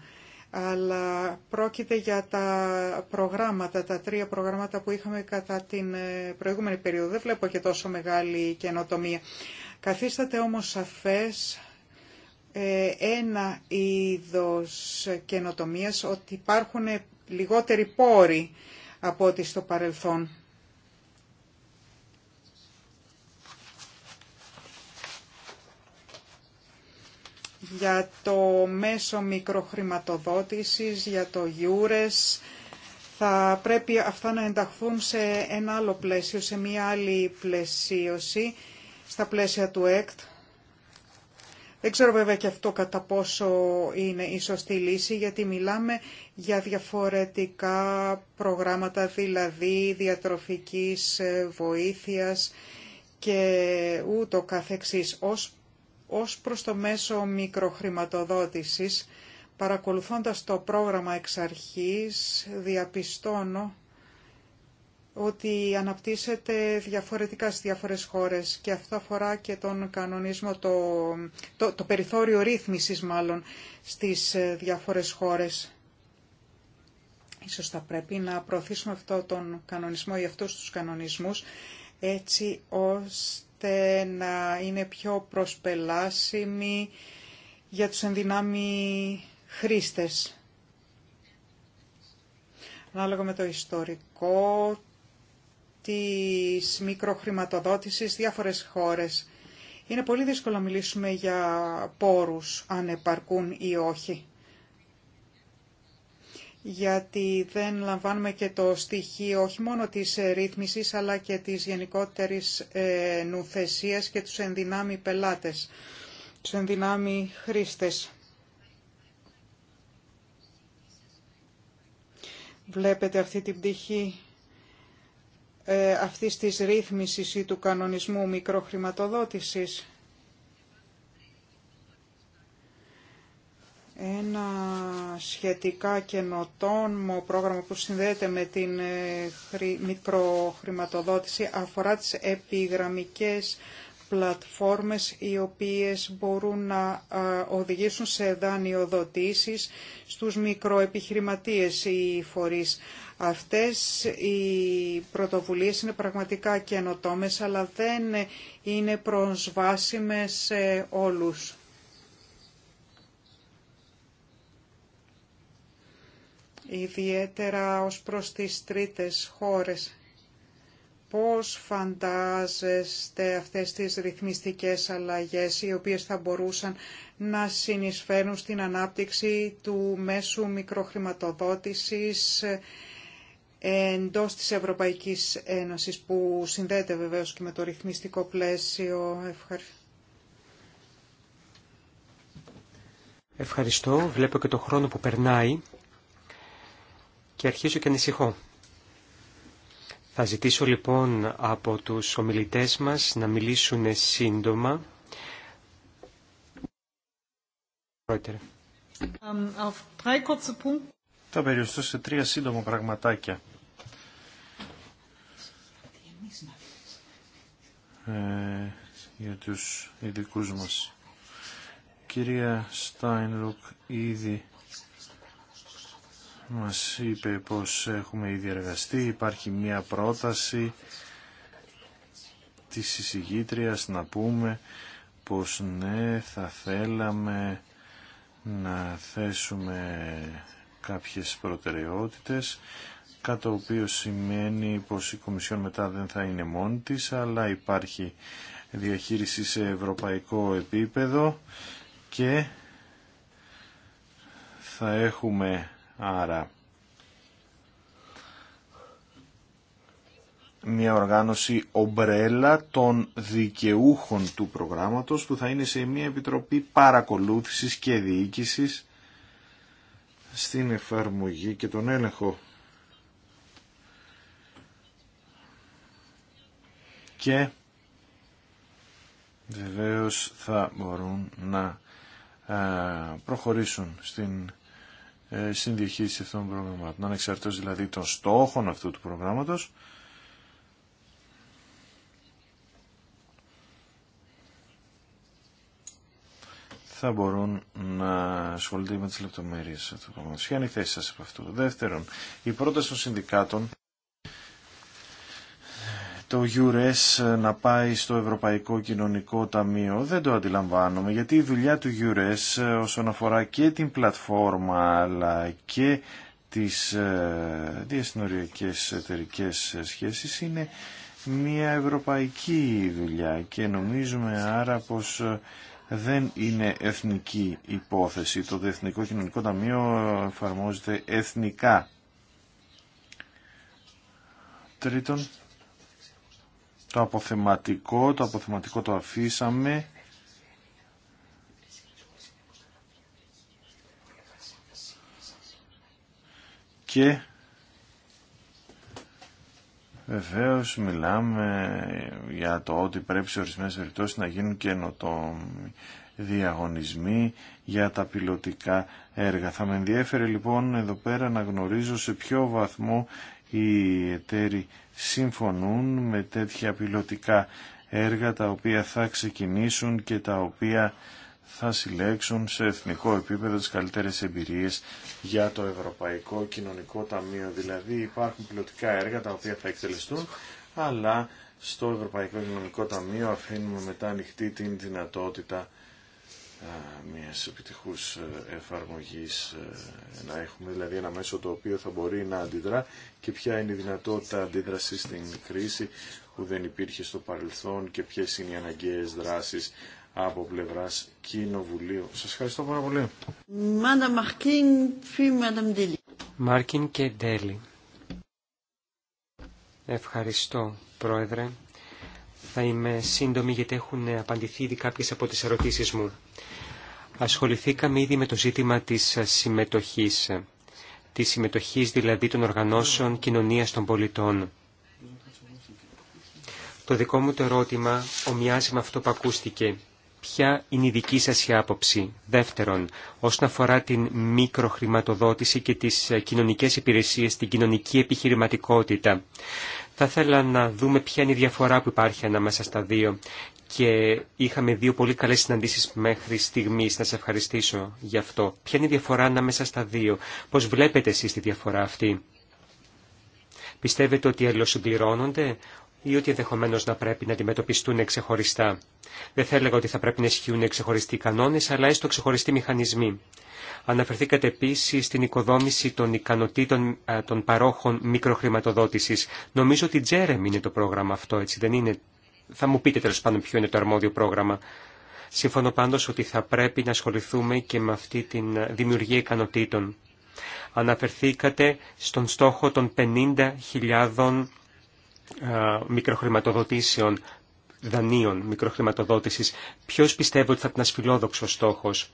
αλλά πρόκειται για τα προγράμματα, τα τρία προγράμματα που είχαμε κατά την ε, προηγούμενη περίοδο. Δεν βλέπω και τόσο μεγάλη καινοτομία. Καθίσταται όμως σαφές ε, ένα είδος καινοτομίας ότι υπάρχουν λιγότεροι πόροι από ό,τι στο παρελθόν. για το μέσο μικροχρηματοδότησης, για το γιούρες. Θα πρέπει αυτά να ενταχθούν σε ένα άλλο πλαίσιο, σε μία άλλη πλαισίωση, στα πλαίσια του ΕΚΤ. Δεν ξέρω βέβαια και αυτό κατά πόσο είναι η σωστή λύση, γιατί μιλάμε για διαφορετικά προγράμματα, δηλαδή διατροφικής ε, βοήθειας και ούτω καθεξής. Ως ως προς το μέσο μικροχρηματοδότησης, παρακολουθώντας το πρόγραμμα εξ αρχής, διαπιστώνω ότι αναπτύσσεται διαφορετικά στις διάφορες χώρες και αυτό αφορά και τον κανονισμό, το, το, περιθώριο ρύθμισης μάλλον στις ε, διάφορες χώρες. Ίσως θα πρέπει να προωθήσουμε αυτό τον κανονισμό ή αυτούς τους κανονισμούς έτσι ώστε να είναι πιο προσπελάσιμη για τους ενδυνάμει χρήστες. Ανάλογα με το ιστορικό της μικροχρηματοδότησης διάφορες χώρες. Είναι πολύ δύσκολο να μιλήσουμε για πόρους, αν επαρκούν ή όχι γιατί δεν λαμβάνουμε και το στοιχείο όχι μόνο της ρύθμισης αλλά και της γενικότερης ε, νουθεσίας και τους ενδυνάμει πελάτες, τους ενδυνάμει χρήστες. Βλέπετε αυτή την πτυχή ε, αυτής της ρύθμισης ή του κανονισμού μικροχρηματοδότησης. ένα σχετικά καινοτόμο πρόγραμμα που συνδέεται με την ε, μικροχρηματοδότηση αφορά τις επιγραμμικές πλατφόρμες οι οποίες μπορούν να ε, οδηγήσουν σε δανειοδοτήσεις στους μικροεπιχειρηματίες ή φορείς. Αυτές οι πρωτοβουλίες είναι πραγματικά καινοτόμες αλλά δεν είναι προσβάσιμες σε όλους. ιδιαίτερα ως προς τις τρίτες χώρες. Πώς φαντάζεστε αυτές τις ρυθμιστικές αλλαγές οι οποίες θα μπορούσαν να συνεισφέρουν στην ανάπτυξη του μέσου μικροχρηματοδότησης εντός της Ευρωπαϊκής Ένωσης που συνδέεται βεβαίως και με το ρυθμιστικό πλαίσιο. Ευχαριστώ. Ευχαριστώ. Βλέπω και το χρόνο που περνάει και αρχίζω και ανησυχώ. Θα ζητήσω λοιπόν από τους ομιλητές μας να μιλήσουν σύντομα. Θα περιοριστώ σε τρία σύντομα πραγματάκια. Ε, για τους ειδικούς μας. Κυρία Στάινλουκ ήδη μας είπε πως έχουμε ήδη εργαστεί. Υπάρχει μια πρόταση της εισηγήτριας να πούμε πως ναι θα θέλαμε να θέσουμε κάποιες προτεραιότητες κάτω το οποίο σημαίνει πως η Κομισιόν μετά δεν θα είναι μόνη της αλλά υπάρχει διαχείριση σε ευρωπαϊκό επίπεδο και θα έχουμε Άρα, μια οργάνωση ομπρέλα των δικαιούχων του προγράμματος που θα είναι σε μια επιτροπή παρακολούθησης και διοίκησης στην εφαρμογή και τον έλεγχο. Και βεβαίως θα μπορούν να ε, προχωρήσουν στην ε, στην αυτών των προγραμμάτων. εξαρτώσει, δηλαδή των στόχων αυτού του προγράμματος, θα μπορούν να ασχολούνται με τις λεπτομέρειες του προγράμματος. Ποια είναι η θέση σας από αυτού. Δεύτερον, η πρόταση των συνδικάτων το EURES να πάει στο Ευρωπαϊκό Κοινωνικό Ταμείο. Δεν το αντιλαμβάνομαι γιατί η δουλειά του EURES ε, όσον αφορά και την πλατφόρμα αλλά και τις ε, διασυνοριακές εταιρικέ σχέσεις είναι μια ευρωπαϊκή δουλειά και νομίζουμε άρα πως ε, δεν είναι εθνική υπόθεση. Το Εθνικό Κοινωνικό Ταμείο εφαρμόζεται εθνικά. Τρίτον, το αποθεματικό, το αποθεματικό το αφήσαμε. Και Βεβαίω μιλάμε για το ότι πρέπει σε ορισμένε περιπτώσει να γίνουν καινοτόμοι διαγωνισμοί για τα πιλωτικά έργα. Θα με ενδιέφερε λοιπόν εδώ πέρα να γνωρίζω σε ποιο βαθμό οι εταίροι συμφωνούν με τέτοια πιλωτικά έργα τα οποία θα ξεκινήσουν και τα οποία θα συλλέξουν σε εθνικό επίπεδο τις καλύτερες εμπειρίες για το Ευρωπαϊκό Κοινωνικό Ταμείο. Δηλαδή υπάρχουν πιλωτικά έργα τα οποία θα εκτελεστούν, αλλά στο Ευρωπαϊκό Κοινωνικό Ταμείο αφήνουμε μετά ανοιχτή την δυνατότητα μιας επιτυχού ε, εφαρμογής ε, να έχουμε, δηλαδή ένα μέσο το οποίο θα μπορεί να αντιδρά και ποια είναι η δυνατότητα αντίδρασης στην κρίση που δεν υπήρχε στο παρελθόν και ποιες είναι οι αναγκαίες δράσεις από πλευράς Κοινοβουλίου. Σας ευχαριστώ πάρα πολύ. Μάρκιν και Ντέλη. Ευχαριστώ, Πρόεδρε. Θα είμαι σύντομη γιατί έχουν απαντηθεί ήδη κάποιες από τις ερωτήσεις μου. Ασχοληθήκαμε ήδη με το ζήτημα της συμμετοχής, της συμμετοχής δηλαδή των οργανώσεων κοινωνίας των πολιτών. Το δικό μου το ερώτημα ομοιάζει με αυτό που ακούστηκε. Ποια είναι η δική σας η άποψη, δεύτερον, όσον αφορά την μικροχρηματοδότηση και τις κοινωνικές υπηρεσίες, την κοινωνική επιχειρηματικότητα. Θα ήθελα να δούμε ποια είναι η διαφορά που υπάρχει ανάμεσα στα δύο και είχαμε δύο πολύ καλές συναντήσεις μέχρι στιγμής. Να σε ευχαριστήσω γι' αυτό. Ποια είναι η διαφορά ανάμεσα στα δύο. Πώς βλέπετε εσείς τη διαφορά αυτή. Πιστεύετε ότι αλληλοσυμπληρώνονται ή ότι ενδεχομένω να πρέπει να αντιμετωπιστούν ξεχωριστά. Δεν θα έλεγα ότι θα πρέπει να ισχύουν ξεχωριστοί κανόνε, αλλά έστω ξεχωριστοί μηχανισμοί. Αναφερθήκατε επίση στην οικοδόμηση των ικανοτήτων των παρόχων μικροχρηματοδότηση. Νομίζω ότι Τζέρεμ είναι το πρόγραμμα αυτό, έτσι δεν είναι θα μου πείτε τέλο πάντων ποιο είναι το αρμόδιο πρόγραμμα. Σύμφωνο πάντως ότι θα πρέπει να ασχοληθούμε και με αυτή τη δημιουργία ικανοτήτων. Αναφερθήκατε στον στόχο των 50.000 μικροχρηματοδοτήσεων, δανείων μικροχρηματοδότησης. Ποιος πιστεύω ότι θα ήταν ασφιλόδοξο στόχος.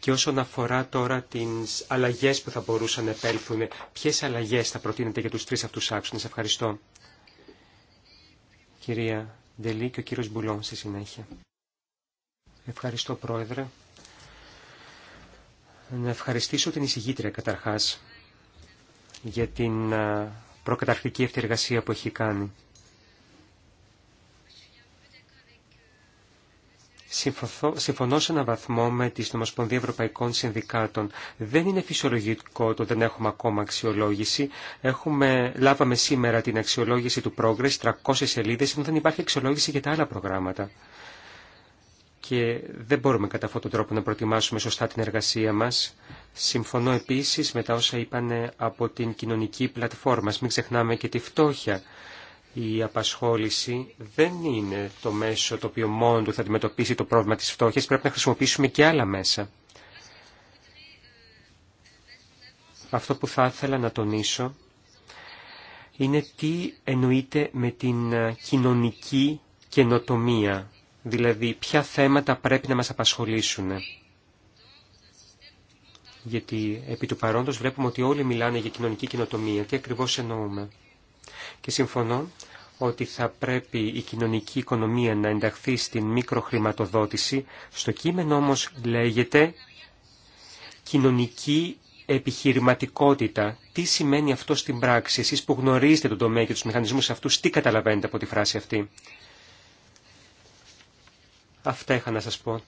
Και όσον αφορά τώρα τις αλλαγές που θα μπορούσαν να επέλθουν, ποιες αλλαγές θα προτείνετε για τους τρεις αυτούς άξονες. Ευχαριστώ. Κυρία Ντελή και ο κύριος Μπουλόν στη συνέχεια. Ευχαριστώ Πρόεδρε. Να ευχαριστήσω την εισηγήτρια καταρχάς για την προκαταρκτική ευθεργασία που έχει κάνει. Συμφωνώ σε έναν βαθμό με τη Συνομοσπονδία Ευρωπαϊκών Συνδικάτων. Δεν είναι φυσιολογικό το δεν έχουμε ακόμα αξιολόγηση. Έχουμε, λάβαμε σήμερα την αξιολόγηση του Progress, 300 σελίδες, ενώ δεν υπάρχει αξιολόγηση για τα άλλα προγράμματα. Και δεν μπορούμε κατά αυτόν τον τρόπο να προετοιμάσουμε σωστά την εργασία μας. Συμφωνώ επίσης με τα όσα είπαν από την κοινωνική πλατφόρμα. Μην ξεχνάμε και τη φτώχεια η απασχόληση δεν είναι το μέσο το οποίο μόνο του θα αντιμετωπίσει το πρόβλημα της φτώχειας, πρέπει να χρησιμοποιήσουμε και άλλα μέσα. Αυτό που θα ήθελα να τονίσω είναι τι εννοείται με την ε, κοινωνική καινοτομία, δηλαδή ποια θέματα πρέπει να μας απασχολήσουν. Γιατί επί του παρόντος βλέπουμε ότι όλοι μιλάνε για κοινωνική καινοτομία. Τι ακριβώς εννοούμε. Και συμφωνώ ότι θα πρέπει η κοινωνική οικονομία να ενταχθεί στην μικροχρηματοδότηση. Στο κείμενο όμως λέγεται κοινωνική επιχειρηματικότητα. Τι σημαίνει αυτό στην πράξη, εσείς που γνωρίζετε τον τομέα και τους μηχανισμούς αυτούς, τι καταλαβαίνετε από τη φράση αυτή. Αυτά είχα να σας πω.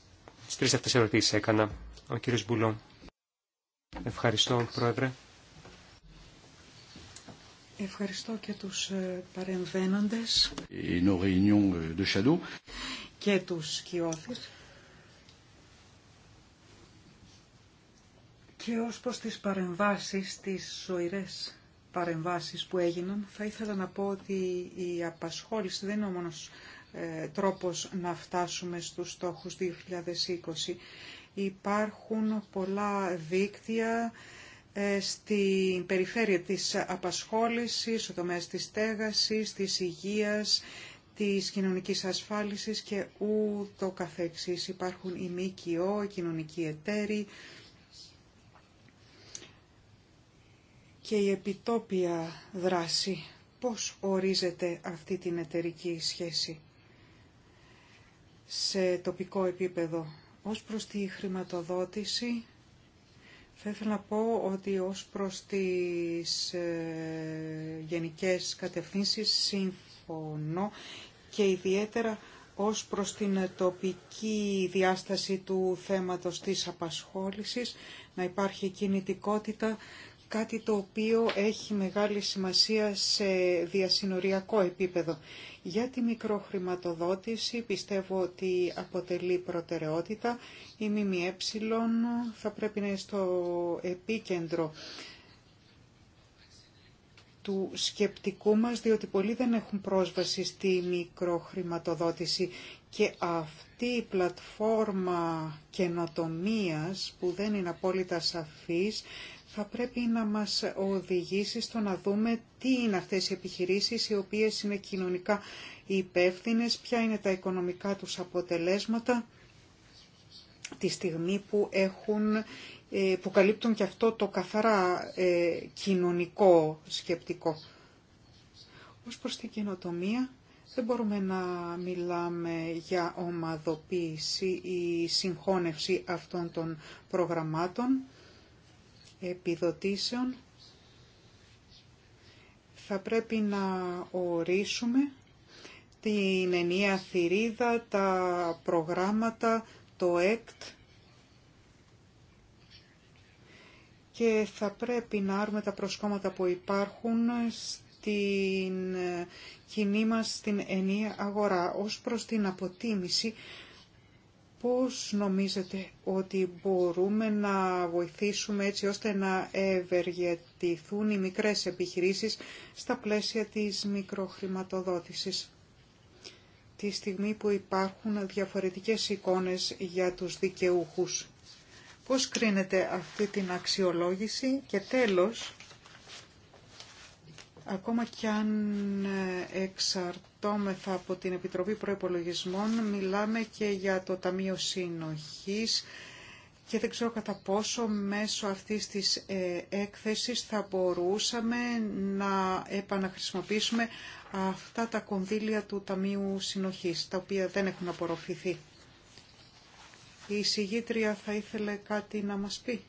Τις τρεις αυτές ερωτήσεις έκανα. Ο κύριος Μπουλό. Ευχαριστώ, Πρόεδρε. Ευχαριστώ και τους ε, παρεμβαίνοντες euh, και τους σκιώθους. Και ως προς τις παρεμβάσεις, τις ζωηρές παρεμβάσεις που έγιναν, θα ήθελα να πω ότι η απασχόληση δεν είναι ο μόνος ε, τρόπος να φτάσουμε στους στόχους 2020. Υπάρχουν πολλά δίκτυα ε, στην περιφέρεια της απασχόλησης, στο τομέα της στέγασης, της υγείας, της κοινωνικής ασφάλισης και ούτω καθεξής. Υπάρχουν οι ΜΚΟ, οι κοινωνικοί εταίροι και η επιτόπια δράση. Πώς ορίζεται αυτή την εταιρική σχέση σε τοπικό επίπεδο ως προς τη χρηματοδότηση θα ήθελα να πω ότι ως προς τις ε, γενικές κατευθύνσεις συμφωνώ και ιδιαίτερα ως προς την τοπική διάσταση του θέματος της απασχόλησης, να υπάρχει κινητικότητα κάτι το οποίο έχει μεγάλη σημασία σε διασυνοριακό επίπεδο. Για τη μικροχρηματοδότηση πιστεύω ότι αποτελεί προτεραιότητα. Η ΜΜΕ θα πρέπει να είναι στο επίκεντρο του σκεπτικού μας, διότι πολλοί δεν έχουν πρόσβαση στη μικροχρηματοδότηση και αυτή η πλατφόρμα καινοτομίας που δεν είναι απόλυτα σαφής θα πρέπει να μας οδηγήσει στο να δούμε τι είναι αυτές οι επιχειρήσεις οι οποίες είναι κοινωνικά υπεύθυνες, ποια είναι τα οικονομικά τους αποτελέσματα τη στιγμή που έχουν ε, που καλύπτουν και αυτό το καθαρά ε, κοινωνικό σκεπτικό. Ως προς την καινοτομία, δεν μπορούμε να μιλάμε για ομαδοποίηση ή συγχώνευση αυτών των προγραμμάτων επιδοτήσεων θα πρέπει να ορίσουμε την ενία θηρίδα, τα προγράμματα, το ΕΚΤ και θα πρέπει να άρουμε τα προσκόμματα που υπάρχουν στην κοινή μας στην ενία αγορά ως προς την αποτίμηση Πώς νομίζετε ότι μπορούμε να βοηθήσουμε έτσι ώστε να ευεργετηθούν οι μικρές επιχειρήσεις στα πλαίσια της μικροχρηματοδότησης. Τη στιγμή που υπάρχουν διαφορετικές εικόνες για τους δικαιούχους. Πώς κρίνετε αυτή την αξιολόγηση και τέλος Ακόμα κι αν ε, εξαρτώμεθα από την Επιτροπή Προϋπολογισμών, μιλάμε και για το Ταμείο Συνοχής και δεν ξέρω κατά πόσο μέσω αυτής της ε, έκθεσης θα μπορούσαμε να επαναχρησιμοποιήσουμε αυτά τα κονδύλια του Ταμείου Συνοχής, τα οποία δεν έχουν απορροφηθεί. Η συγγήτρια θα ήθελε κάτι να μας πει.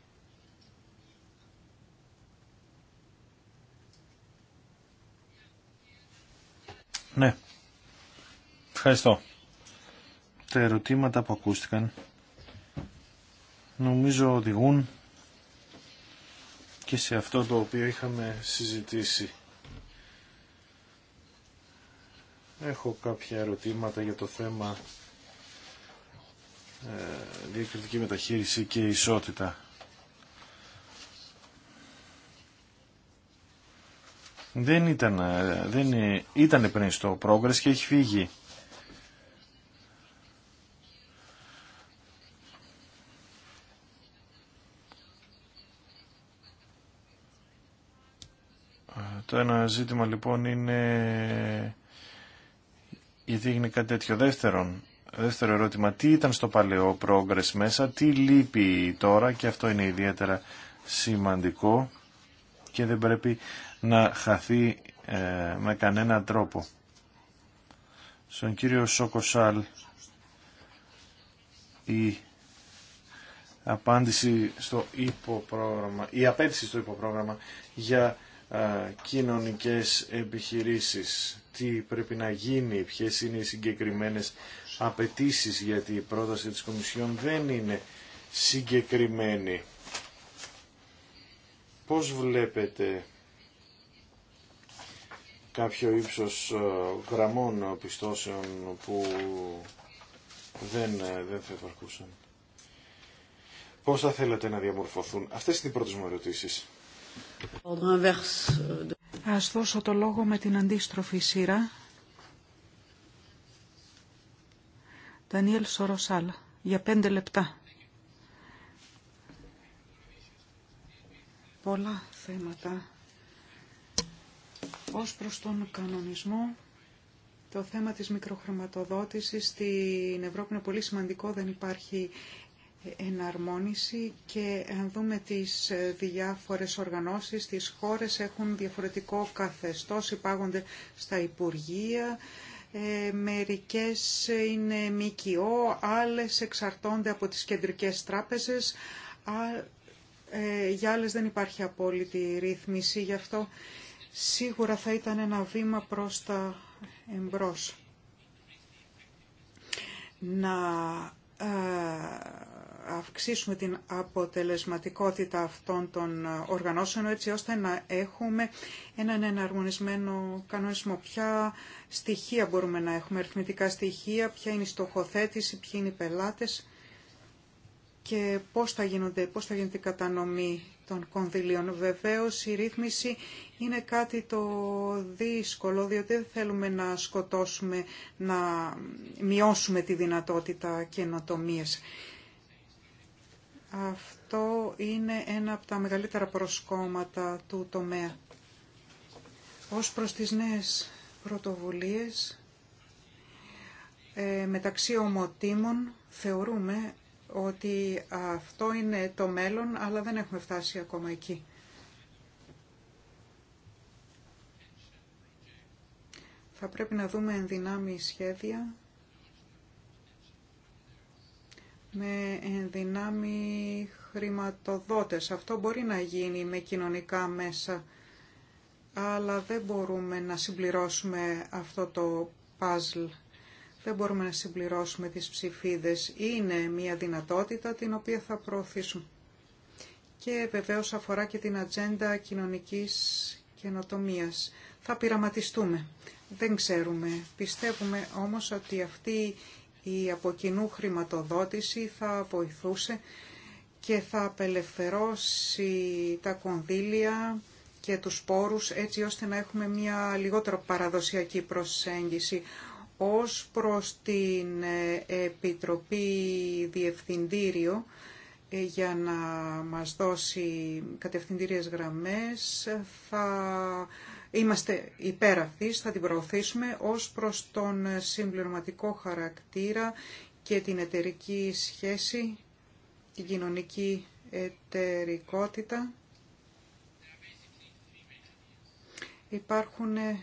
Ναι. Ευχαριστώ. Τα ερωτήματα που ακούστηκαν νομίζω οδηγούν και σε αυτό το οποίο είχαμε συζητήσει. Έχω κάποια ερωτήματα για το θέμα ε, διακριτική μεταχείριση και ισότητα. δεν ήταν, ε, δεν ε, ήταν πριν στο Progress και έχει φύγει. Το ένα ζήτημα λοιπόν είναι γιατί έγινε κάτι τέτοιο. Δεύτερον, δεύτερο ερώτημα, τι ήταν στο παλαιό Progress μέσα, τι λείπει τώρα και αυτό είναι ιδιαίτερα σημαντικό και δεν πρέπει να χαθεί ε, με κανένα τρόπο. Στον κύριο Σόκοσάλ η απάντηση στο υποπρόγραμμα, η απέτηση στο υποπρόγραμμα για κοινωνικέ ε, κοινωνικές επιχειρήσεις. Τι πρέπει να γίνει, ποιες είναι οι συγκεκριμένες απαιτήσει γιατί η πρόταση της Κομισιόν δεν είναι συγκεκριμένη. Πώς βλέπετε κάποιο ύψος ε, γραμμών πιστώσεων που δεν, ε, δεν θα υπαρκούσαν. Πώς θα να διαμορφωθούν. Αυτές είναι οι πρώτες μου ερωτήσεις. Ας δώσω το λόγο με την αντίστροφη σειρά. Δανιέλ Σοροσάλα, για πέντε λεπτά. Πολλά θέματα ως προς τον κανονισμό, το θέμα της μικροχρηματοδότησης στην Ευρώπη είναι πολύ σημαντικό, δεν υπάρχει εναρμόνιση και αν δούμε τις διάφορες οργανώσεις, τις χώρες έχουν διαφορετικό καθεστώς, υπάγονται στα Υπουργεία, ε, μερικές είναι ΜΚΟ, άλλες εξαρτώνται από τις κεντρικές τράπεζες, α, ε, για άλλες δεν υπάρχει απόλυτη ρύθμιση, γι' αυτό σίγουρα θα ήταν ένα βήμα προς τα εμπρός. Να ε, αυξήσουμε την αποτελεσματικότητα αυτών των οργανώσεων έτσι ώστε να έχουμε έναν εναρμονισμένο κανονισμό. Ποια στοιχεία μπορούμε να έχουμε, αριθμητικά στοιχεία, ποια είναι η στοχοθέτηση, ποιοι είναι οι πελάτες και πώς θα, γίνονται, πώς θα γίνεται η κατανομή των κονδυλίων. Βεβαίως η ρύθμιση είναι κάτι το δύσκολο, διότι δεν θέλουμε να σκοτώσουμε, να μειώσουμε τη δυνατότητα καινοτομία. Αυτό είναι ένα από τα μεγαλύτερα προσκόμματα του τομέα. Ως προς τις νέες πρωτοβουλίες, ε, μεταξύ ομοτήμων θεωρούμε ότι αυτό είναι το μέλλον, αλλά δεν έχουμε φτάσει ακόμα εκεί. Θα πρέπει να δούμε ενδυνάμει σχέδια με ενδυνάμει χρηματοδότες. Αυτό μπορεί να γίνει με κοινωνικά μέσα, αλλά δεν μπορούμε να συμπληρώσουμε αυτό το παζλ δεν μπορούμε να συμπληρώσουμε τις ψηφίδες. Είναι μια δυνατότητα την οποία θα προωθήσουμε. Και βεβαίως αφορά και την ατζέντα κοινωνικής καινοτομίας. Θα πειραματιστούμε. Δεν ξέρουμε. Πιστεύουμε όμως ότι αυτή η αποκοινού χρηματοδότηση θα βοηθούσε και θα απελευθερώσει τα κονδύλια και τους πόρους έτσι ώστε να έχουμε μια λιγότερο παραδοσιακή προσέγγιση ως προς την ε, Επιτροπή Διευθυντήριο ε, για να μας δώσει κατευθυντήριες γραμμές θα είμαστε υπέρ αυτής, θα την προωθήσουμε ως προς τον συμπληρωματικό χαρακτήρα και την εταιρική σχέση, την κοινωνική εταιρικότητα. Υπάρχουν ε,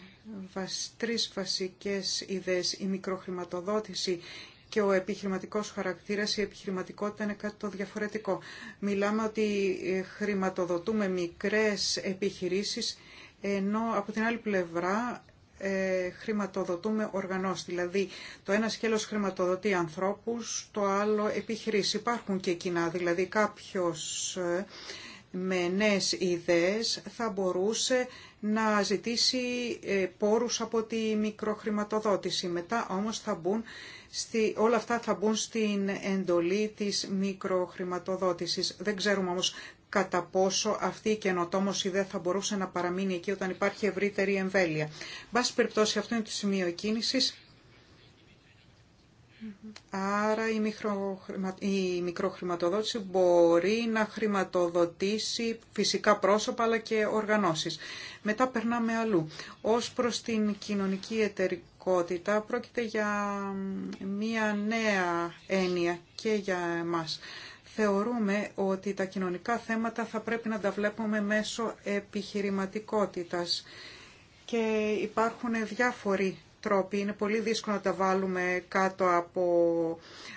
τρεις βασικές ιδέες. Η μικροχρηματοδότηση και ο επιχειρηματικός χαρακτήρας, η επιχειρηματικότητα είναι κάτι το διαφορετικό. Μιλάμε ότι ε, χρηματοδοτούμε μικρές επιχειρήσεις, ενώ από την άλλη πλευρά ε, χρηματοδοτούμε οργανώς. Δηλαδή το ένα σκέλος χρηματοδοτεί ανθρώπους, το άλλο επιχειρήσει. Υπάρχουν και κοινά, δηλαδή κάποιος... Ε, με νέες ιδέες θα μπορούσε να ζητήσει ε, πόρους από τη μικροχρηματοδότηση. Μετά όμως θα μπουν στη, όλα αυτά θα μπουν στην εντολή της μικροχρηματοδότησης. Δεν ξέρουμε όμως κατά πόσο αυτή η καινοτόμος ιδέα θα μπορούσε να παραμείνει εκεί όταν υπάρχει ευρύτερη εμβέλεια. Μπάς περιπτώσει αυτό είναι το σημείο κίνησης Άρα η, μικροχρηματοδότηση μπορεί να χρηματοδοτήσει φυσικά πρόσωπα αλλά και οργανώσεις. Μετά περνάμε αλλού. Ως προς την κοινωνική εταιρικότητα πρόκειται για μία νέα έννοια και για εμάς. Θεωρούμε ότι τα κοινωνικά θέματα θα πρέπει να τα βλέπουμε μέσω επιχειρηματικότητας και υπάρχουν διάφοροι τρόποι. Είναι πολύ δύσκολο να τα βάλουμε κάτω από,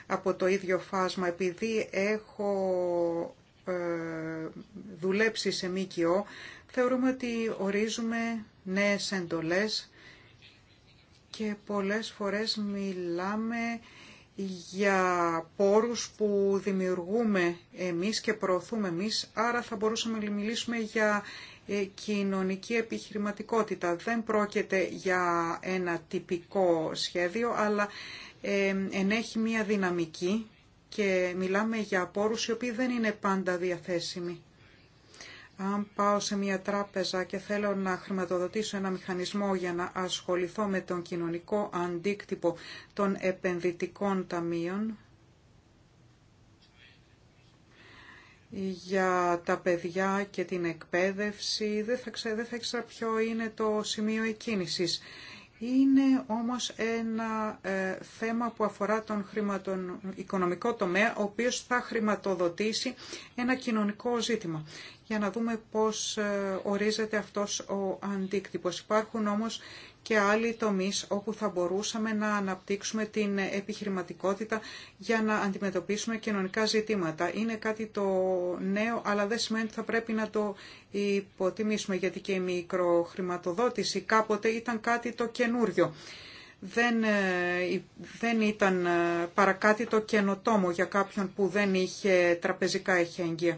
από το ίδιο φάσμα. Επειδή έχω ε, δουλέψει σε ΜΚΟ, θεωρούμε ότι ορίζουμε νέες εντολές και πολλές φορές μιλάμε για πόρους που δημιουργούμε εμείς και προωθούμε εμείς, άρα θα μπορούσαμε να μιλήσουμε για ε, κοινωνική επιχειρηματικότητα. Δεν πρόκειται για ένα τυπικό σχέδιο, αλλά ε, ενέχει μία δυναμική και μιλάμε για πόρους οι οποίοι δεν είναι πάντα διαθέσιμοι. Αν πάω σε μια τράπεζα και θέλω να χρηματοδοτήσω ένα μηχανισμό για να ασχοληθώ με τον κοινωνικό αντίκτυπο των επενδυτικών ταμείων, για τα παιδιά και την εκπαίδευση. Δεν θα, ξέ, δεν θα ήξερα ποιο είναι το σημείο εκκίνησης. Είναι όμως ένα ε, θέμα που αφορά τον οικονομικό τομέα, ο οποίος θα χρηματοδοτήσει ένα κοινωνικό ζήτημα. Για να δούμε πώς ε, ορίζεται αυτός ο αντίκτυπος. Υπάρχουν όμως και άλλοι τομείς όπου θα μπορούσαμε να αναπτύξουμε την επιχειρηματικότητα για να αντιμετωπίσουμε κοινωνικά ζητήματα. Είναι κάτι το νέο, αλλά δεν σημαίνει ότι θα πρέπει να το υποτιμήσουμε, γιατί και η μικροχρηματοδότηση κάποτε ήταν κάτι το καινούριο. Δεν, ε, δεν ήταν ε, παρακάτι το καινοτόμο για κάποιον που δεν είχε τραπεζικά εχέγγυα.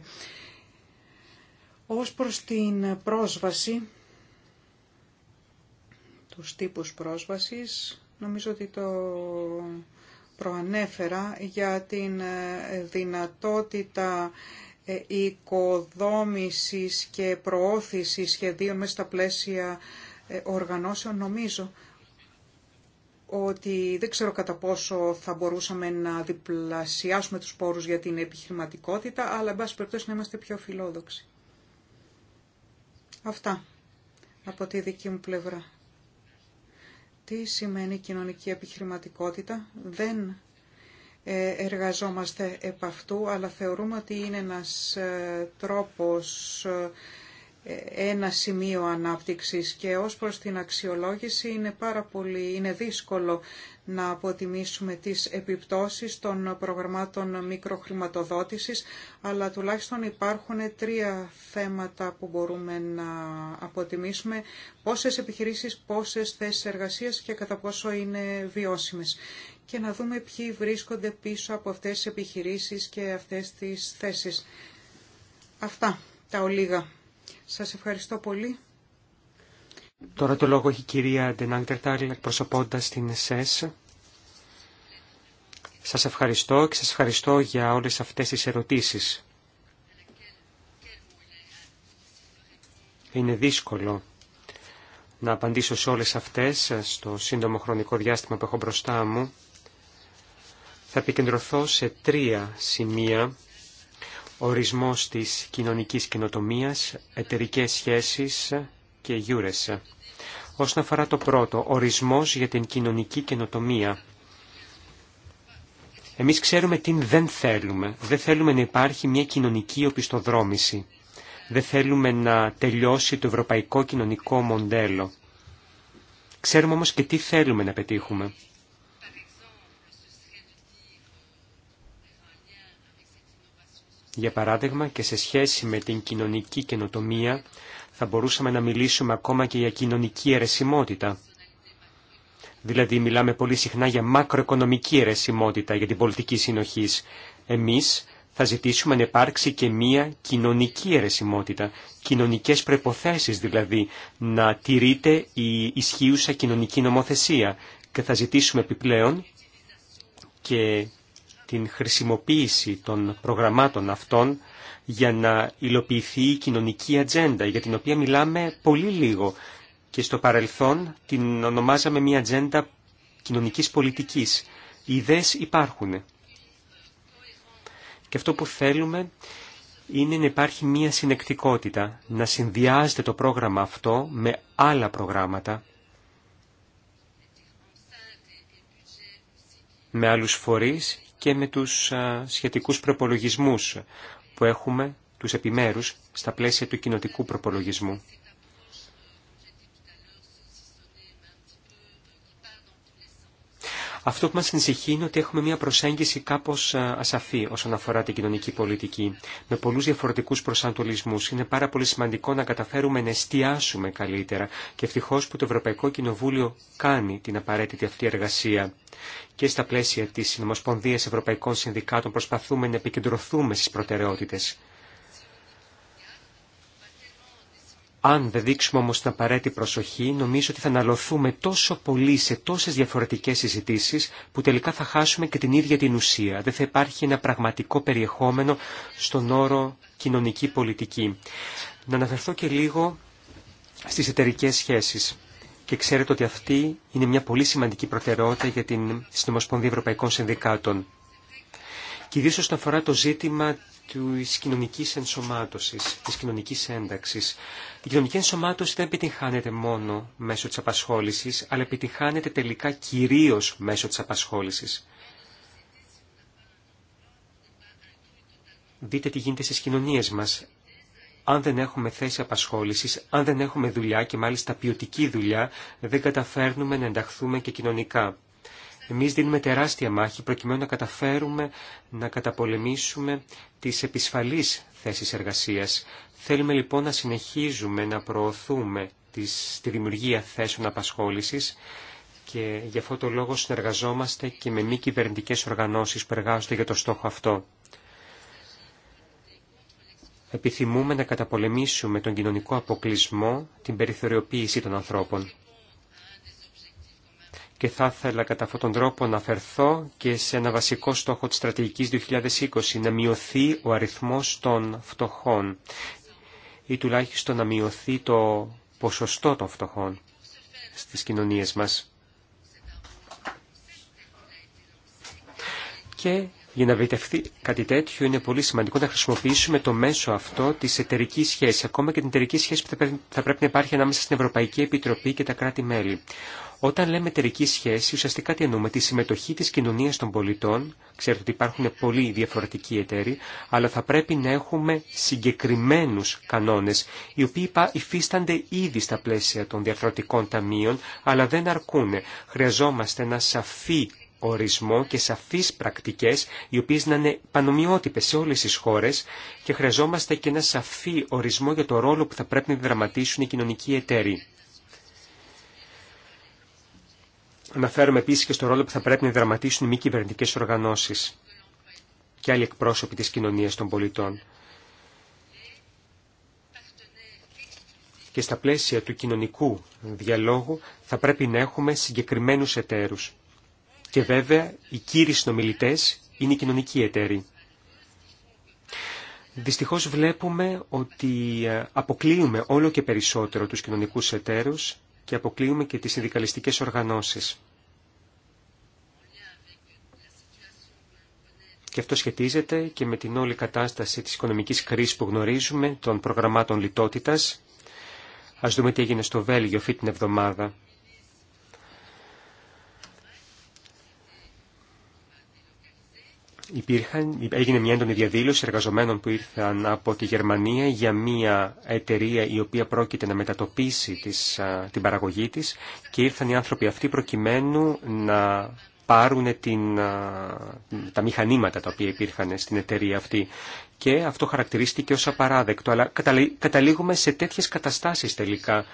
Ως προς την πρόσβαση τους τύπους πρόσβασης. Νομίζω ότι το προανέφερα για την ε, δυνατότητα ε, οικοδόμησης και προώθησης σχεδίων μέσα στα πλαίσια ε, οργανώσεων. Νομίζω ότι δεν ξέρω κατά πόσο θα μπορούσαμε να διπλασιάσουμε τους πόρους για την επιχειρηματικότητα, αλλά εν πάση περιπτώσει να είμαστε πιο φιλόδοξοι. Αυτά από τη δική μου πλευρά. Τι σημαίνει κοινωνική επιχειρηματικότητα. Δεν ε, εργαζόμαστε επ' αυτού, αλλά θεωρούμε ότι είναι ένας ε, τρόπος ε, ένα σημείο ανάπτυξης και ως προς την αξιολόγηση είναι πάρα είναι δύσκολο να αποτιμήσουμε τις επιπτώσεις των προγραμμάτων μικροχρηματοδότησης, αλλά τουλάχιστον υπάρχουν τρία θέματα που μπορούμε να αποτιμήσουμε, πόσες επιχειρήσεις, πόσες θέσεις εργασίας και κατά πόσο είναι βιώσιμες. Και να δούμε ποιοι βρίσκονται πίσω από αυτές τις επιχειρήσεις και αυτές τις θέσεις. Αυτά τα ολίγα σας ευχαριστώ πολύ. Τώρα το λόγο έχει η κυρία Ντενάγκτερτάρλ εκπροσωπώντας την ΕΣΕΣ. Σας ευχαριστώ και σας ευχαριστώ για όλες αυτές τις ερωτήσεις. Είναι δύσκολο να απαντήσω σε όλες αυτές στο σύντομο χρονικό διάστημα που έχω μπροστά μου. Θα επικεντρωθώ σε τρία σημεία ορισμός της κοινωνικής καινοτομία, εταιρικές σχέσεις και γιούρες. Όσον αφορά το πρώτο, ορισμός για την κοινωνική καινοτομία. Εμείς ξέρουμε τι δεν θέλουμε. Δεν θέλουμε να υπάρχει μια κοινωνική οπισθοδρόμηση. Δεν θέλουμε να τελειώσει το ευρωπαϊκό κοινωνικό μοντέλο. Ξέρουμε όμως και τι θέλουμε να πετύχουμε. Για παράδειγμα και σε σχέση με την κοινωνική καινοτομία θα μπορούσαμε να μιλήσουμε ακόμα και για κοινωνική αιρεσιμότητα. Δηλαδή μιλάμε πολύ συχνά για μακροοικονομική αιρεσιμότητα για την πολιτική συνοχή. Εμείς θα ζητήσουμε να υπάρξει και μία κοινωνική αιρεσιμότητα, κοινωνικές προϋποθέσεις δηλαδή, να τηρείται η ισχύουσα κοινωνική νομοθεσία και θα ζητήσουμε επιπλέον και την χρησιμοποίηση των προγραμμάτων αυτών για να υλοποιηθεί η κοινωνική ατζέντα, για την οποία μιλάμε πολύ λίγο και στο παρελθόν την ονομάζαμε μια ατζέντα κοινωνικής πολιτικής. Οι ιδέες υπάρχουν. Και αυτό που θέλουμε είναι να υπάρχει μια συνεκτικότητα, να συνδυάζεται το πρόγραμμα αυτό με άλλα προγράμματα, με άλλους φορείς και με τους σχετικούς προπολογισμούς που έχουμε, τους επιμέρους, στα πλαίσια του κοινοτικού προπολογισμού. Αυτό που μας ανησυχεί είναι ότι έχουμε μια προσέγγιση κάπως ασαφή όσον αφορά την κοινωνική πολιτική, με πολλούς διαφορετικούς προσανατολισμούς. Είναι πάρα πολύ σημαντικό να καταφέρουμε να εστιάσουμε καλύτερα και ευτυχώ που το Ευρωπαϊκό Κοινοβούλιο κάνει την απαραίτητη αυτή εργασία. Και στα πλαίσια της Συνομοσπονδίας Ευρωπαϊκών Συνδικάτων προσπαθούμε να επικεντρωθούμε στις προτεραιότητες. Αν δεν δείξουμε όμως την απαραίτητη προσοχή, νομίζω ότι θα αναλωθούμε τόσο πολύ σε τόσες διαφορετικές συζητήσεις που τελικά θα χάσουμε και την ίδια την ουσία. Δεν θα υπάρχει ένα πραγματικό περιεχόμενο στον όρο κοινωνική πολιτική. Να αναφερθώ και λίγο στις εταιρικές σχέσεις. Και ξέρετε ότι αυτή είναι μια πολύ σημαντική προτεραιότητα για την Συνομοσπονδία Ευρωπαϊκών Συνδικάτων. Και ιδίως όσον αφορά το ζήτημα της κοινωνικής ενσωμάτωσης, της κοινωνικής ένταξης. Η κοινωνική ενσωμάτωση δεν επιτυγχάνεται μόνο μέσω της απασχόλησης, αλλά επιτυγχάνεται τελικά κυρίως μέσω της απασχόλησης. Δείτε τι γίνεται στις κοινωνίες μας. Αν δεν έχουμε θέση απασχόλησης, αν δεν έχουμε δουλειά και μάλιστα ποιοτική δουλειά, δεν καταφέρνουμε να ενταχθούμε και κοινωνικά. Εμείς δίνουμε τεράστια μάχη προκειμένου να καταφέρουμε να καταπολεμήσουμε τις επισφαλείς θέσεις εργασίας. Θέλουμε λοιπόν να συνεχίζουμε να προωθούμε τη δημιουργία θέσεων απασχόλησης και γι' αυτό το λόγο συνεργαζόμαστε και με μη κυβερνητικέ οργανώσεις που εργάζονται για το στόχο αυτό. Επιθυμούμε να καταπολεμήσουμε τον κοινωνικό αποκλεισμό, την περιθωριοποίηση των ανθρώπων και θα ήθελα κατά αυτόν τον τρόπο να αφαιρθώ και σε ένα βασικό στόχο της στρατηγικής 2020, να μειωθεί ο αριθμός των φτωχών ή τουλάχιστον να μειωθεί το ποσοστό των φτωχών στις κοινωνίες μας. Και για να βιτευτεί κάτι τέτοιο είναι πολύ σημαντικό να χρησιμοποιήσουμε το μέσο αυτό τη εταιρική σχέση, ακόμα και την εταιρική σχέση που θα πρέπει να υπάρχει ανάμεσα στην Ευρωπαϊκή Επιτροπή και τα κράτη-μέλη. Όταν λέμε εταιρική σχέση, ουσιαστικά τι εννοούμε, τη συμμετοχή τη κοινωνία των πολιτών. Ξέρετε ότι υπάρχουν πολλοί διαφορετικοί εταίροι, αλλά θα πρέπει να έχουμε συγκεκριμένου κανόνε, οι οποίοι υφίστανται ήδη στα πλαίσια των διαφορετικών ταμείων, αλλά δεν αρκούν. Χρειαζόμαστε ένα σαφή ορισμό και σαφείς πρακτικές οι οποίες να είναι πανομοιότυπες σε όλες τις χώρες και χρειαζόμαστε και ένα σαφή ορισμό για το ρόλο που θα πρέπει να δραματίσουν οι κοινωνικοί εταίροι. Αναφέρομαι επίσης και στο ρόλο που θα πρέπει να δραματίσουν οι μη κυβερνητικέ οργανώσεις και άλλοι εκπρόσωποι της κοινωνίας των πολιτών. Και στα πλαίσια του κοινωνικού διαλόγου θα πρέπει να έχουμε συγκεκριμένους εταίρους και βέβαια οι κύριοι συνομιλητέ είναι οι κοινωνικοί εταίροι. Δυστυχώς βλέπουμε ότι ε, αποκλείουμε όλο και περισσότερο τους κοινωνικούς εταίρους και αποκλείουμε και τις συνδικαλιστικές οργανώσεις. Και αυτό σχετίζεται και με την όλη κατάσταση της οικονομικής κρίσης που γνωρίζουμε, των προγραμμάτων λιτότητας. Ας δούμε τι έγινε στο Βέλγιο αυτή την εβδομάδα. υπήρχαν, έγινε μια έντονη διαδήλωση εργαζομένων που ήρθαν από τη Γερμανία για μια εταιρεία η οποία πρόκειται να μετατοπίσει της, την παραγωγή της και ήρθαν οι άνθρωποι αυτοί προκειμένου να πάρουν την, τα μηχανήματα τα οποία υπήρχαν στην εταιρεία αυτή. Και αυτό χαρακτηρίστηκε ως απαράδεκτο, αλλά καταλήγουμε σε τέτοιες καταστάσεις τελικά.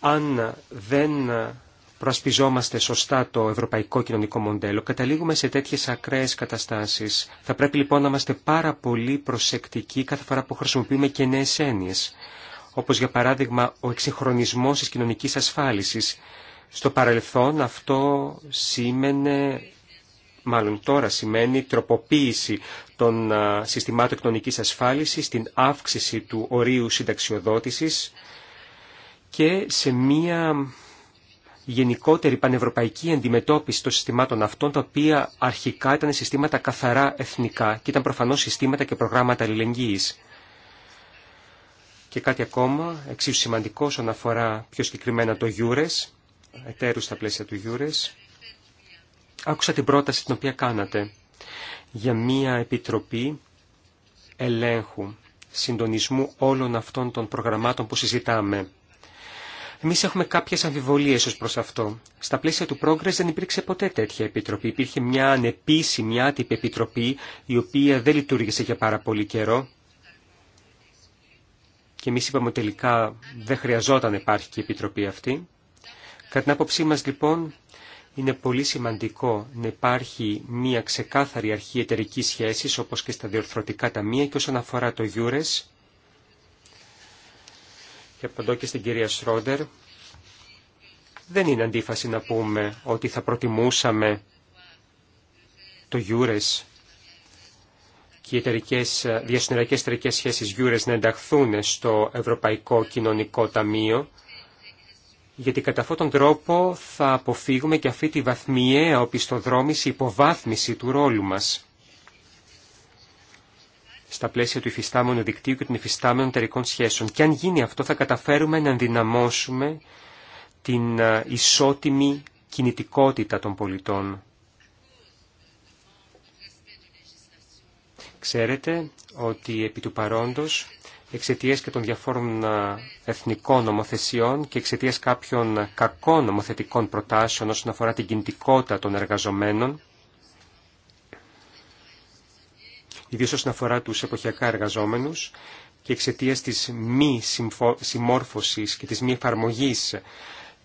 Αν δεν προασπιζόμαστε σωστά το ευρωπαϊκό κοινωνικό μοντέλο, καταλήγουμε σε τέτοιες ακραίες καταστάσεις. Θα πρέπει λοιπόν να είμαστε πάρα πολύ προσεκτικοί κάθε φορά που χρησιμοποιούμε και νέε έννοιες, όπως για παράδειγμα ο εξυγχρονισμός της κοινωνικής ασφάλισης. Στο παρελθόν αυτό σήμαινε μάλλον τώρα σημαίνει τροποποίηση των συστημάτων κοινωνικής ασφάλισης, την αύξηση του ορίου συνταξιοδότησης και σε μία γενικότερη πανευρωπαϊκή αντιμετώπιση των συστημάτων αυτών, τα οποία αρχικά ήταν συστήματα καθαρά εθνικά και ήταν προφανώς συστήματα και προγράμματα αλληλεγγύης. Και κάτι ακόμα, εξίσου σημαντικό όσον αφορά πιο συγκεκριμένα το Γιούρες, εταίρου στα πλαίσια του Γιούρες. Άκουσα την πρόταση την οποία κάνατε για μία επιτροπή ελέγχου, συντονισμού όλων αυτών των προγραμμάτων που συζητάμε. Εμεί έχουμε κάποιες αμφιβολίες ω προς αυτό. Στα πλαίσια του Progress δεν υπήρξε ποτέ τέτοια επιτροπή. Υπήρχε μια ανεπίσημη μια άτυπη επιτροπή η οποία δεν λειτουργήσε για πάρα πολύ καιρό. Και εμείς είπαμε ότι τελικά δεν χρειαζόταν να υπάρχει και η επιτροπή αυτή. Κατά την άποψή μας λοιπόν είναι πολύ σημαντικό να υπάρχει μια ξεκάθαρη αρχή εταιρική σχέση, όπω και στα διορθωτικά ταμεία και όσον αφορά το Eures και απαντώ και στην κυρία Σρόντερ, δεν είναι αντίφαση να πούμε ότι θα προτιμούσαμε το Γιούρες και οι διασυνοριακές εταιρικές σχέσεις Γιούρες να ενταχθούν στο Ευρωπαϊκό Κοινωνικό Ταμείο, γιατί κατά αυτόν τον τρόπο θα αποφύγουμε και αυτή τη βαθμιαία οπισθοδρόμηση υποβάθμιση του ρόλου μας στα πλαίσια του υφιστάμενου δικτύου και των υφιστάμενων εταιρικών σχέσεων. Και αν γίνει αυτό θα καταφέρουμε να ενδυναμώσουμε την ισότιμη κινητικότητα των πολιτών. Ξέρετε ότι επί του παρόντος εξαιτία και των διαφόρων εθνικών νομοθεσιών και εξαιτία κάποιων κακών νομοθετικών προτάσεων όσον αφορά την κινητικότητα των εργαζομένων ιδίως όσον αφορά τους εποχιακά εργαζόμενους και εξαιτία της μη συμμόρφωσης και της μη εφαρμογή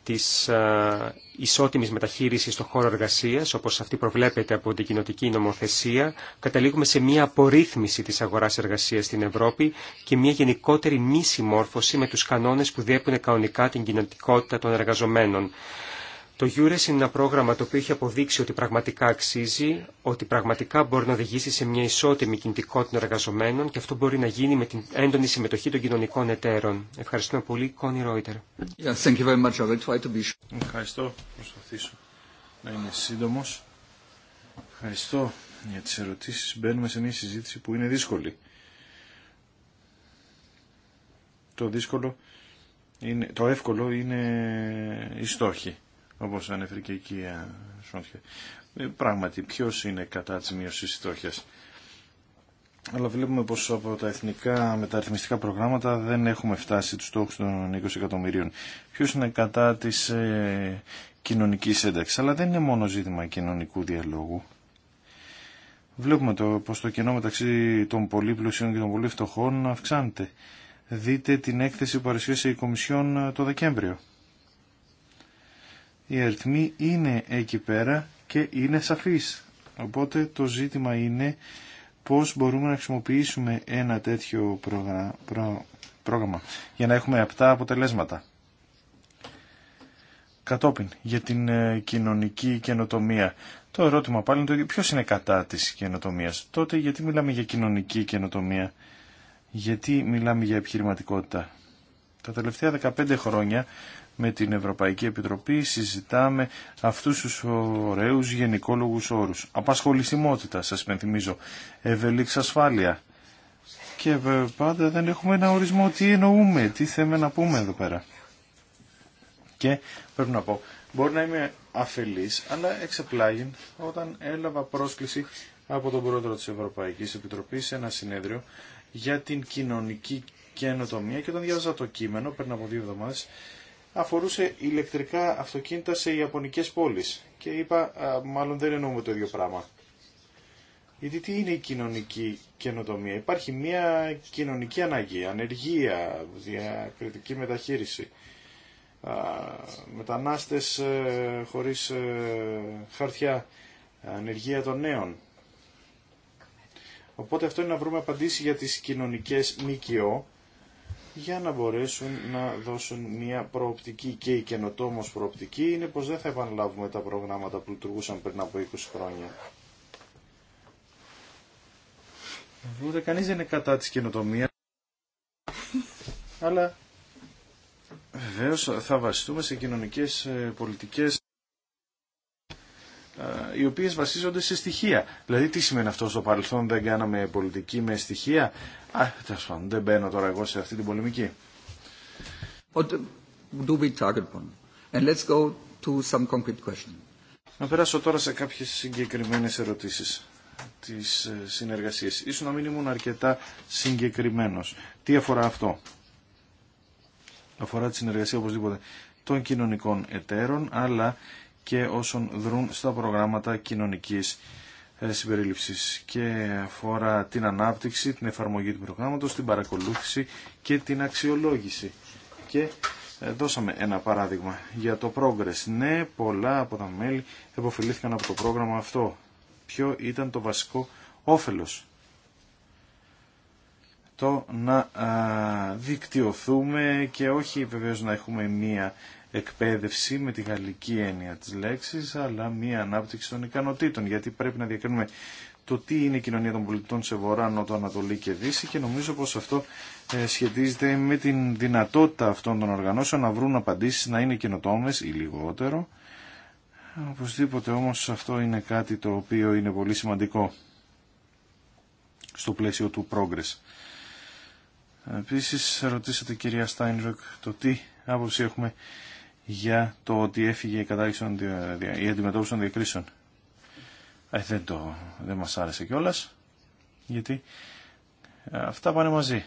της ε, ισότιμης μεταχείρισης στον χώρο εργασία, όπως αυτή προβλέπεται από την κοινοτική νομοθεσία, καταλήγουμε σε μια απορρίθμιση της αγοράς εργασίας στην Ευρώπη και μια γενικότερη μη συμμόρφωση με τους κανόνες που διέπουν κανονικά την κοινοτικότητα των εργαζομένων. Το Eures είναι ένα πρόγραμμα το οποίο έχει αποδείξει ότι πραγματικά αξίζει, ότι πραγματικά μπορεί να οδηγήσει σε μια ισότιμη κινητικότητα των εργαζομένων και αυτό μπορεί να γίνει με την έντονη συμμετοχή των κοινωνικών εταίρων. Ευχαριστούμε πολύ, Κόνι Ρόιτερ. Ευχαριστώ. Προσπαθήσω να είμαι σύντομο. Ευχαριστώ για τι ερωτήσει. Μπαίνουμε σε μια συζήτηση που είναι δύσκολη. Το δύσκολο είναι, το εύκολο είναι η στόχη όπως ανέφερε και η κυρία Σόντια. Ε, πράγματι, ποιος είναι κατά της μείωσης στόχιας. Αλλά βλέπουμε πως από τα εθνικά μεταρρυθμιστικά προγράμματα δεν έχουμε φτάσει τους στόχους των 20 εκατομμυρίων. Ποιο είναι κατά της ε, κοινωνικής ένταξης. Αλλά δεν είναι μόνο ζήτημα κοινωνικού διαλόγου. Βλέπουμε το, πως το κενό μεταξύ των πολύ πλουσίων και των πολύ φτωχών αυξάνεται. Δείτε την έκθεση που παρουσίασε η Κομισιόν ε, το Δεκέμβριο οι αριθμοί είναι εκεί πέρα και είναι σαφής. Οπότε το ζήτημα είναι πώς μπορούμε να χρησιμοποιήσουμε ένα τέτοιο πρόγραμμα, πρόγραμμα για να έχουμε αυτά αποτελέσματα. Κατόπιν, για την ε, κοινωνική καινοτομία. Το ερώτημα πάλι είναι το ίδιο. Ποιος είναι κατά της καινοτομίας. Τότε γιατί μιλάμε για κοινωνική καινοτομία. Γιατί μιλάμε για επιχειρηματικότητα. Τα τελευταία 15 χρόνια με την Ευρωπαϊκή Επιτροπή συζητάμε αυτούς τους ωραίους γενικόλογους όρους. Απασχολησιμότητα, σας πενθυμίζω, ευελίξη ασφάλεια. Και πάντα δεν έχουμε ένα ορισμό τι εννοούμε, τι θέμε να πούμε εδώ πέρα. Και πρέπει να πω, μπορεί να είμαι αφελής, αλλά εξεπλάγει όταν έλαβα πρόσκληση από τον πρόεδρο της Ευρωπαϊκής Επιτροπής σε ένα συνέδριο για την κοινωνική καινοτομία και όταν διάβαζα το κείμενο πριν από δύο εβδομάδες αφορούσε ηλεκτρικά αυτοκίνητα σε ιαπωνικές πόλεις. Και είπα, μάλλον δεν εννοούμε το ίδιο πράγμα. Γιατί τι είναι η κοινωνική καινοτομία. Υπάρχει μια κοινωνική ανάγκη, ανεργία, διακριτική μεταχείριση, α, μετανάστες ε, χωρίς ε, χαρτιά, ανεργία των νέων. Οπότε αυτό είναι να βρούμε απαντήσει για τις κοινωνικές μίκιο για να μπορέσουν να δώσουν μια προοπτική και η καινοτόμος προοπτική είναι πως δεν θα επαναλάβουμε τα προγράμματα που λειτουργούσαν πριν από 20 χρόνια. Ούτε κανείς δεν είναι κατά της καινοτομία. αλλά βεβαίω θα βασιστούμε σε κοινωνικές ε, πολιτικές ε, οι οποίε βασίζονται σε στοιχεία. Δηλαδή τι σημαίνει αυτό στο παρελθόν δεν κάναμε πολιτική με στοιχεία. Α, πάντων, δεν μπαίνω τώρα εγώ σε αυτή την πολεμική. Να περάσω τώρα σε κάποιε συγκεκριμένε ερωτήσει τη ε, συνεργασία. σω να μην ήμουν αρκετά συγκεκριμένο. Τι αφορά αυτό. Αφορά τη συνεργασία οπωσδήποτε των κοινωνικών εταίρων, αλλά και όσων δρούν στα προγράμματα κοινωνικής ε, συμπερίληψης και αφορά την ανάπτυξη, την εφαρμογή του προγράμματος, την παρακολούθηση και την αξιολόγηση. Και ε, δώσαμε ένα παράδειγμα για το Progress. Ναι, πολλά από τα μέλη εποφελήθηκαν από το πρόγραμμα αυτό. Ποιο ήταν το βασικό όφελος. Το να δικτυωθούμε και όχι βεβαίως να έχουμε μία εκπαίδευση με τη γαλλική έννοια της λέξης, αλλά μία ανάπτυξη των ικανοτήτων, γιατί πρέπει να διακρίνουμε το τι είναι η κοινωνία των πολιτών σε βορρά, νότο, ανατολή και δύση και νομίζω πως αυτό ε, σχετίζεται με την δυνατότητα αυτών των οργανώσεων να βρουν απαντήσεις να είναι καινοτόμες ή λιγότερο. Οπωσδήποτε όμως αυτό είναι κάτι το οποίο είναι πολύ σημαντικό στο πλαίσιο του Progress. Επίσης ρωτήσατε κυρία Στάινροκ το τι άποψη έχουμε για το ότι έφυγε η η αντιμετώπιση των διακρίσεων. Ε, δεν, το, δεν μας άρεσε κιόλα. γιατί ε, αυτά πάνε μαζί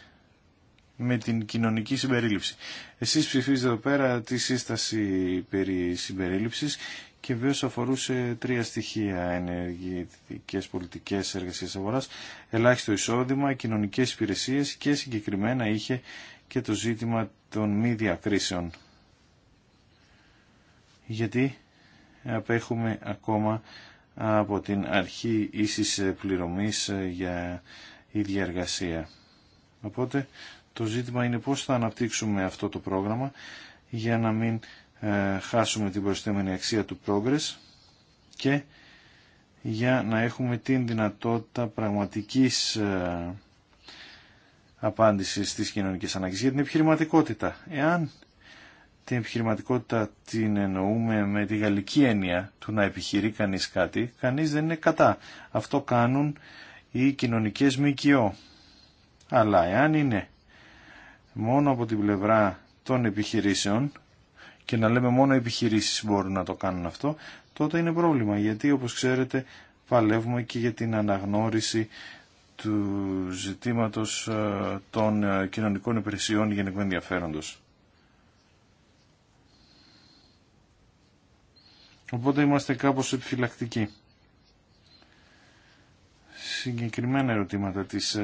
με την κοινωνική συμπερίληψη. Εσείς ψηφίζετε εδώ πέρα τη σύσταση περί συμπερίληψης και βέβαια αφορούσε τρία στοιχεία ενεργητικές πολιτικές εργασίες αγοράς, ελάχιστο εισόδημα, κοινωνικές υπηρεσίες και συγκεκριμένα είχε και το ζήτημα των μη διακρίσεων γιατί απέχουμε ακόμα από την αρχή ίσης πληρωμής ε, για ίδια εργασία. Οπότε το ζήτημα είναι πώς θα αναπτύξουμε αυτό το πρόγραμμα για να μην ε, χάσουμε την προσθέμενη αξία του Progress και για να έχουμε την δυνατότητα πραγματικής ε, απάντησης στις κοινωνικές ανάγκες για την επιχειρηματικότητα. Εάν την επιχειρηματικότητα την εννοούμε με τη γαλλική έννοια του να επιχειρεί κανείς κάτι, κανείς δεν είναι κατά. Αυτό κάνουν οι κοινωνικές ΜΚΟ. Αλλά εάν είναι μόνο από την πλευρά των επιχειρήσεων και να λέμε μόνο οι επιχειρήσεις μπορούν να το κάνουν αυτό, τότε είναι πρόβλημα γιατί όπως ξέρετε παλεύουμε και για την αναγνώριση του ζητήματος ε, των ε, κοινωνικών υπηρεσιών γενικού ενδιαφέροντος. Οπότε είμαστε κάπως επιφυλακτικοί. Συγκεκριμένα ερωτήματα της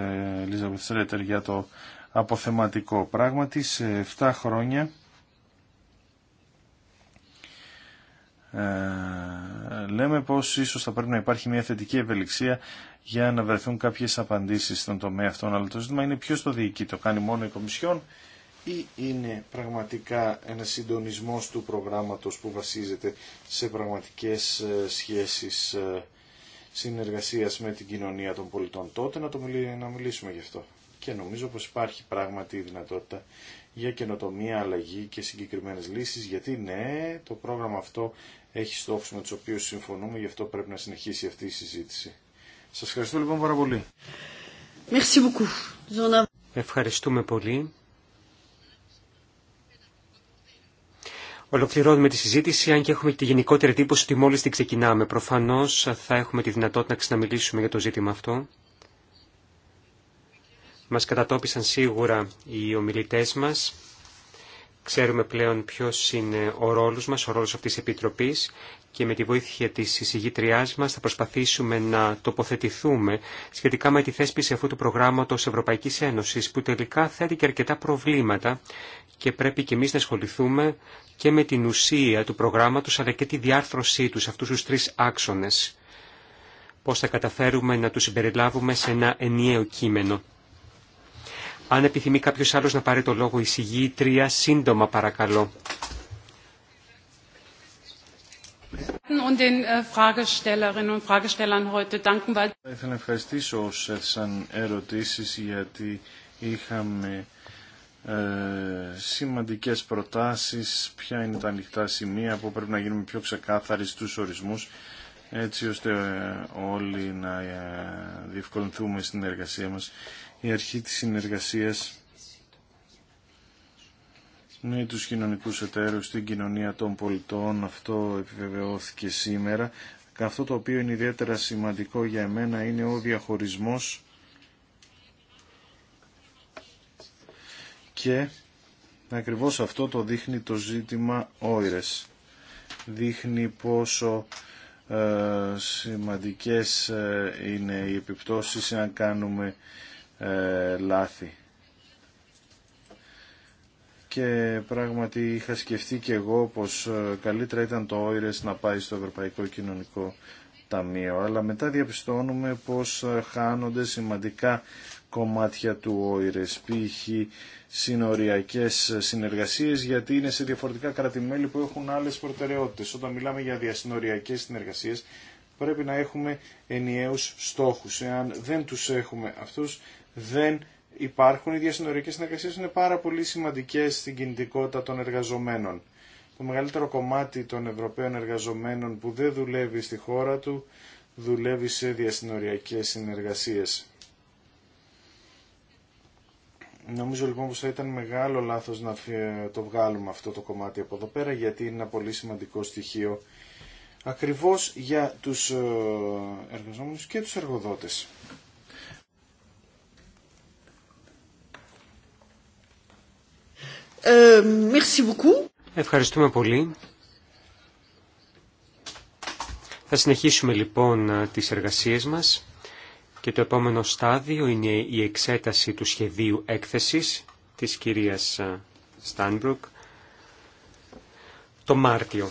Ελίζα Στρέτερ για το αποθεματικό. Πράγματι σε 7 χρόνια ε, λέμε πως ίσως θα πρέπει να υπάρχει μια θετική ευελιξία για να βρεθούν κάποιες απαντήσεις στον τομέα αυτών, αλλά το ζήτημα είναι ποιος το διοικεί, το κάνει μόνο η Κομισιόν ή είναι πραγματικά ένα συντονισμός του προγράμματος που βασίζεται σε πραγματικές ε, σχέσεις ε, συνεργασίας με την κοινωνία των πολιτών τότε να, το μιλήσουμε, να μιλήσουμε γι' αυτό. Και νομίζω πως υπάρχει πράγματι η δυνατότητα για καινοτομία, αλλαγή και συγκεκριμένες λύσεις, γιατί ναι, το πρόγραμμα αυτό έχει στόχους με τους οποίους συμφωνούμε, γι' αυτό πρέπει να συνεχίσει αυτή η συζήτηση. Σας ευχαριστώ λοιπόν πάρα πολύ. Ευχαριστούμε πολύ. Ολοκληρώνουμε τη συζήτηση, αν και έχουμε τη γενικότερη εντύπωση ότι μόλις την ξεκινάμε. Προφανώς θα έχουμε τη δυνατότητα να ξαναμιλήσουμε για το ζήτημα αυτό. Μας κατατόπισαν σίγουρα οι ομιλητές μας. Ξέρουμε πλέον ποιος είναι ο ρόλος μας, ο ρόλος αυτής της Επιτροπής και με τη βοήθεια της εισηγήτριάς μας θα προσπαθήσουμε να τοποθετηθούμε σχετικά με τη θέσπιση αυτού του προγράμματος Ευρωπαϊκής Ένωσης που τελικά θέτει και αρκετά προβλήματα και πρέπει και εμείς να ασχοληθούμε και με την ουσία του προγράμματος αλλά και τη διάρθρωσή του σε αυτούς τους τρεις άξονες. Πώς θα καταφέρουμε να τους συμπεριλάβουμε σε ένα ενιαίο κείμενο. Αν επιθυμεί κάποιος άλλος να πάρει το λόγο εισηγήτρια, σύντομα παρακαλώ. Und den äh, Fragestellerinnen und Fragestellern heute danken, Θα ήθελα να ευχαριστήσω όσους έθεσαν ερωτήσεις γιατί είχαμε ε, σημαντικές προτάσεις, ποια είναι τα ανοιχτά σημεία που πρέπει να γίνουμε πιο ξεκάθαροι στους ορισμούς έτσι ώστε ε, όλοι να ε, διευκολυνθούμε στην εργασία μας. Η αρχή της συνεργασία με ναι, τους κοινωνικούς εταίρους στην κοινωνία των πολιτών. Αυτό επιβεβαιώθηκε σήμερα. Αυτό το οποίο είναι ιδιαίτερα σημαντικό για εμένα είναι ο διαχωρισμός και ακριβώς αυτό το δείχνει το ζήτημα όηρες. Δείχνει πόσο ε, σημαντικές ε, είναι οι επιπτώσεις αν κάνουμε ε, λάθη και πράγματι είχα σκεφτεί και εγώ πως ε, καλύτερα ήταν το ΟΙΡΕΣ να πάει στο Ευρωπαϊκό Κοινωνικό Ταμείο. Αλλά μετά διαπιστώνουμε πως ε, χάνονται σημαντικά κομμάτια του ΟΙΡΕΣ, π.χ. συνοριακές συνεργασίες, γιατί είναι σε διαφορετικά κρατημέλη που έχουν άλλες προτεραιότητες. Όταν μιλάμε για διασυνοριακές συνεργασίες, πρέπει να έχουμε ενιαίους στόχους. Εάν δεν τους έχουμε αυτούς, δεν υπάρχουν. Οι διασυνοριακές συνεργασίες είναι πάρα πολύ σημαντικές στην κινητικότητα των εργαζομένων. Το μεγαλύτερο κομμάτι των Ευρωπαίων εργαζομένων που δεν δουλεύει στη χώρα του δουλεύει σε διασυνοριακές συνεργασίες. Νομίζω λοιπόν πως θα ήταν μεγάλο λάθος να το βγάλουμε αυτό το κομμάτι από εδώ πέρα γιατί είναι ένα πολύ σημαντικό στοιχείο ακριβώς για τους ε, εργαζόμενους και τους εργοδότες. Ε, Ευχαριστούμε πολύ. Θα συνεχίσουμε λοιπόν ε, τις εργασίες μας και το επόμενο στάδιο είναι η εξέταση του σχεδίου έκθεσης της κυρίας ε, Στάνμπρουκ το Μάρτιο.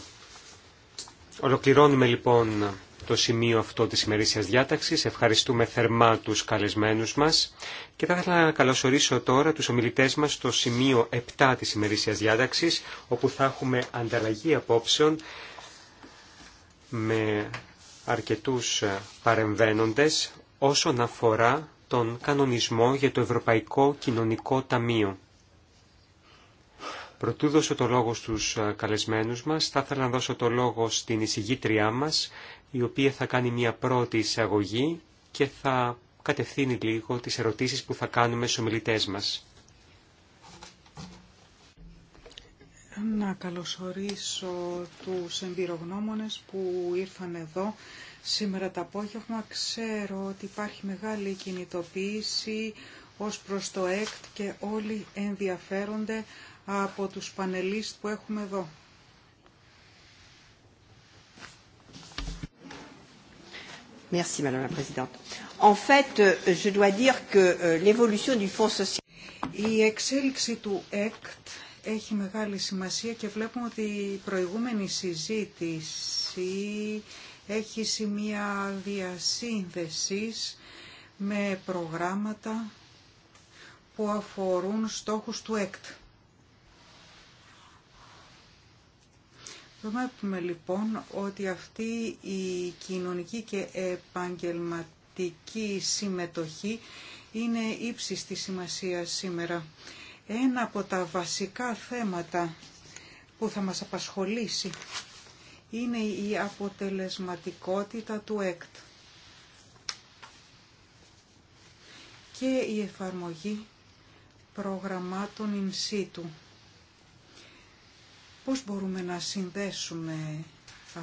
Ολοκληρώνουμε λοιπόν το σημείο αυτό της ημερήσιας διάταξης. Ευχαριστούμε θερμά τους καλεσμένους μας και θα ήθελα να καλωσορίσω τώρα τους ομιλητές μας στο σημείο 7 της ημερήσιας διάταξης όπου θα έχουμε ανταλλαγή απόψεων με αρκετούς ε, παρεμβαίνοντες όσον αφορά τον κανονισμό για το Ευρωπαϊκό Κοινωνικό Ταμείο. Πρωτού δώσω το λόγο στους ε, καλεσμένους μας, θα ήθελα να δώσω το λόγο στην εισηγήτριά μας, η οποία θα κάνει μια πρώτη εισαγωγή και θα κατευθύνει λίγο τις ερωτήσεις που θα κάνουμε στους ομιλητές μας. Να καλωσορίσω τους εμπειρογνώμονες που ήρθαν εδώ σήμερα το απόγευμα. Ξέρω ότι υπάρχει μεγάλη κινητοποίηση ως προς το ΕΚΤ και όλοι ενδιαφέρονται από τους πανελίστ που έχουμε εδώ. En fait, euh, dois dire que euh, Η εξέλιξη του ΕΚΤ έχει μεγάλη σημασία και βλέπουμε ότι η προηγούμενη συζήτηση έχει σημεία διασύνδεσης με προγράμματα που αφορούν στόχους του ΕΚΤ. Βλέπουμε λοιπόν ότι αυτή η κοινωνική και επαγγελματική συμμετοχή είναι ύψιστη της σημασία σήμερα. Ένα από τα βασικά θέματα που θα μας απασχολήσει είναι η αποτελεσματικότητα του ΕΚΤ και η εφαρμογή προγραμμάτων in situ. Πώς μπορούμε να συνδέσουμε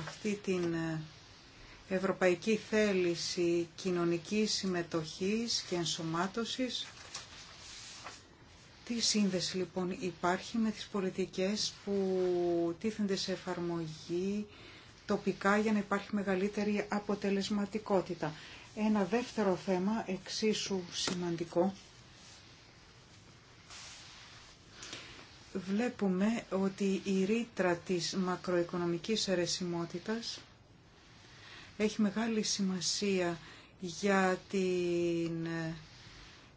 αυτή την ε, ευρωπαϊκή θέληση κοινωνικής συμμετοχής και ενσωμάτωσης. Τι σύνδεση λοιπόν υπάρχει με τις πολιτικές που τίθενται σε εφαρμογή τοπικά για να υπάρχει μεγαλύτερη αποτελεσματικότητα. Ένα δεύτερο θέμα εξίσου σημαντικό βλέπουμε ότι η ρήτρα της μακροοικονομικής αιρεσιμότητας έχει μεγάλη σημασία για την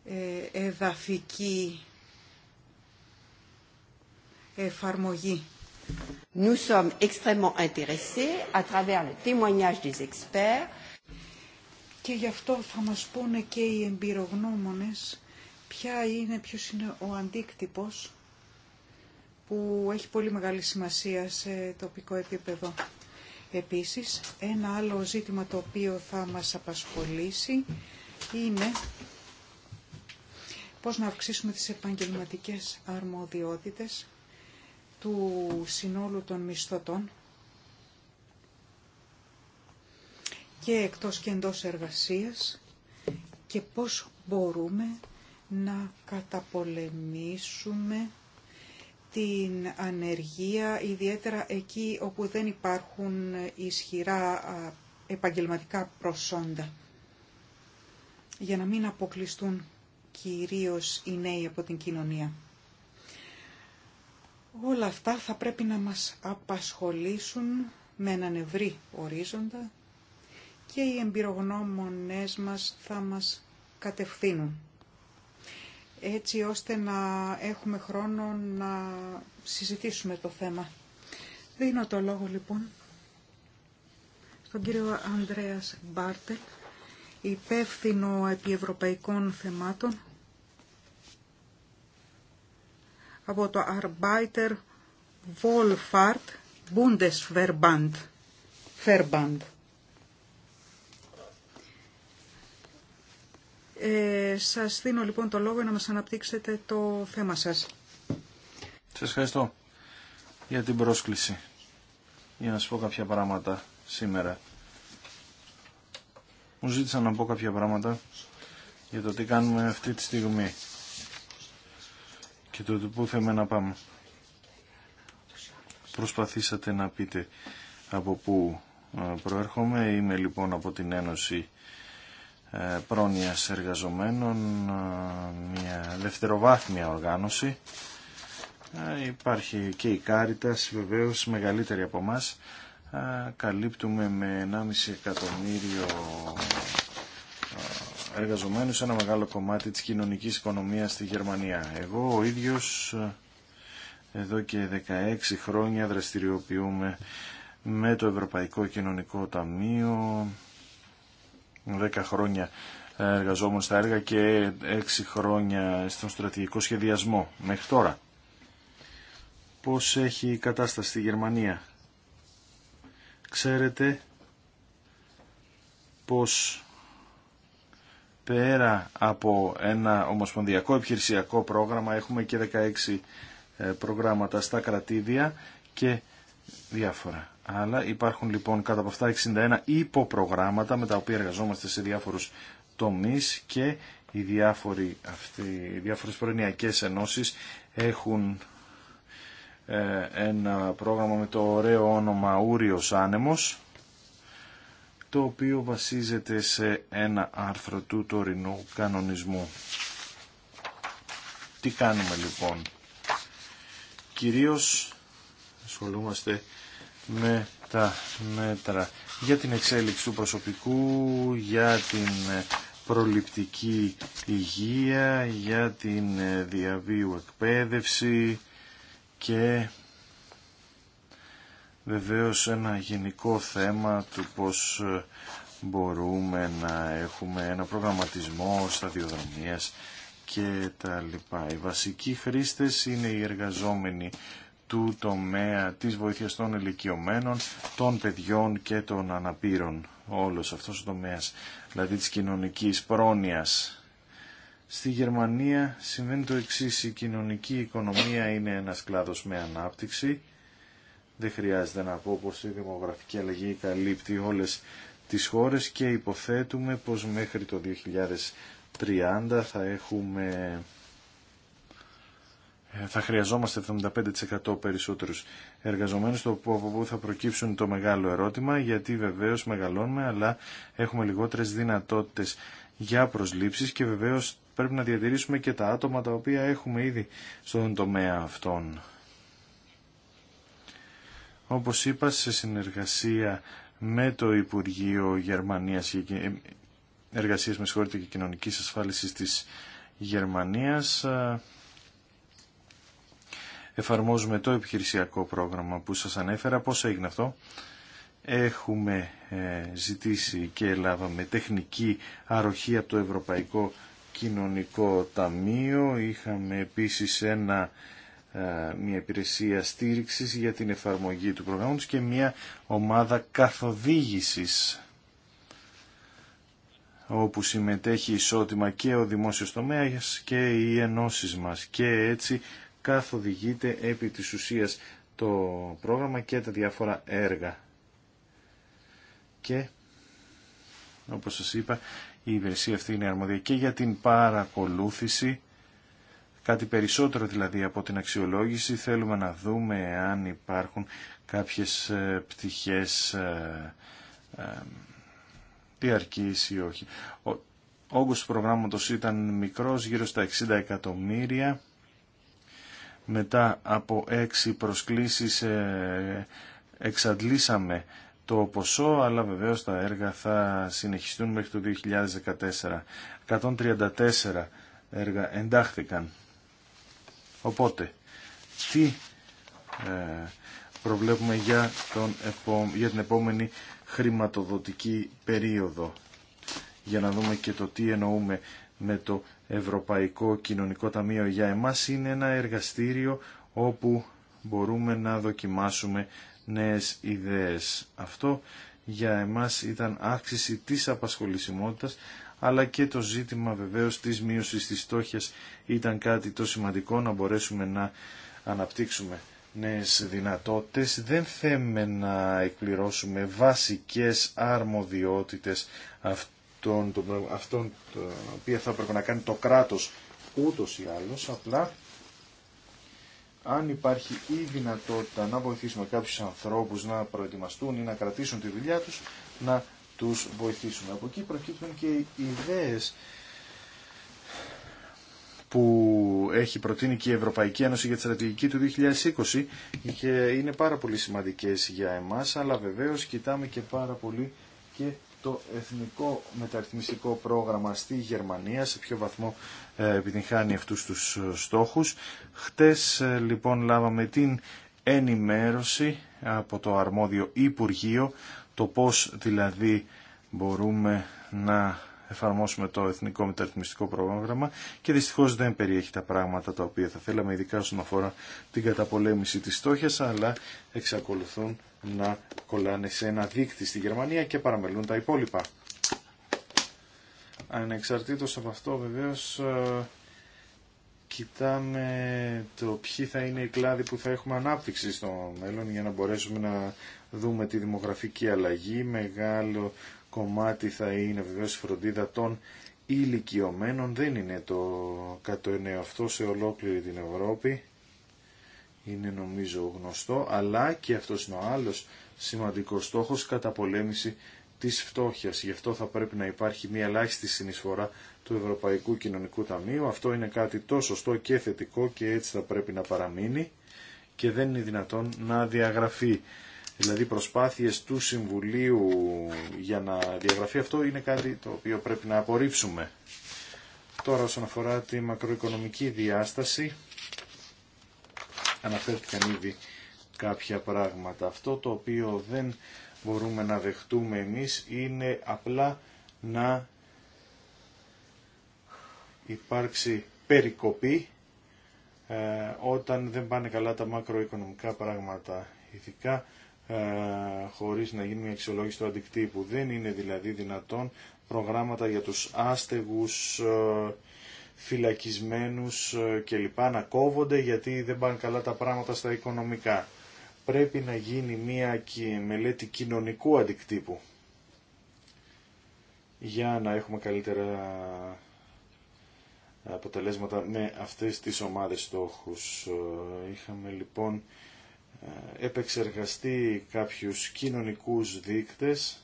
ε, εδαφική εφαρμογή. Nous sommes extrêmement intéressés à travers le témoignage des Και γι' αυτό θα μας πούνε και οι εμπειρογνώμονες ποια είναι, ποιος είναι ο αντίκτυπος που έχει πολύ μεγάλη σημασία σε τοπικό επίπεδο. Επίσης, ένα άλλο ζήτημα το οποίο θα μας απασχολήσει είναι πώς να αυξήσουμε τις επαγγελματικές αρμοδιότητες του συνόλου των μισθωτών και εκτός και εντός εργασίας και πώς μπορούμε να καταπολεμήσουμε την ανεργία, ιδιαίτερα εκεί όπου δεν υπάρχουν ισχυρά επαγγελματικά προσόντα, για να μην αποκλειστούν κυρίως οι νέοι από την κοινωνία. Όλα αυτά θα πρέπει να μας απασχολήσουν με έναν ευρύ ορίζοντα και οι εμπειρογνώμονές μας θα μας κατευθύνουν έτσι ώστε να έχουμε χρόνο να συζητήσουμε το θέμα. Δίνω το λόγο λοιπόν στον κύριο Ανδρέας Μπάρτελ, υπεύθυνο επί ευρωπαϊκών θεμάτων από το Arbeiter Wohlfahrt Bundesverband. Verband. Ε, σας δίνω λοιπόν το λόγο να μας αναπτύξετε το θέμα σας. Σας ευχαριστώ για την πρόσκληση. Για να σας πω κάποια πράγματα σήμερα. Μου ζήτησαν να πω κάποια πράγματα για το τι κάνουμε αυτή τη στιγμή και το πού θέλουμε να πάμε. Προσπαθήσατε να πείτε από πού ε, προέρχομαι. Είμαι λοιπόν από την Ένωση ε, πρόνοιας εργαζομένων, ε, μια δευτεροβάθμια οργάνωση. Ε, υπάρχει και η Κάριτας, βεβαίως μεγαλύτερη από μας. Καλύπτουμε με 1,5 εκατομμύριο εργαζομένους σε ένα μεγάλο κομμάτι της κοινωνικής οικονομίας στη Γερμανία. Εγώ ο ίδιος εδώ και 16 χρόνια δραστηριοποιούμε με το Ευρωπαϊκό Κοινωνικό Ταμείο, 10 χρόνια ε, εργαζόμουν στα έργα και 6 χρόνια στον στρατηγικό σχεδιασμό μέχρι τώρα. Πώς έχει η κατάσταση στη Γερμανία. Ξέρετε πως πέρα από ένα ομοσπονδιακό επιχειρησιακό πρόγραμμα έχουμε και 16 ε, προγράμματα στα κρατήδια και διάφορα άλλα. Υπάρχουν λοιπόν κάτω από αυτά 61 υποπρογράμματα με τα οποία εργαζόμαστε σε διάφορους τομείς και οι, διάφοροι αυτοί, οι διάφορες προενιακές ενώσεις έχουν ε, ένα πρόγραμμα με το ωραίο όνομα Ούριος Άνεμος το οποίο βασίζεται σε ένα άρθρο του τωρινού κανονισμού. Τι κάνουμε λοιπόν. Κυρίως ασχολούμαστε με τα μέτρα για την εξέλιξη του προσωπικού, για την προληπτική υγεία, για την διαβίου εκπαίδευση και βεβαίως ένα γενικό θέμα του πώς μπορούμε να έχουμε ένα προγραμματισμό σταδιοδρομίας και τα λοιπά. Οι βασικοί χρήστες είναι οι εργαζόμενοι του τομέα της βοήθειας των ηλικιωμένων, των παιδιών και των αναπήρων. Όλος αυτός ο τομέας, δηλαδή της κοινωνικής πρόνοιας. Στη Γερμανία συμβαίνει το εξή, η κοινωνική οικονομία είναι ένας κλάδος με ανάπτυξη. Δεν χρειάζεται να πω πως η δημογραφική αλλαγή καλύπτει όλες τις χώρες και υποθέτουμε πως μέχρι το 2030 θα έχουμε ε, θα χρειαζόμαστε 75% περισσότερους εργαζομένους, το οποίο από πού θα προκύψουν το μεγάλο ερώτημα, γιατί βεβαίως μεγαλώνουμε, αλλά έχουμε λιγότερες δυνατότητες για προσλήψεις και βεβαίως πρέπει να διατηρήσουμε και τα άτομα τα οποία έχουμε ήδη στον τομέα αυτών. Όπως είπα, σε συνεργασία με το Υπουργείο Γερμανίας Εργασίες με και Κοινωνική Ασφάλισης της Γερμανίας εφαρμόζουμε το επιχειρησιακό πρόγραμμα που σας ανέφερα. Πώς έγινε αυτό. Έχουμε ε, ζητήσει και λάβαμε τεχνική αροχή από το Ευρωπαϊκό Κοινωνικό Ταμείο. Είχαμε επίσης ένα ε, μια υπηρεσία στήριξης για την εφαρμογή του προγράμματος και μια ομάδα καθοδήγησης όπου συμμετέχει ισότιμα και ο δημόσιος τομέας και οι ενώσεις μας και έτσι καθοδηγείται επί της ουσίας το πρόγραμμα και τα διάφορα έργα. Και, όπως σας είπα, η υπηρεσία αυτή είναι αρμοδιακή και για την παρακολούθηση, κάτι περισσότερο δηλαδή από την αξιολόγηση, θέλουμε να δούμε αν υπάρχουν κάποιες ε, πτυχές ε, ε, διαρκής ή όχι. Ο όγκος του προγράμματος ήταν μικρός, γύρω στα 60 εκατομμύρια μετά από έξι προσκλήσεις ε, εξαντλήσαμε το ποσό, αλλά βεβαίως τα έργα θα συνεχιστούν μέχρι το 2014. 134 έργα εντάχθηκαν. Οπότε, τι ε, προβλέπουμε για, τον για την επόμενη χρηματοδοτική περίοδο για να δούμε και το τι εννοούμε με το Ευρωπαϊκό Κοινωνικό Ταμείο για εμάς είναι ένα εργαστήριο όπου μπορούμε να δοκιμάσουμε νέες ιδέες. Αυτό για εμάς ήταν άξιση της απασχολησιμότητας αλλά και το ζήτημα βεβαίως της μείωσης της στόχιας ήταν κάτι το σημαντικό να μπορέσουμε να αναπτύξουμε νέες δυνατότητες. Δεν θέλουμε να εκπληρώσουμε βασικές αρμοδιότητες των, των, αυτών τα θα έπρεπε να κάνει το κράτος ούτως ή άλλως, απλά αν υπάρχει η δυνατότητα να βοηθήσουμε κάποιους ανθρώπους να προετοιμαστούν ή να κρατήσουν τη δουλειά τους, να τους βοηθήσουμε. Από εκεί προκύπτουν και οι ιδέες που έχει προτείνει και η Ευρωπαϊκή Ένωση για τη στρατηγική του 2020 και είναι πάρα πολύ σημαντικές για εμάς, αλλά βεβαίως κοιτάμε και πάρα πολύ και το εθνικό μεταρρυθμιστικό πρόγραμμα στη Γερμανία, σε ποιο βαθμό ε, επιτυγχάνει αυτούς τους ε, στόχους. Χτες ε, λοιπόν λάβαμε την ενημέρωση από το αρμόδιο Υπουργείο, το πώς δηλαδή μπορούμε να εφαρμόσουμε το Εθνικό Μεταρρυθμιστικό Πρόγραμμα και δυστυχώς δεν περιέχει τα πράγματα τα οποία θα θέλαμε, ειδικά όσον αφορά την καταπολέμηση τη στόχια, αλλά εξακολουθούν να κολλάνε σε ένα δίκτυ στη Γερμανία και παραμελούν τα υπόλοιπα. Ανεξαρτήτω από αυτό βεβαίως ε, κοιτάμε το ποιοι θα είναι οι κλάδοι που θα έχουμε ανάπτυξη στο μέλλον για να μπορέσουμε να δούμε τη δημογραφική αλλαγή, μεγάλο κομμάτι θα είναι βεβαίως η φροντίδα των ηλικιωμένων. Δεν είναι το κατ' αυτό σε ολόκληρη την Ευρώπη. Είναι νομίζω γνωστό, αλλά και αυτός είναι ο άλλος σημαντικός στόχος πολέμηση της φτώχειας. Γι' αυτό θα πρέπει να υπάρχει μια ελάχιστη συνεισφορά του Ευρωπαϊκού Κοινωνικού Ταμείου. Αυτό είναι κάτι τόσο σωστό και θετικό και έτσι θα πρέπει να παραμείνει και δεν είναι δυνατόν να διαγραφεί δηλαδή προσπάθειες του Συμβουλίου για να διαγραφεί αυτό είναι κάτι το οποίο πρέπει να απορρίψουμε. Τώρα όσον αφορά τη μακροοικονομική διάσταση αναφέρθηκαν ήδη κάποια πράγματα. Αυτό το οποίο δεν μπορούμε να δεχτούμε εμείς είναι απλά να υπάρξει περικοπή ε, όταν δεν πάνε καλά τα μακροοικονομικά πράγματα. Ειδικά ε, χωρίς να γίνει μια αξιολόγηση του αντικτύπου. Δεν είναι δηλαδή δυνατόν προγράμματα για τους άστεγους, ε, φυλακισμένους ε, κλπ. να κόβονται γιατί δεν πάνε καλά τα πράγματα στα οικονομικά. Πρέπει να γίνει μια μελέτη κοινωνικού αντικτύπου για να έχουμε καλύτερα αποτελέσματα με αυτές τις ομάδες στόχους. Είχαμε λοιπόν ε, επεξεργαστεί κάποιους κοινωνικούς δείκτες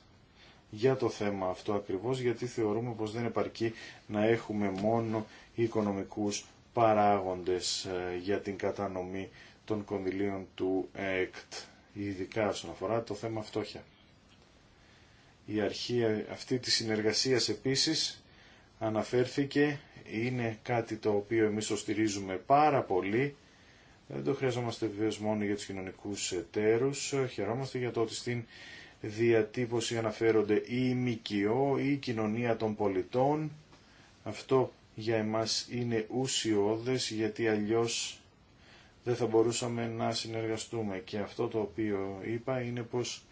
για το θέμα αυτό ακριβώς, γιατί θεωρούμε πως δεν επαρκεί να έχουμε μόνο οικονομικούς παράγοντες ε, για την κατανομή των κονδυλίων του ΕΚΤ, ειδικά όσον αφορά το θέμα φτώχεια. Η αρχή αυτή της συνεργασίας επίσης αναφέρθηκε, είναι κάτι το οποίο εμείς το στηρίζουμε πάρα πολύ, δεν το χρειαζόμαστε βεβαίω μόνο για τους κοινωνικούς εταίρους. Χαιρόμαστε για το ότι στην διατύπωση αναφέρονται η ΜΚΟ, η κοινωνία των πολιτών. Αυτό για εμάς είναι ουσιώδες γιατί αλλιώς δεν θα μπορούσαμε να συνεργαστούμε. Και αυτό το οποίο είπα είναι πως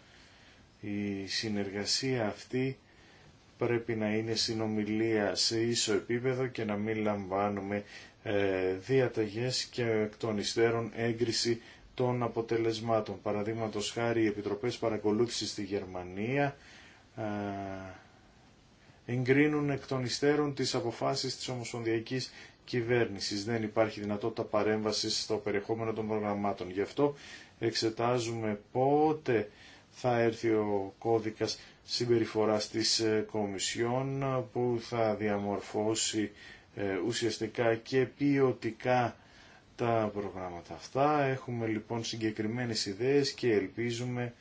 η συνεργασία αυτή πρέπει να είναι συνομιλία σε ίσο επίπεδο και να μην λαμβάνουμε ε, διαταγές και εκ των υστέρων έγκριση των αποτελεσμάτων. Παραδείγματο χάρη οι επιτροπές παρακολούθησης στη Γερμανία ε, εγκρίνουν εκ των υστέρων τις αποφάσεις της Ομοσπονδιακής Κυβέρνησης. Δεν υπάρχει δυνατότητα παρέμβασης στο περιεχόμενο των προγραμμάτων. Γι' αυτό εξετάζουμε πότε θα έρθει ο κώδικας συμπεριφοράς της ε, Κομισιόν ε, που θα διαμορφώσει ε, ουσιαστικά και ποιοτικά τα προγράμματα αυτά. Έχουμε λοιπόν συγκεκριμένες ιδέες και ελπίζουμε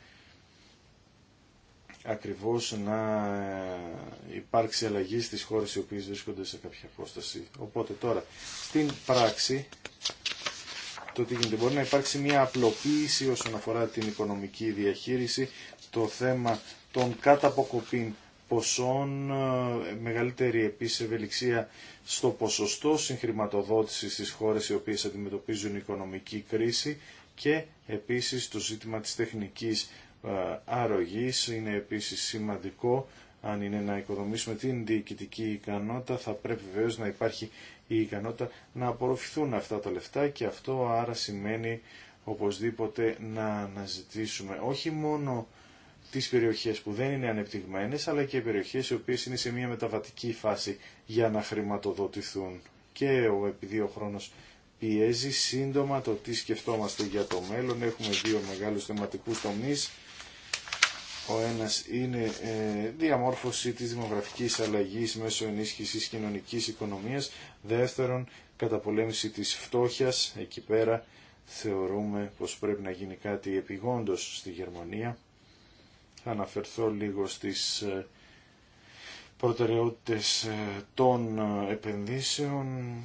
ακριβώς να υπάρξει αλλαγή στις χώρες οι οποίες βρίσκονται σε κάποια απόσταση. Οπότε τώρα, στην πράξη, το τι γίνεται μπορεί να υπάρξει μια απλοποίηση όσον αφορά την οικονομική διαχείριση, το θέμα των καταποκοπήν ποσών, ε, μεγαλύτερη επίσης ευελιξία στο ποσοστό συγχρηματοδότηση στις χώρες οι οποίες αντιμετωπίζουν οικονομική κρίση και επίσης το ζήτημα της τεχνικής ε, αρρωγής είναι επίσης σημαντικό αν είναι να οικοδομήσουμε την διοικητική ικανότητα θα πρέπει βεβαίω να υπάρχει η ικανότητα να απορροφηθούν αυτά τα λεφτά και αυτό άρα σημαίνει οπωσδήποτε να αναζητήσουμε όχι μόνο τις περιοχές που δεν είναι ανεπτυγμένες, αλλά και οι περιοχές οι οποίες είναι σε μια μεταβατική φάση για να χρηματοδοτηθούν. Και ο, επειδή ο χρόνος πιέζει σύντομα το τι σκεφτόμαστε για το μέλλον, έχουμε δύο μεγάλους θεματικούς τομείς. Ο ένας είναι ε, διαμόρφωση της δημογραφικής αλλαγής μέσω ενίσχυσης κοινωνικής οικονομίας. Δεύτερον, καταπολέμηση της φτώχειας. Εκεί πέρα θεωρούμε πως πρέπει να γίνει κάτι επιγόντως στη Γερμανία θα αναφερθώ λίγο στις ε, προτεραιότητες ε, των ε, επενδύσεων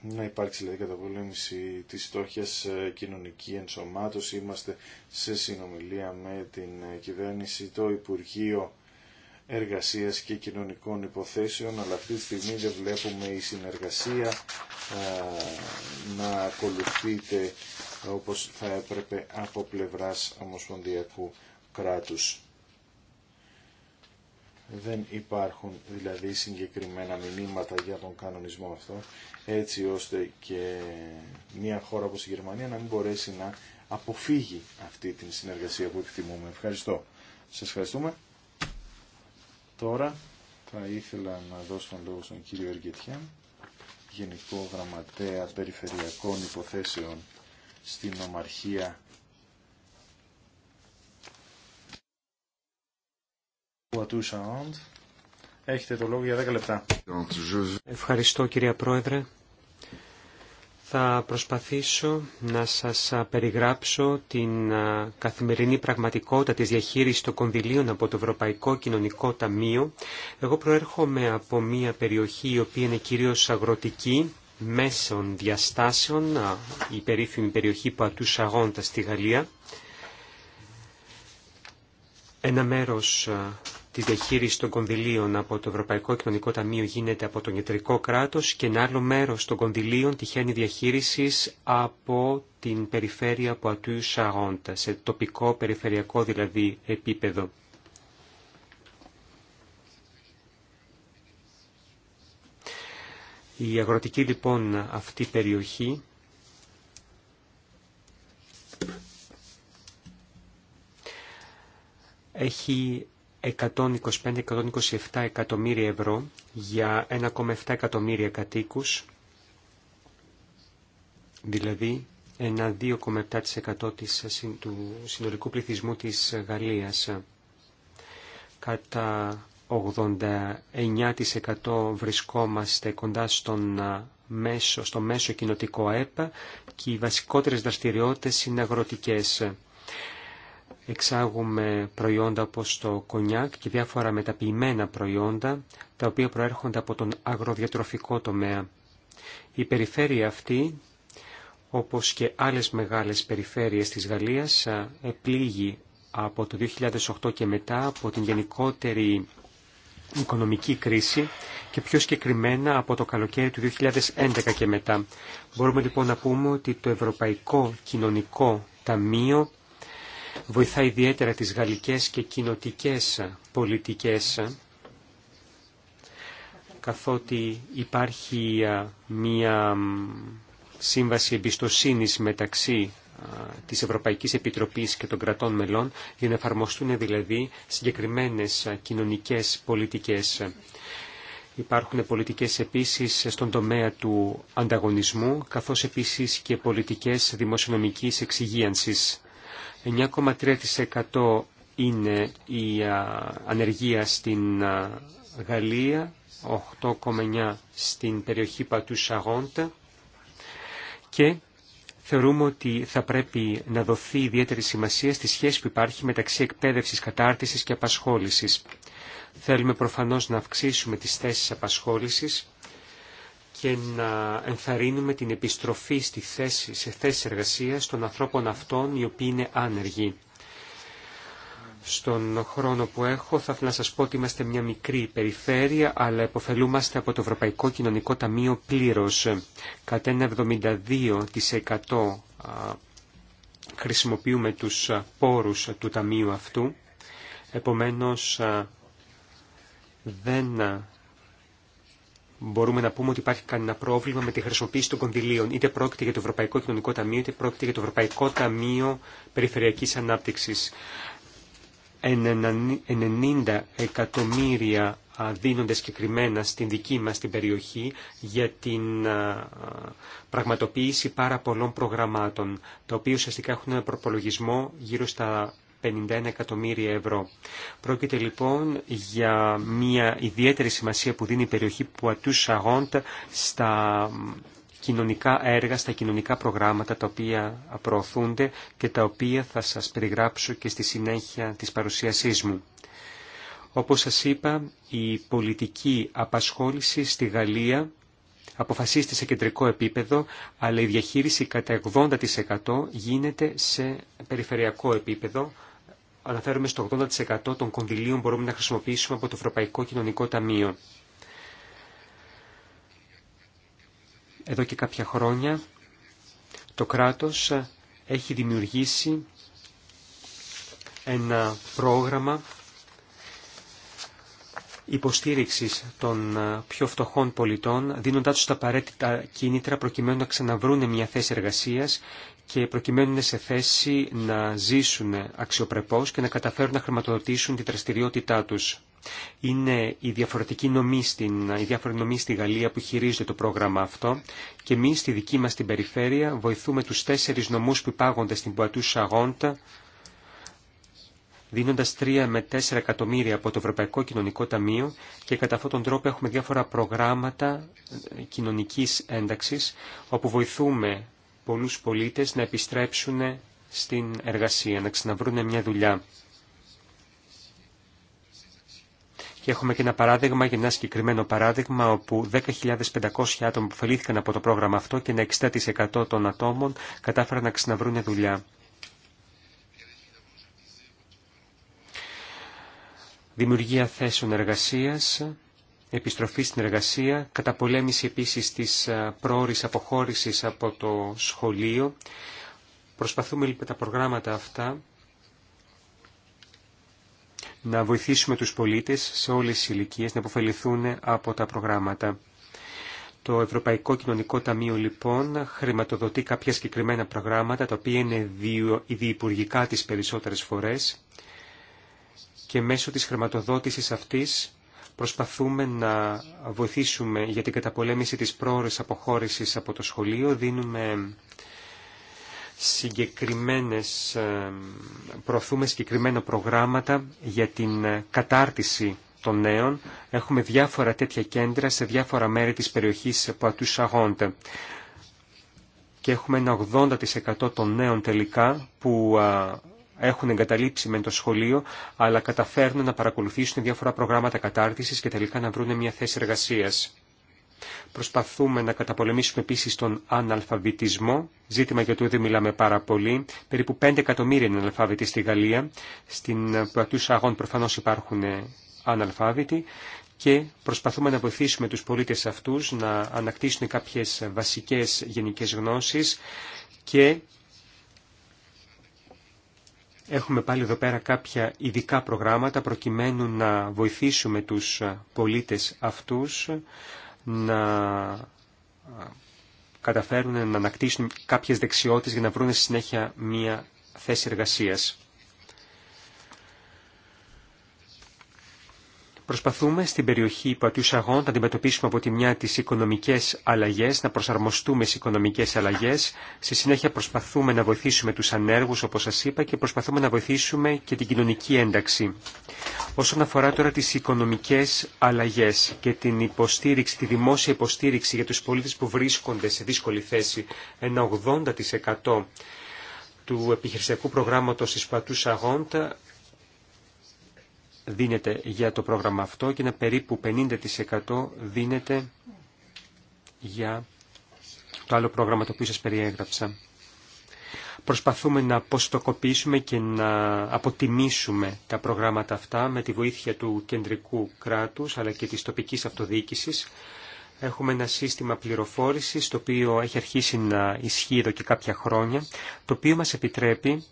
να υπάρξει δηλαδή καταπολέμηση της στόχιας κοινωνική ενσωμάτωση. Είμαστε σε συνομιλία με την κυβέρνηση, το Υπουργείο Εργασίας και Κοινωνικών Υποθέσεων, αλλά αυτή τη στιγμή δεν βλέπουμε η συνεργασία να ακολουθείται όπως θα έπρεπε από πλευράς ομοσπονδιακού κράτους. Δεν υπάρχουν δηλαδή συγκεκριμένα μηνύματα για τον κανονισμό αυτό, έτσι ώστε και μια χώρα όπως η Γερμανία να μην μπορέσει να αποφύγει αυτή την συνεργασία που επιθυμούμε. Ευχαριστώ. Σας ευχαριστούμε. Τώρα θα ήθελα να δώσω τον λόγο στον κύριο Εργετιάν, Γενικό Γραμματέα Περιφερειακών Υποθέσεων στην ομαρχία Έχετε το λόγο για 10 λεπτά. Ευχαριστώ κυρία Πρόεδρε. Θα προσπαθήσω να σας περιγράψω την καθημερινή πραγματικότητα της διαχείρισης των κονδυλίων από το Ευρωπαϊκό Κοινωνικό Ταμείο. Εγώ προέρχομαι από μια περιοχή η οποία είναι κυρίως αγροτική μέσων διαστάσεων, η περίφημη περιοχή Πατού Σαγόντα στη Γαλλία. Ένα μέρος της διαχείριση των κονδυλίων από το Ευρωπαϊκό Κοινωνικό Ταμείο γίνεται από τον ιατρικό κράτος και ένα άλλο μέρος των κονδυλίων τυχαίνει διαχείρισης από την περιφέρεια Πατού Σαγόντα, σε τοπικό περιφερειακό δηλαδή επίπεδο. Η αγροτική λοιπόν αυτή περιοχή έχει 125-127 εκατομμύρια ευρώ για 1,7 εκατομμύρια κατοίκους, δηλαδή ένα 2,7% του συνολικού πληθυσμού της Γαλλίας. Κατά 89% βρισκόμαστε κοντά στον μέσο, στο μέσο κοινοτικό ΕΠΑ και οι βασικότερες δραστηριότητες είναι αγροτικές. Εξάγουμε προϊόντα όπως το κονιάκ και διάφορα μεταποιημένα προϊόντα, τα οποία προέρχονται από τον αγροδιατροφικό τομέα. Η περιφέρεια αυτή, όπως και άλλες μεγάλες περιφέρειες της Γαλλίας, επλήγει από το 2008 και μετά από την γενικότερη οικονομική κρίση και πιο συγκεκριμένα από το καλοκαίρι του 2011 και μετά. Μπορούμε λοιπόν να πούμε ότι το Ευρωπαϊκό Κοινωνικό Ταμείο βοηθά ιδιαίτερα τις γαλλικές και κοινοτικές πολιτικές καθότι υπάρχει μια σύμβαση εμπιστοσύνης μεταξύ της Ευρωπαϊκής Επιτροπής και των κρατών μελών για να εφαρμοστούν δηλαδή συγκεκριμένες κοινωνικές πολιτικές. Υπάρχουν πολιτικές επίσης στον τομέα του ανταγωνισμού, καθώς επίσης και πολιτικές δημοσιονομικής εξυγίανσης. 9,3% είναι η ανεργία στην Γαλλία, 8,9% στην περιοχή Πατού Σαγόντα και θεωρούμε ότι θα πρέπει να δοθεί ιδιαίτερη σημασία στη σχέση που υπάρχει μεταξύ εκπαίδευσης, κατάρτισης και απασχόλησης. Θέλουμε προφανώς να αυξήσουμε τις θέσεις απασχόλησης και να ενθαρρύνουμε την επιστροφή στη θέση, σε θέσεις εργασίας των ανθρώπων αυτών οι οποίοι είναι άνεργοι. Στον χρόνο που έχω θα ήθελα να σας πω ότι είμαστε μια μικρή περιφέρεια αλλά υποφελούμαστε από το Ευρωπαϊκό Κοινωνικό Ταμείο πλήρως. Κατά ένα 72% χρησιμοποιούμε τους πόρους του ταμείου αυτού. Επομένως δεν μπορούμε να πούμε ότι υπάρχει κανένα πρόβλημα με τη χρησιμοποίηση των κονδυλίων. Είτε πρόκειται για το Ευρωπαϊκό Κοινωνικό Ταμείο, είτε πρόκειται για το Ευρωπαϊκό Ταμείο Περιφερειακής Ανάπτυξης. 90 εκατομμύρια δίνονται συγκεκριμένα στην δική μας την περιοχή για την πραγματοποίηση πάρα πολλών προγραμμάτων, τα οποία ουσιαστικά έχουν ένα προπολογισμό γύρω στα 51 εκατομμύρια ευρώ. Πρόκειται λοιπόν για μια ιδιαίτερη σημασία που δίνει η περιοχή Πουατού Σαγόντ στα κοινωνικά έργα, στα κοινωνικά προγράμματα τα οποία προωθούνται και τα οποία θα σας περιγράψω και στη συνέχεια της παρουσίασής μου. Όπως σας είπα, η πολιτική απασχόληση στη Γαλλία αποφασίστηκε σε κεντρικό επίπεδο, αλλά η διαχείριση κατά 80% γίνεται σε περιφερειακό επίπεδο. Αναφέρομαι στο 80% των κονδυλίων μπορούμε να χρησιμοποιήσουμε από το Ευρωπαϊκό Κοινωνικό Ταμείο. Εδώ και κάποια χρόνια το κράτος έχει δημιουργήσει ένα πρόγραμμα υποστήριξης των πιο φτωχών πολιτών, δίνοντάς τους τα απαραίτητα κίνητρα προκειμένου να ξαναβρούν μια θέση εργασίας και προκειμένου να σε θέση να ζήσουν αξιοπρεπώς και να καταφέρουν να χρηματοδοτήσουν τη δραστηριότητά τους είναι οι διαφορετικοί νομοί στην, η στη Γαλλία που χειρίζεται το πρόγραμμα αυτό και εμεί στη δική μας την περιφέρεια βοηθούμε τους τέσσερις νομούς που υπάγονται στην Πουατού Σαγόντα δίνοντας 3 με 4 εκατομμύρια από το Ευρωπαϊκό Κοινωνικό Ταμείο και κατά αυτόν τον τρόπο έχουμε διάφορα προγράμματα ε, κοινωνικής ένταξης όπου βοηθούμε πολλούς πολίτες να επιστρέψουν στην εργασία, να ξαναβρούν μια δουλειά. έχουμε και ένα παράδειγμα για ένα συγκεκριμένο παράδειγμα όπου 10.500 άτομα που φελήθηκαν από το πρόγραμμα αυτό και ένα 60% των ατόμων κατάφεραν να ξαναβρούν δουλειά. Δημιουργία θέσεων εργασίας, επιστροφή στην εργασία, καταπολέμηση επίσης της πρόορης αποχώρησης από το σχολείο. Προσπαθούμε λοιπόν τα προγράμματα αυτά να βοηθήσουμε τους πολίτες σε όλες τις ηλικίες να αποφεληθούν από τα προγράμματα. Το Ευρωπαϊκό Κοινωνικό Ταμείο λοιπόν χρηματοδοτεί κάποια συγκεκριμένα προγράμματα τα οποία είναι διυπουργικά τις περισσότερες φορές και μέσω της χρηματοδότησης αυτής προσπαθούμε να βοηθήσουμε για την καταπολέμηση της πρόορης αποχώρησης από το σχολείο, δίνουμε συγκεκριμένες, ε, προωθούμε συγκεκριμένα προγράμματα για την ε, κατάρτιση των νέων. Έχουμε διάφορα τέτοια κέντρα σε διάφορα μέρη της περιοχής που Σαγόντε. Και έχουμε ένα 80% των νέων τελικά που έχουν εγκαταλείψει με το σχολείο, αλλά καταφέρνουν να παρακολουθήσουν διάφορα προγράμματα κατάρτισης και τελικά να βρουν μια θέση εργασίας. Προσπαθούμε να καταπολεμήσουμε επίση τον αναλφαβητισμό, ζήτημα για το οποίο μιλάμε πάρα πολύ. Περίπου 5 εκατομμύρια είναι αναλφάβητοι στη Γαλλία. Στην Πρατούσα Αγών προφανώς υπάρχουν αναλφάβητοι και προσπαθούμε να βοηθήσουμε τους πολίτες αυτούς να ανακτήσουν κάποιες βασικές γενικές γνώσεις και Έχουμε πάλι εδώ πέρα κάποια ειδικά προγράμματα προκειμένου να βοηθήσουμε τους πολίτες αυτούς να καταφέρουν να ανακτήσουν κάποιες δεξιότητες για να βρουν στη συνέχεια μία θέση εργασίας. Προσπαθούμε στην περιοχή Πατιού Σαγών να αντιμετωπίσουμε από τη μια τις οικονομικές αλλαγές, να προσαρμοστούμε στις οικονομικές αλλαγές. Στη συνέχεια προσπαθούμε να βοηθήσουμε τους ανέργους, όπως σας είπα, και προσπαθούμε να βοηθήσουμε και την κοινωνική ένταξη. Όσον αφορά τώρα τις οικονομικές αλλαγές και την υποστήριξη, τη δημόσια υποστήριξη για τους πολίτες που βρίσκονται σε δύσκολη θέση, ένα 80% του επιχειρησιακού προγράμματος της Πατού Σαγόντα δίνεται για το πρόγραμμα αυτό και ένα περίπου 50% δίνεται για το άλλο πρόγραμμα το οποίο σας περιέγραψα. Προσπαθούμε να αποστοκοπήσουμε και να αποτιμήσουμε τα προγράμματα αυτά με τη βοήθεια του κεντρικού κράτους αλλά και της τοπικής αυτοδιοίκησης. Έχουμε ένα σύστημα πληροφόρησης το οποίο έχει αρχίσει να ισχύει εδώ και κάποια χρόνια, το οποίο μας επιτρέπει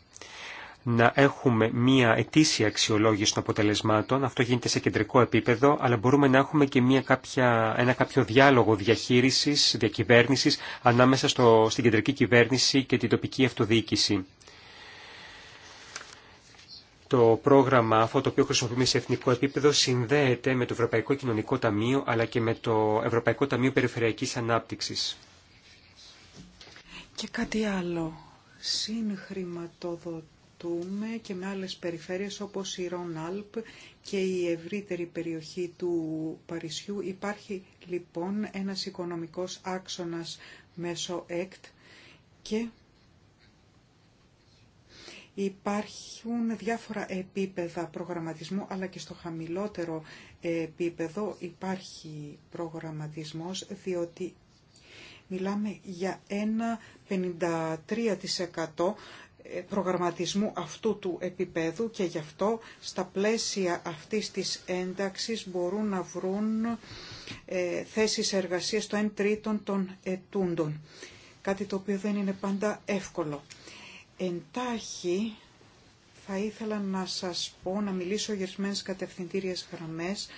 να έχουμε μία ετήσια αξιολόγηση των αποτελεσμάτων. Αυτό γίνεται σε κεντρικό επίπεδο, αλλά μπορούμε να έχουμε και μία κάποια, ένα κάποιο διάλογο διαχείρισης, διακυβέρνησης ανάμεσα στο, στην κεντρική κυβέρνηση και την τοπική αυτοδιοίκηση. Το πρόγραμμα αυτό το οποίο χρησιμοποιούμε σε εθνικό επίπεδο συνδέεται με το Ευρωπαϊκό Κοινωνικό Ταμείο αλλά και με το Ευρωπαϊκό Ταμείο Περιφερειακής Ανάπτυξης. Και κάτι άλλο. Συγχρηματοδοτή και με άλλες περιφέρειες όπως η Ρον Αλπ και η ευρύτερη περιοχή του Παρισιού. Υπάρχει λοιπόν ένας οικονομικός άξονας μέσω ΕΚΤ και Υπάρχουν διάφορα επίπεδα προγραμματισμού, αλλά και στο χαμηλότερο επίπεδο υπάρχει προγραμματισμός, διότι μιλάμε για ένα 53% ε, προγραμματισμού αυτού του επίπεδου και γι' αυτό στα πλαίσια αυτής της ένταξης μπορούν να βρουν ε, θέσεις εργασίας στο 1 τρίτον των ετούντων. Κάτι το οποίο δεν είναι πάντα εύκολο. Εντάχει θα ήθελα να σας πω, να μιλήσω για ορισμένες κατευθυντήριες γραμμές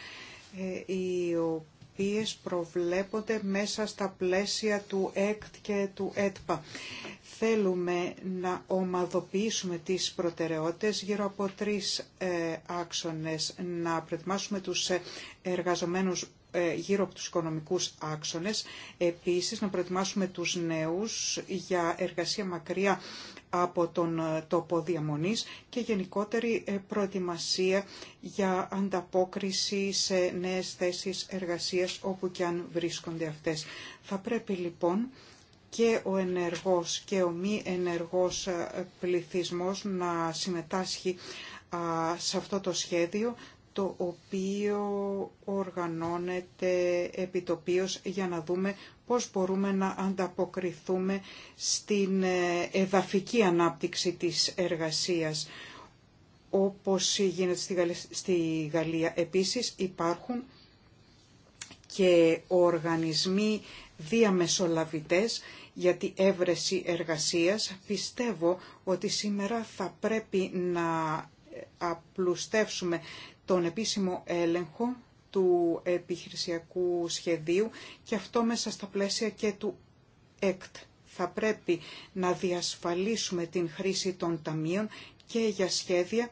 ε, οι οποίες προβλέπονται μέσα στα πλαίσια του ΕΚΤ και του ΕΤΠΑ θέλουμε να ομαδοποιήσουμε τις προτεραιότητες γύρω από τρεις ε, άξονες. Να προετοιμάσουμε τους ε, εργαζομένους ε, γύρω από τους οικονομικούς άξονες. Επίσης, να προετοιμάσουμε τους νέους για εργασία μακριά από τον τόπο διαμονής και γενικότερη προετοιμασία για ανταπόκριση σε νέες θέσεις εργασίας όπου και αν βρίσκονται αυτές. Θα πρέπει λοιπόν και ο ενεργός και ο μη ενεργός ε, πληθυσμός να συμμετάσχει σε αυτό το σχέδιο το οποίο οργανώνεται επιτοπίως για να δούμε πώς μπορούμε να ανταποκριθούμε στην ε, εδαφική ανάπτυξη της εργασίας. Όπως γίνεται στη Γαλλία, στη Γαλλία επίσης υπάρχουν και οργανισμοί διαμεσολαβητές για τη έβρεση εργασίας. Πιστεύω ότι σήμερα θα πρέπει να απλουστεύσουμε τον επίσημο έλεγχο του επιχειρησιακού σχεδίου και αυτό μέσα στα πλαίσια και του ΕΚΤ. Θα πρέπει να διασφαλίσουμε την χρήση των ταμείων και για σχέδια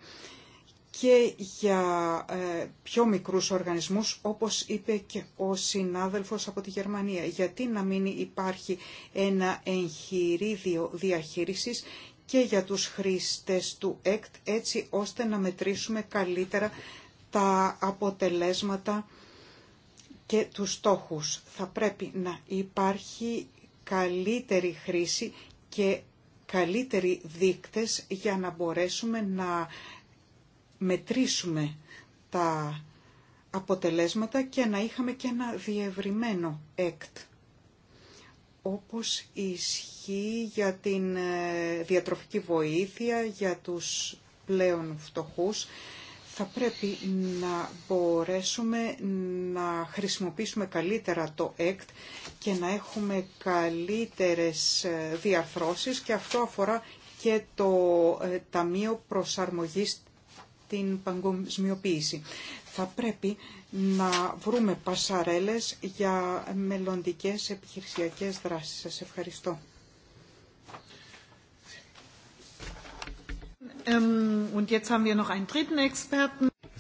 και για ε, πιο μικρούς οργανισμούς, όπως είπε και ο συνάδελφος από τη Γερμανία. Γιατί να μην υπάρχει ένα εγχειρίδιο διαχείρισης και για τους χρήστες του ΕΚΤ, έτσι ώστε να μετρήσουμε καλύτερα τα αποτελέσματα και τους στόχους. Θα πρέπει να υπάρχει καλύτερη χρήση και καλύτεροι δείκτες για να μπορέσουμε να μετρήσουμε τα αποτελέσματα και να είχαμε και ένα διευρυμένο ΕΚΤ όπως ισχύει για την ε, διατροφική βοήθεια, για τους πλέον φτωχούς, θα πρέπει να μπορέσουμε να χρησιμοποιήσουμε καλύτερα το ΕΚΤ και να έχουμε καλύτερες ε, διαρθρώσεις και αυτό αφορά και το ε, Ταμείο Προσαρμογής την παγκοσμιοποίηση. Θα πρέπει να βρούμε πασαρέλες για μελλοντικές επιχειρησιακές δράσεις. Σας ευχαριστώ.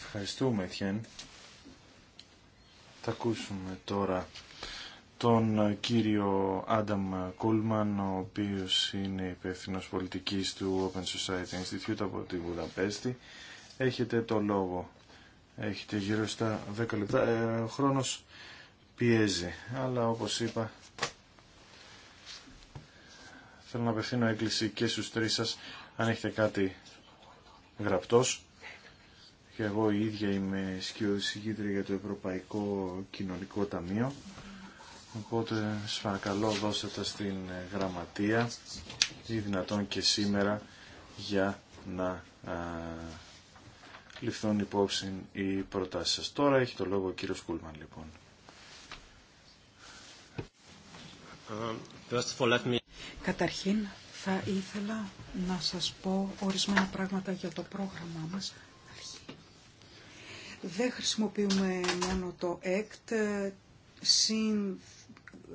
Ευχαριστούμε, Τιέν. Θα ακούσουμε τώρα τον κύριο Άνταμ Κούλμαν, ο οποίος είναι υπεύθυνο πολιτικής του Open Society Institute από τη Βουδαπέστη έχετε το λόγο. Έχετε γύρω στα 10 λεπτά. Ε, ο χρόνος πιέζει. Αλλά όπως είπα, θέλω να απευθύνω έκκληση και στους τρεις σας, αν έχετε κάτι γραπτός. Και εγώ η ίδια είμαι σκιοδησυγήτρια για το Ευρωπαϊκό Κοινωνικό Ταμείο. Οπότε, σας παρακαλώ, δώστε τα στην γραμματεία ή δυνατόν και σήμερα για να ληφθούν υπόψη οι προτάσεις σας. Τώρα έχει το λόγο ο κύριος Κούλμαν λοιπόν. Καταρχήν θα ήθελα να σας πω ορισμένα πράγματα για το πρόγραμμά μας. Δεν χρησιμοποιούμε μόνο το ΕΚΤ, συν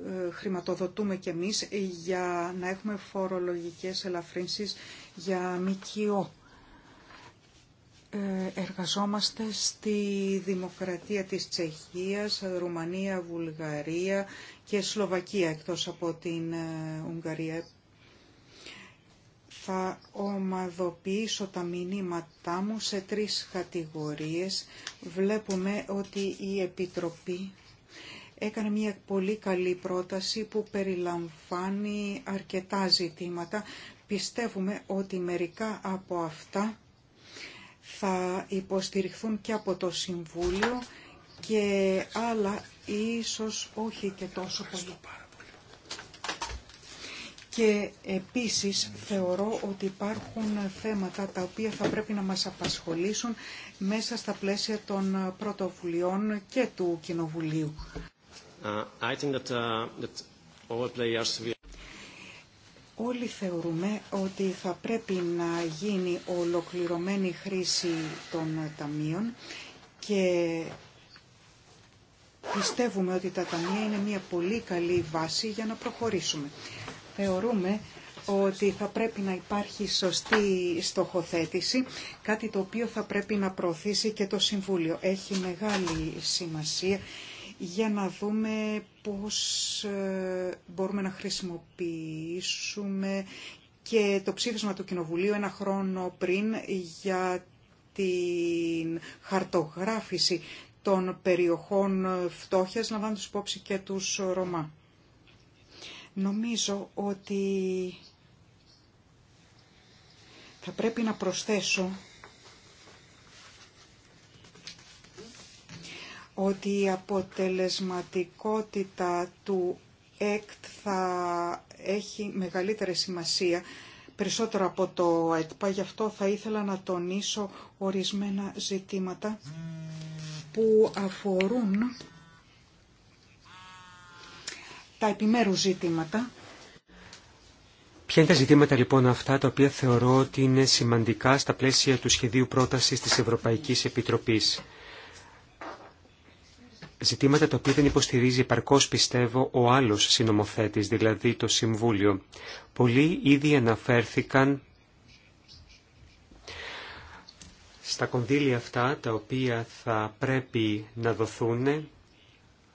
ε, χρηματοδοτούμε και εμείς για να έχουμε φορολογικές ελαφρύνσεις για ΜΚΟ. Ε, εργαζόμαστε στη δημοκρατία της Τσεχίας, Ρουμανία, Βουλγαρία και Σλοβακία εκτός από την ε, Ουγγαρία. Θα ομαδοποιήσω τα μηνύματά μου σε τρεις κατηγορίες. Βλέπουμε ότι η Επιτροπή έκανε μια πολύ καλή πρόταση που περιλαμβάνει αρκετά ζητήματα. Πιστεύουμε ότι μερικά από αυτά θα υποστηριχθούν και από το Συμβούλιο και άλλα ίσως όχι και τόσο πολύ. Και επίσης θεωρώ ότι υπάρχουν θέματα τα οποία θα πρέπει να μας απασχολήσουν μέσα στα πλαίσια των πρωτοβουλειών και του Κοινοβουλίου. Uh, uh, Όλοι θεωρούμε ότι θα πρέπει να γίνει ολοκληρωμένη χρήση των ταμείων και πιστεύουμε ότι τα ταμεία είναι μια πολύ καλή βάση για να προχωρήσουμε. Θεωρούμε ότι θα πρέπει να υπάρχει σωστή στοχοθέτηση, κάτι το οποίο θα πρέπει να προωθήσει και το Συμβούλιο. Έχει μεγάλη σημασία για να δούμε πώς ε, μπορούμε να χρησιμοποιήσουμε και το ψήφισμα του Κοινοβουλίου ένα χρόνο πριν για την χαρτογράφηση των περιοχών φτώχειας, τους υπόψη και τους Ρωμά. Νομίζω ότι θα πρέπει να προσθέσω ότι η αποτελεσματικότητα του ΕΚΤ θα έχει μεγαλύτερη σημασία περισσότερο από το ΕΚΠΑ, γι' αυτό θα ήθελα να τονίσω ορισμένα ζητήματα που αφορούν τα επιμέρους ζητήματα. Ποια είναι τα ζητήματα λοιπόν αυτά τα οποία θεωρώ ότι είναι σημαντικά στα πλαίσια του σχεδίου πρότασης της Ευρωπαϊκής Επιτροπής ζητήματα τα οποία δεν υποστηρίζει επαρκώς πιστεύω ο άλλος συνομοθέτης, δηλαδή το Συμβούλιο. Πολλοί ήδη αναφέρθηκαν στα κονδύλια αυτά τα οποία θα πρέπει να δοθούν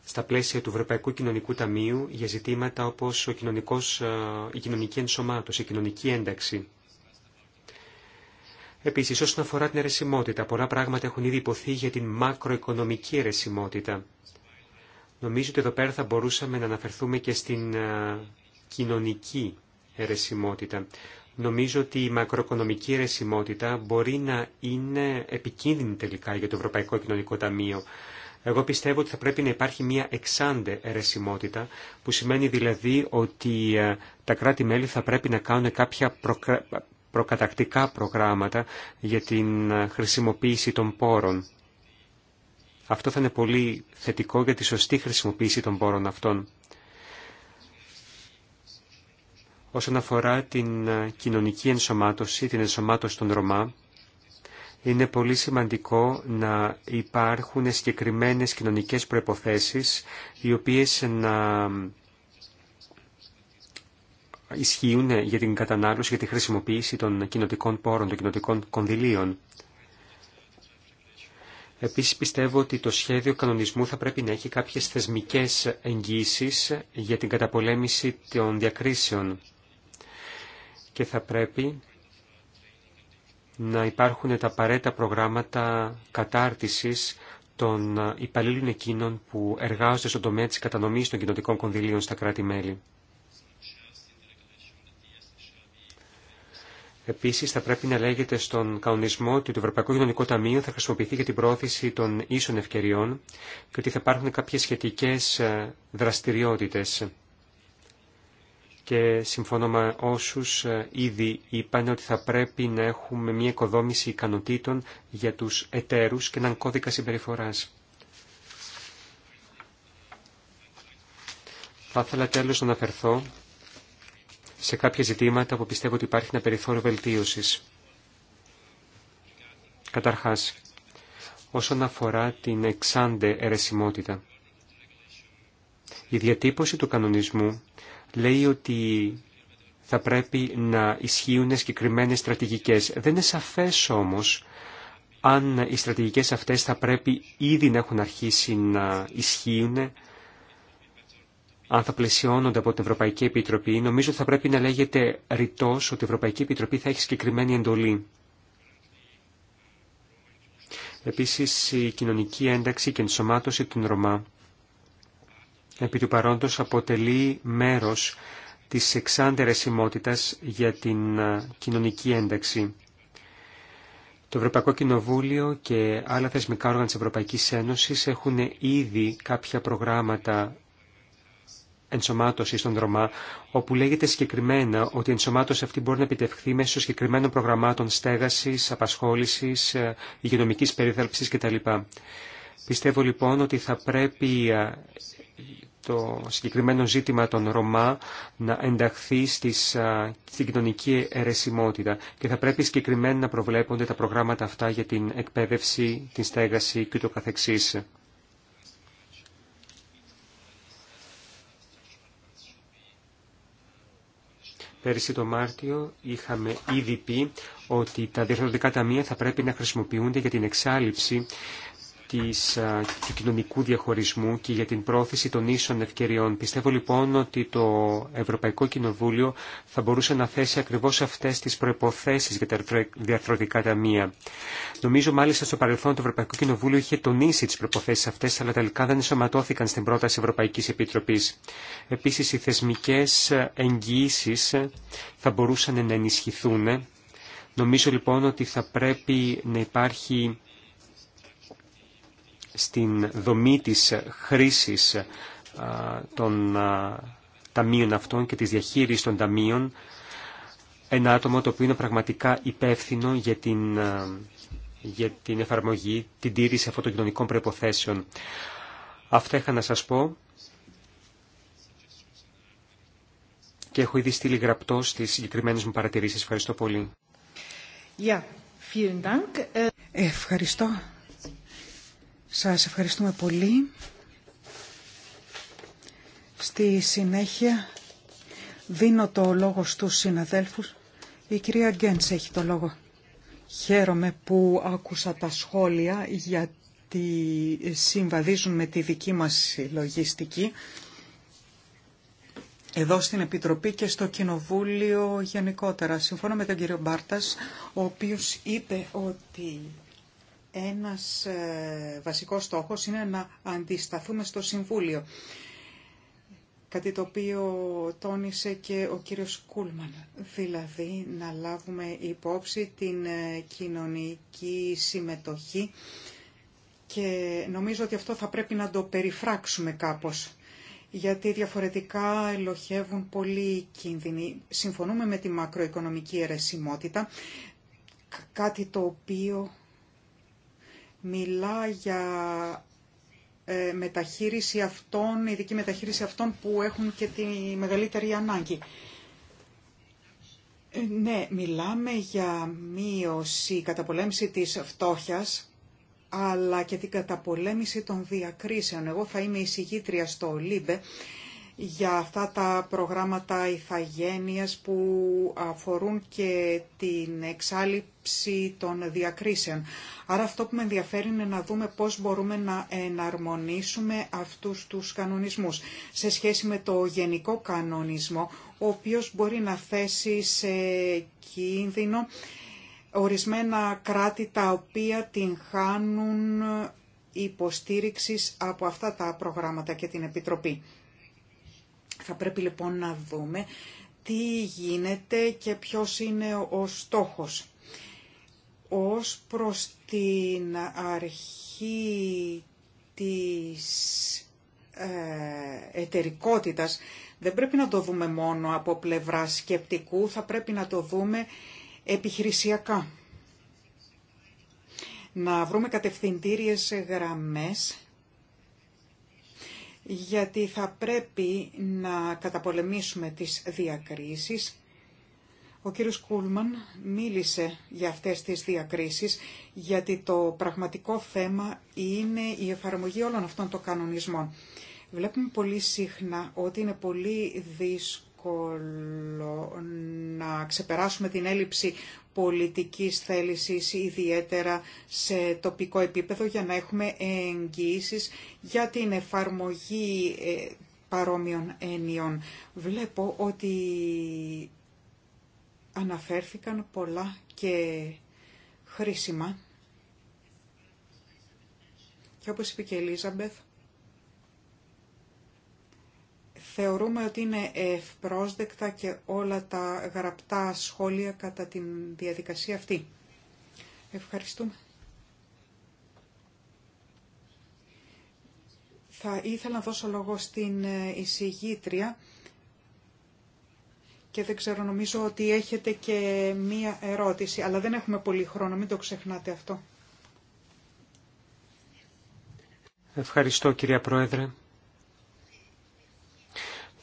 στα πλαίσια του Ευρωπαϊκού Κοινωνικού Ταμείου για ζητήματα όπως ε, η κοινωνική ενσωμάτωση, η κοινωνική ένταξη. Επίσης, όσον αφορά την αιρεσιμότητα, πολλά πράγματα έχουν ήδη υποθεί για την μακροοικονομική αιρεσιμότητα. Νομίζω ότι εδώ πέρα θα μπορούσαμε να αναφερθούμε και στην ε, κοινωνική αιρεσιμότητα. Νομίζω ότι η μακροοικονομική αιρεσιμότητα μπορεί να είναι επικίνδυνη τελικά για το Ευρωπαϊκό Κοινωνικό Ταμείο. Εγώ πιστεύω ότι θα πρέπει να υπάρχει μια εξάντε αιρεσιμότητα, που σημαίνει δηλαδή ότι ε, τα κράτη-μέλη θα πρέπει να κάνουν κάποια προκατακτικά προγράμματα για την ε, χρησιμοποίηση των πόρων. Αυτό θα είναι πολύ θετικό για τη σωστή χρησιμοποίηση των πόρων αυτών. Όσον αφορά την ε, κοινωνική ενσωμάτωση, την ενσωμάτωση των Ρωμά, είναι πολύ σημαντικό να υπάρχουν συγκεκριμένες κοινωνικές προϋποθέσεις, οι οποίες να ισχύουν για την κατανάλωση, για τη χρησιμοποίηση των κοινοτικών πόρων, των κοινοτικών κονδυλίων. Επίσης πιστεύω ότι το σχέδιο κανονισμού θα πρέπει να έχει κάποιες θεσμικές εγγύησεις για την καταπολέμηση των διακρίσεων και θα πρέπει να υπάρχουν τα απαραίτητα προγράμματα κατάρτισης των υπαλλήλων εκείνων που εργάζονται στον τομέα της κατανομής των κοινωτικών κονδυλίων στα κράτη-μέλη. Επίσης θα πρέπει να λέγεται στον κανονισμό ότι το Ευρωπαϊκό Κοινωνικό Ταμείο θα χρησιμοποιηθεί για την πρόθεση των ίσων ευκαιριών και ότι θα υπάρχουν κάποιες σχετικές ε, δραστηριότητες. Και συμφωνώ με όσους ε, ήδη είπαν ότι θα πρέπει να έχουμε μια οικοδόμηση ικανοτήτων για τους εταίρους και έναν κώδικα συμπεριφοράς. Θα ήθελα τέλος να αναφερθώ σε κάποια ζητήματα που πιστεύω ότι υπάρχει ένα περιθώριο βελτίωσης. Καταρχάς, όσον αφορά την εξάντε αιρεσιμότητα. Η διατύπωση του κανονισμού λέει ότι θα πρέπει να ισχύουν συγκεκριμένε στρατηγικές. Δεν είναι σαφές όμως αν οι στρατηγικές αυτές θα πρέπει ήδη να έχουν αρχίσει να ισχύουν αν θα πλαισιώνονται από την Ευρωπαϊκή Επιτροπή, νομίζω θα πρέπει να λέγεται ρητός ότι η Ευρωπαϊκή Επιτροπή θα έχει συγκεκριμένη εντολή. Επίσης, η κοινωνική ένταξη και ενσωμάτωση των Ρωμά επί του παρόντος αποτελεί μέρος της εξάντερες ημότητας για την κοινωνική ένταξη. Το Ευρωπαϊκό Κοινοβούλιο και άλλα θεσμικά όργανα της Ευρωπαϊκής Ένωσης έχουν ήδη κάποια προγράμματα ενσωμάτωση στον Ρωμά, όπου λέγεται συγκεκριμένα ότι η ενσωμάτωση αυτή μπορεί να επιτευχθεί μέσω συγκεκριμένων προγραμμάτων στέγασης, απασχόλησης, ε, υγειονομικής περίθαλψης κτλ. Πιστεύω λοιπόν ότι θα πρέπει ε, το συγκεκριμένο ζήτημα των Ρωμά να ενταχθεί στις, ε, στην κοινωνική αιρεσιμότητα και θα πρέπει συγκεκριμένα να προβλέπονται τα προγράμματα αυτά για την εκπαίδευση, την στέγαση και το Πέρυσι το Μάρτιο είχαμε ήδη πει ότι τα διεθνωτικά ταμεία θα πρέπει να χρησιμοποιούνται για την εξάλληψη της, του κοινωνικού διαχωρισμού και για την πρόθεση των ίσων ευκαιριών. Πιστεύω λοιπόν ότι το Ευρωπαϊκό Κοινοβούλιο θα μπορούσε να θέσει ακριβώς αυτές τις προϋποθέσεις για τα διαρθρωτικά ταμεία. Νομίζω μάλιστα στο παρελθόν το Ευρωπαϊκό Κοινοβούλιο είχε τονίσει τις προϋποθέσεις αυτές, αλλά τελικά δεν ενσωματώθηκαν στην πρόταση Ευρωπαϊκής Επιτροπής. Επίσης οι θεσμικές εγγυήσει θα μπορούσαν να ενισχυθούν. Νομίζω λοιπόν ότι θα πρέπει να υπάρχει στην δομή της χρήσης των ταμείων αυτών και της διαχείρισης των ταμείων ένα άτομο το οποίο είναι πραγματικά υπεύθυνο για την, για την εφαρμογή, την τήρηση αυτών των κοινωνικών προϋποθέσεων. Αυτά είχα να σας πω και έχω ήδη στείλει γραπτό στις συγκεκριμένες μου παρατηρήσεις. Ευχαριστώ πολύ. Yeah, ε, Ευχαριστώ. Σας ευχαριστούμε πολύ. Στη συνέχεια δίνω το λόγο στους συναδέλφους. Η κυρία Γκέντς έχει το λόγο. Χαίρομαι που άκουσα τα σχόλια γιατί συμβαδίζουν με τη δική μας λογιστική. Εδώ στην Επιτροπή και στο Κοινοβούλιο γενικότερα. Συμφώνω με τον κύριο Μπάρτας, ο οποίος είπε ότι ένας ε, βασικός στόχος είναι να αντισταθούμε στο Συμβούλιο. Κάτι το οποίο τόνισε και ο κύριος Κούλμαν. Δηλαδή να λάβουμε υπόψη την ε, κοινωνική συμμετοχή και νομίζω ότι αυτό θα πρέπει να το περιφράξουμε κάπως γιατί διαφορετικά ελοχεύουν πολύ κίνδυνοι. Συμφωνούμε με τη μακροοικονομική αιρεσιμότητα, κάτι το οποίο μιλά για ε, μεταχείριση αυτών, ειδική μεταχείριση αυτών που έχουν και τη μεγαλύτερη ανάγκη. Ε, ναι, μιλάμε για μείωση, καταπολέμηση της φτώχειας, αλλά και την καταπολέμηση των διακρίσεων. Εγώ θα είμαι εισηγήτρια στο ΛΥΜΠΕ για αυτά τα προγράμματα ηθαγένειας που αφορούν και την εξάλληψη των διακρίσεων. Άρα αυτό που με ενδιαφέρει είναι να δούμε πώς μπορούμε να εναρμονίσουμε αυτούς τους κανονισμούς σε σχέση με το γενικό κανονισμό, ο οποίος μπορεί να θέσει σε κίνδυνο ορισμένα κράτη τα οποία την χάνουν υποστήριξης από αυτά τα προγράμματα και την Επιτροπή. Θα πρέπει λοιπόν να δούμε τι γίνεται και ποιος είναι ο στόχος ως προς την αρχή της ε, εταιρικότητας δεν πρέπει να το δούμε μόνο από πλευρά σκεπτικού, θα πρέπει να το δούμε επιχειρησιακά. Να βρούμε κατευθυντήριες γραμμές, γιατί θα πρέπει να καταπολεμήσουμε τις διακρίσεις ο κύριος Κούλμαν μίλησε για αυτές τις διακρίσεις, γιατί το πραγματικό θέμα είναι η εφαρμογή όλων αυτών των κανονισμών. Βλέπουμε πολύ συχνά ότι είναι πολύ δύσκολο να ξεπεράσουμε την έλλειψη πολιτικής θέλησης, ιδιαίτερα σε τοπικό επίπεδο, για να έχουμε εγγυήσεις για την εφαρμογή ε, παρόμοιων έννοιων. Βλέπω ότι αναφέρθηκαν πολλά και χρήσιμα. Και όπως είπε και η Ελίζαμπεθ, θεωρούμε ότι είναι ευπρόσδεκτα και όλα τα γραπτά σχόλια κατά τη διαδικασία αυτή. Ευχαριστούμε. Θα ήθελα να δώσω λόγο στην εισηγήτρια και δεν ξέρω νομίζω ότι έχετε και μία ερώτηση, αλλά δεν έχουμε πολύ χρόνο, μην το ξεχνάτε αυτό. Ευχαριστώ κυρία Πρόεδρε.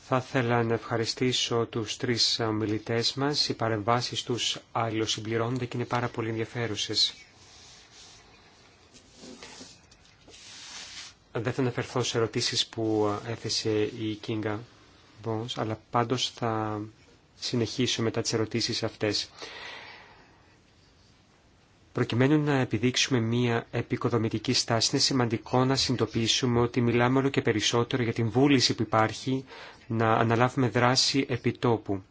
Θα ήθελα να ευχαριστήσω τους τρεις ομιλητές μας. Οι παρεμβάσεις τους αλληλοσυμπληρώνονται και είναι πάρα πολύ ενδιαφέρουσες. Δεν θα αναφερθώ σε ερωτήσεις που έθεσε η Κίνγκα Μπόνς, αλλά πάντως θα συνεχίσω μετά τις ερωτήσεις αυτές. Προκειμένου να επιδείξουμε μία επικοδομητική στάση, είναι σημαντικό να συντοπίσουμε ότι μιλάμε όλο και περισσότερο για την βούληση που υπάρχει να αναλάβουμε δράση επιτόπου.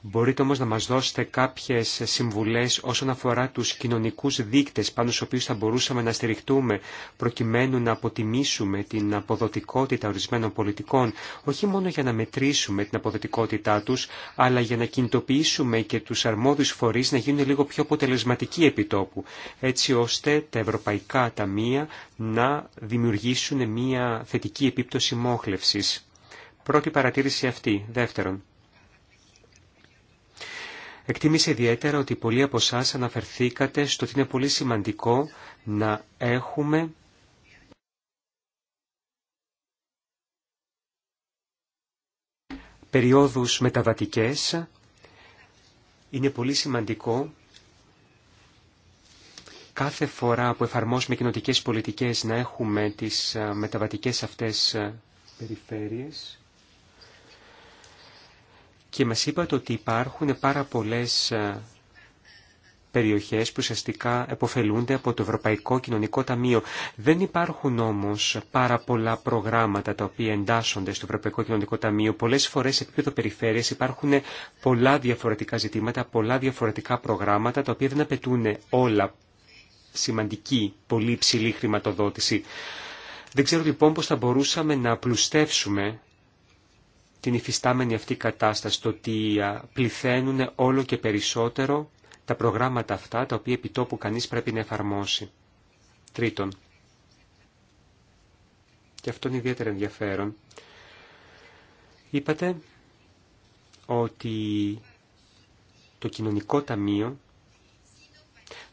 Μπορείτε όμως να μας δώσετε κάποιες συμβουλές όσον αφορά τους κοινωνικούς δείκτες πάνω στους οποίους θα μπορούσαμε να στηριχτούμε προκειμένου να αποτιμήσουμε την αποδοτικότητα ορισμένων πολιτικών όχι μόνο για να μετρήσουμε την αποδοτικότητά τους αλλά για να κινητοποιήσουμε και τους αρμόδιους φορείς να γίνουν λίγο πιο αποτελεσματικοί επιτόπου έτσι ώστε τα ευρωπαϊκά ταμεία να δημιουργήσουν μια θετική επίπτωση μόχλευσης. Πρώτη παρατήρηση αυτή. Δεύτερον, Εκτίμησε ιδιαίτερα ότι πολλοί από εσά αναφερθήκατε στο ότι είναι πολύ σημαντικό να έχουμε περιόδους μεταβατικές. Είναι πολύ σημαντικό κάθε φορά που εφαρμόσουμε κοινοτικές πολιτικές να έχουμε τις μεταβατικές αυτές περιφέρειες και μας είπατε ότι υπάρχουν πάρα πολλές ε, περιοχές που ουσιαστικά εποφελούνται από το Ευρωπαϊκό Κοινωνικό Ταμείο. Δεν υπάρχουν όμως πάρα πολλά προγράμματα τα οποία εντάσσονται στο Ευρωπαϊκό Κοινωνικό Ταμείο. Πολλές φορές σε επίπεδο περιφέρειας υπάρχουν πολλά διαφορετικά ζητήματα, πολλά διαφορετικά προγράμματα τα οποία δεν απαιτούν όλα σημαντική, πολύ ψηλή χρηματοδότηση. Δεν ξέρω λοιπόν πώς θα μπορούσαμε να πλουστεύσουμε την υφιστάμενη αυτή κατάσταση, το ότι πληθαίνουν όλο και περισσότερο τα προγράμματα αυτά, τα οποία επιτόπου κανείς πρέπει να εφαρμόσει. Τρίτον, και αυτό είναι ιδιαίτερα ενδιαφέρον, είπατε ότι το κοινωνικό ταμείο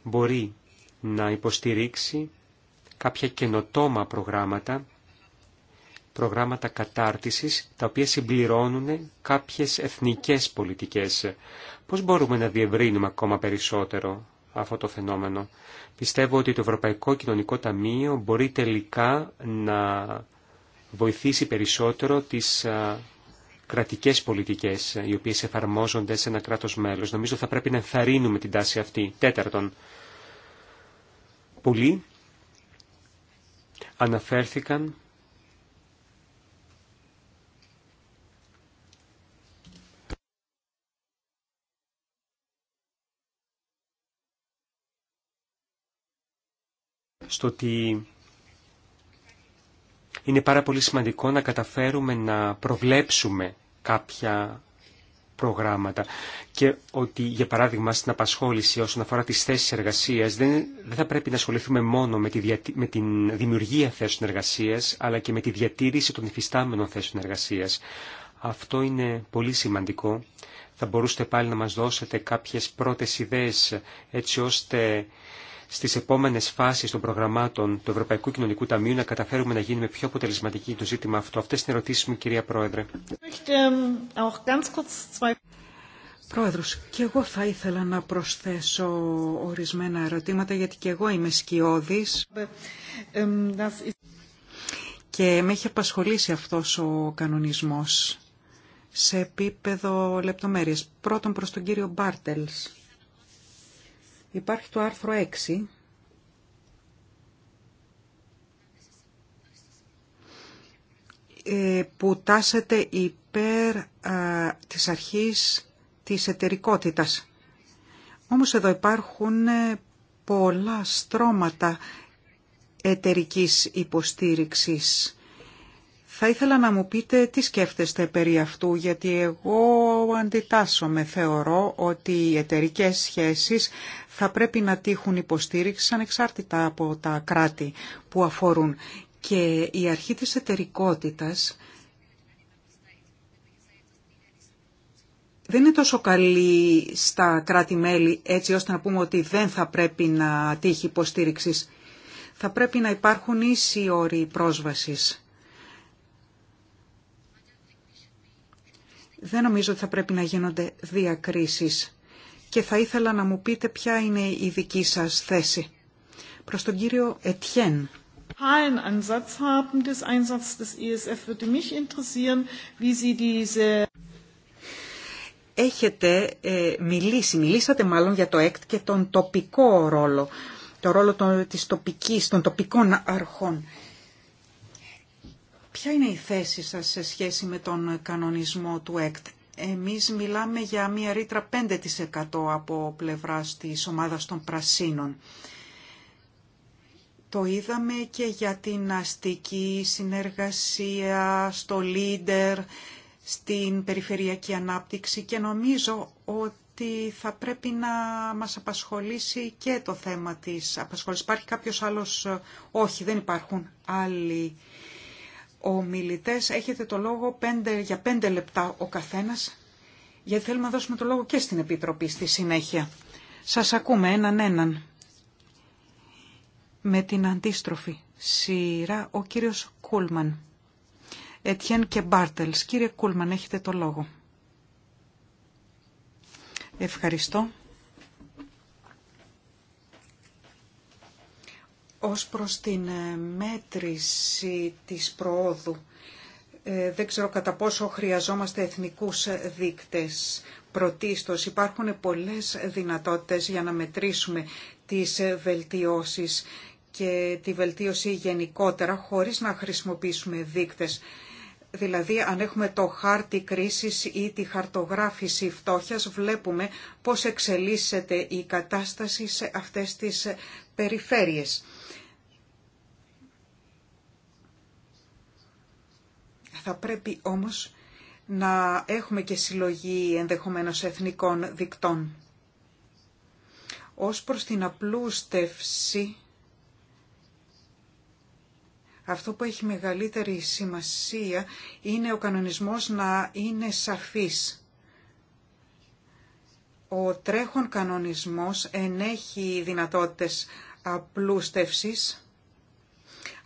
μπορεί να υποστηρίξει κάποια καινοτόμα προγράμματα προγράμματα κατάρτισης τα οποία συμπληρώνουν κάποιες εθνικές πολιτικές. Πώς μπορούμε να διευρύνουμε ακόμα περισσότερο αυτό το φαινόμενο. Πιστεύω ότι το Ευρωπαϊκό Κοινωνικό Ταμείο μπορεί τελικά να βοηθήσει περισσότερο τις κρατικές πολιτικές οι οποίες εφαρμόζονται σε ένα κράτος μέλος. Νομίζω θα πρέπει να ενθαρρύνουμε την τάση αυτή. Τέταρτον, πολλοί αναφέρθηκαν στο ότι είναι πάρα πολύ σημαντικό να καταφέρουμε να προβλέψουμε κάποια προγράμματα και ότι, για παράδειγμα, στην απασχόληση όσον αφορά τις θέσεις εργασίας δεν, δεν θα πρέπει να ασχοληθούμε μόνο με, τη με την δημιουργία θέσεων εργασίας αλλά και με τη διατήρηση των υφιστάμενων θέσεων εργασίας. Αυτό είναι πολύ σημαντικό. Θα μπορούσατε πάλι να μας δώσετε κάποιες πρώτες ιδέες έτσι ώστε στις επόμενες φάσεις των προγραμμάτων του Ευρωπαϊκού Κοινωνικού Ταμείου να καταφέρουμε να γίνουμε πιο αποτελεσματικοί το ζήτημα αυτό. Αυτές είναι ερωτήσει μου, κυρία Πρόεδρε. Ähm, Πρόεδρος, και εγώ θα ήθελα να προσθέσω ορισμένα ερωτήματα, γιατί και εγώ είμαι σκιώδης. Ähm, και με έχει απασχολήσει αυτός ο κανονισμός σε επίπεδο λεπτομέρειε. Πρώτον προς τον κύριο Μπάρτελς. Υπάρχει το άρθρο 6 ε, που τάσεται υπέρ α, της αρχής της εταιρικότητας. Όμως εδώ υπάρχουν ε, πολλά στρώματα εταιρικής υποστήριξης. Θα ήθελα να μου πείτε τι σκέφτεστε περί αυτού, γιατί εγώ αντιτάσσομαι. Θεωρώ ότι οι εταιρικές σχέσεις θα πρέπει να τύχουν υποστήριξη ανεξάρτητα από τα κράτη που αφορούν. Και η αρχή της εταιρικότητας δεν είναι τόσο καλή στα κράτη-μέλη έτσι ώστε να πούμε ότι δεν θα πρέπει να τύχει υποστήριξης. Θα πρέπει να υπάρχουν ίσοι όροι πρόσβασης. Δεν νομίζω ότι θα πρέπει να γίνονται διακρίσεις και θα ήθελα να μου πείτε ποια είναι η δική σας θέση. Προς τον κύριο Ετιέν. Ansatz haben des des ESF würde mich interessieren, wie Sie diese Έχετε ε, μιλήσει, μιλήσατε μάλλον για το ΕΚΤ και τον τοπικό ρόλο, το ρόλο των, της τοπικής, των τοπικών αρχών. Ποια είναι η θέση σας σε σχέση με τον κανονισμό του ΕΚΤ. Εμείς μιλάμε για μία ρήτρα 5% από πλευράς της ομάδας των Πρασίνων. Το είδαμε και για την αστική συνεργασία, στο Λίντερ, στην περιφερειακή ανάπτυξη και νομίζω ότι θα πρέπει να μας απασχολήσει και το θέμα της απασχόλησης. Υπάρχει κάποιος άλλος, όχι δεν υπάρχουν άλλοι ομιλητές έχετε το λόγο πέντε, για πέντε λεπτά ο καθένας, γιατί θέλουμε να δώσουμε το λόγο και στην Επιτροπή στη συνέχεια. Σας ακούμε έναν έναν. Με την αντίστροφη σειρά ο κύριος Κούλμαν. Ετιέν και Μπάρτελς. Κύριε Κούλμαν, έχετε το λόγο. Ευχαριστώ. Ως προς την ε, μέτρηση της προόδου, ε, δεν ξέρω κατά πόσο χρειαζόμαστε εθνικούς δείκτες. Πρωτίστως υπάρχουν πολλές δυνατότητες για να μετρήσουμε τις βελτιώσεις και τη βελτίωση γενικότερα χωρίς να χρησιμοποιήσουμε δείκτες. Δηλαδή αν έχουμε το χάρτη κρίσης ή τη χαρτογράφηση φτώχειας βλέπουμε πώς εξελίσσεται η κατάσταση σε αυτές τις περιφέρειες. Θα πρέπει όμως να έχουμε και συλλογή ενδεχομένως εθνικών δικτών. Ως προς την απλούστευση, αυτό που έχει μεγαλύτερη σημασία είναι ο κανονισμός να είναι σαφής. Ο τρέχον κανονισμός ενέχει δυνατότητες απλούστευσης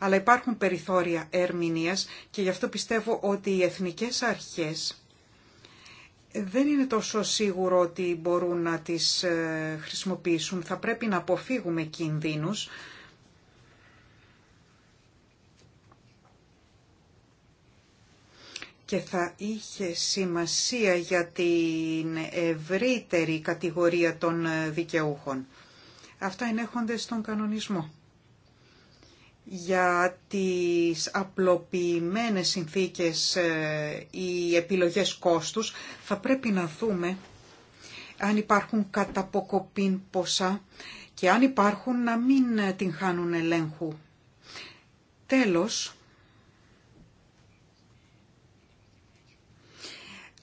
αλλά υπάρχουν περιθώρια ερμηνείας και γι' αυτό πιστεύω ότι οι εθνικές αρχές δεν είναι τόσο σίγουρο ότι μπορούν να τις ε, χρησιμοποιήσουν. Θα πρέπει να αποφύγουμε κινδύνους. και θα είχε σημασία για την ευρύτερη κατηγορία των ε, δικαιούχων. Αυτά ενέχονται στον κανονισμό για τις απλοποιημένες συνθήκες ε, οι επιλογές κόστους θα πρέπει να δούμε αν υπάρχουν καταποκοπήν ποσά και αν υπάρχουν να μην την χάνουν ελέγχου. Τέλος,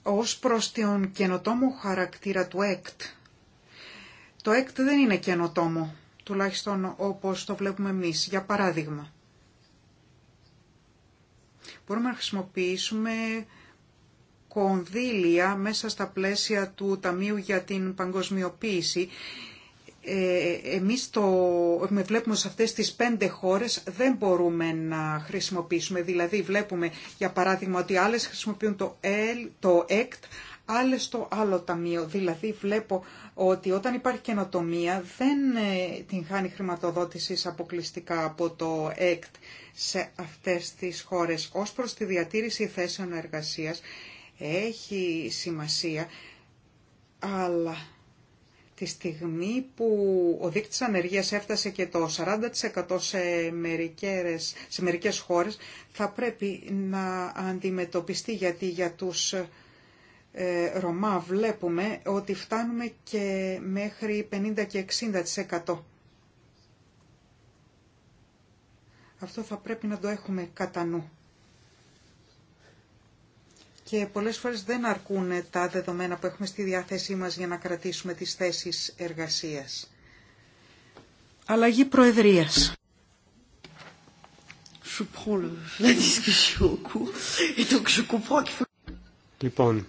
ως προς τον καινοτόμο χαρακτήρα του ΕΚΤ. Το ΕΚΤ δεν είναι καινοτόμο τουλάχιστον όπως το βλέπουμε εμείς. Για παράδειγμα, μπορούμε να χρησιμοποιήσουμε κονδύλια μέσα στα πλαίσια του Ταμείου για την Παγκοσμιοποίηση. Ε, εμείς το, με βλέπουμε σε αυτές τις πέντε χώρες δεν μπορούμε να χρησιμοποιήσουμε. Δηλαδή βλέπουμε για παράδειγμα ότι άλλες χρησιμοποιούν το, L, το ΕΚΤ, Άλλε στο άλλο ταμείο. Δηλαδή βλέπω ότι όταν υπάρχει καινοτομία δεν ε, την χάνει χρηματοδότησης αποκλειστικά από το ΕΚΤ σε αυτές τις χώρες. Ως προς τη διατήρηση θέσεων εργασίας έχει σημασία, αλλά τη στιγμή που ο δείκτης ανεργίας έφτασε και το 40% σε μερικές, σε μερικές χώρες, θα πρέπει να αντιμετωπιστεί γιατί για τους ε, Ρωμά βλέπουμε ότι φτάνουμε και μέχρι 50 και 60%. Αυτό θα πρέπει να το έχουμε κατά νου. Και πολλές φορές δεν αρκούν τα δεδομένα που έχουμε στη διάθεσή μας για να κρατήσουμε τις θέσεις εργασίας. Αλλαγή Προεδρίας. Λοιπόν,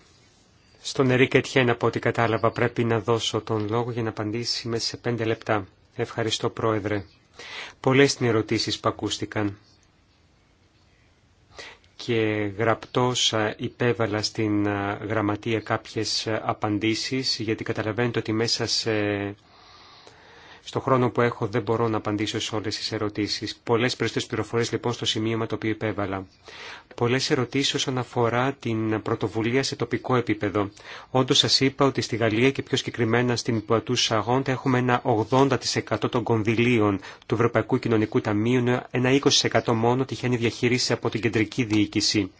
στον Ερή Κετιέν, από ό,τι κατάλαβα, πρέπει να δώσω τον λόγο για να απαντήσει μέσα σε πέντε λεπτά. Ευχαριστώ, Πρόεδρε. Πολλές είναι ερωτήσεις που ακούστηκαν και γραπτός υπέβαλα στην γραμματεία κάποιες απαντήσεις, γιατί καταλαβαίνετε ότι μέσα σε στο χρόνο που έχω δεν μπορώ να απαντήσω σε όλες τις ερωτήσεις. Πολλές περισσότερες πληροφορίες λοιπόν στο σημείωμα το οποίο υπέβαλα. Πολλές ερωτήσεις όσον αφορά την πρωτοβουλία σε τοπικό επίπεδο. Όντως σας είπα ότι στη Γαλλία και πιο συγκεκριμένα στην Πουατού Σαγόντα έχουμε ένα 80% των κονδυλίων του Ευρωπαϊκού Κοινωνικού Ταμείου, ένα 20% μόνο τυχαίνει διαχείριση από την κεντρική διοίκηση.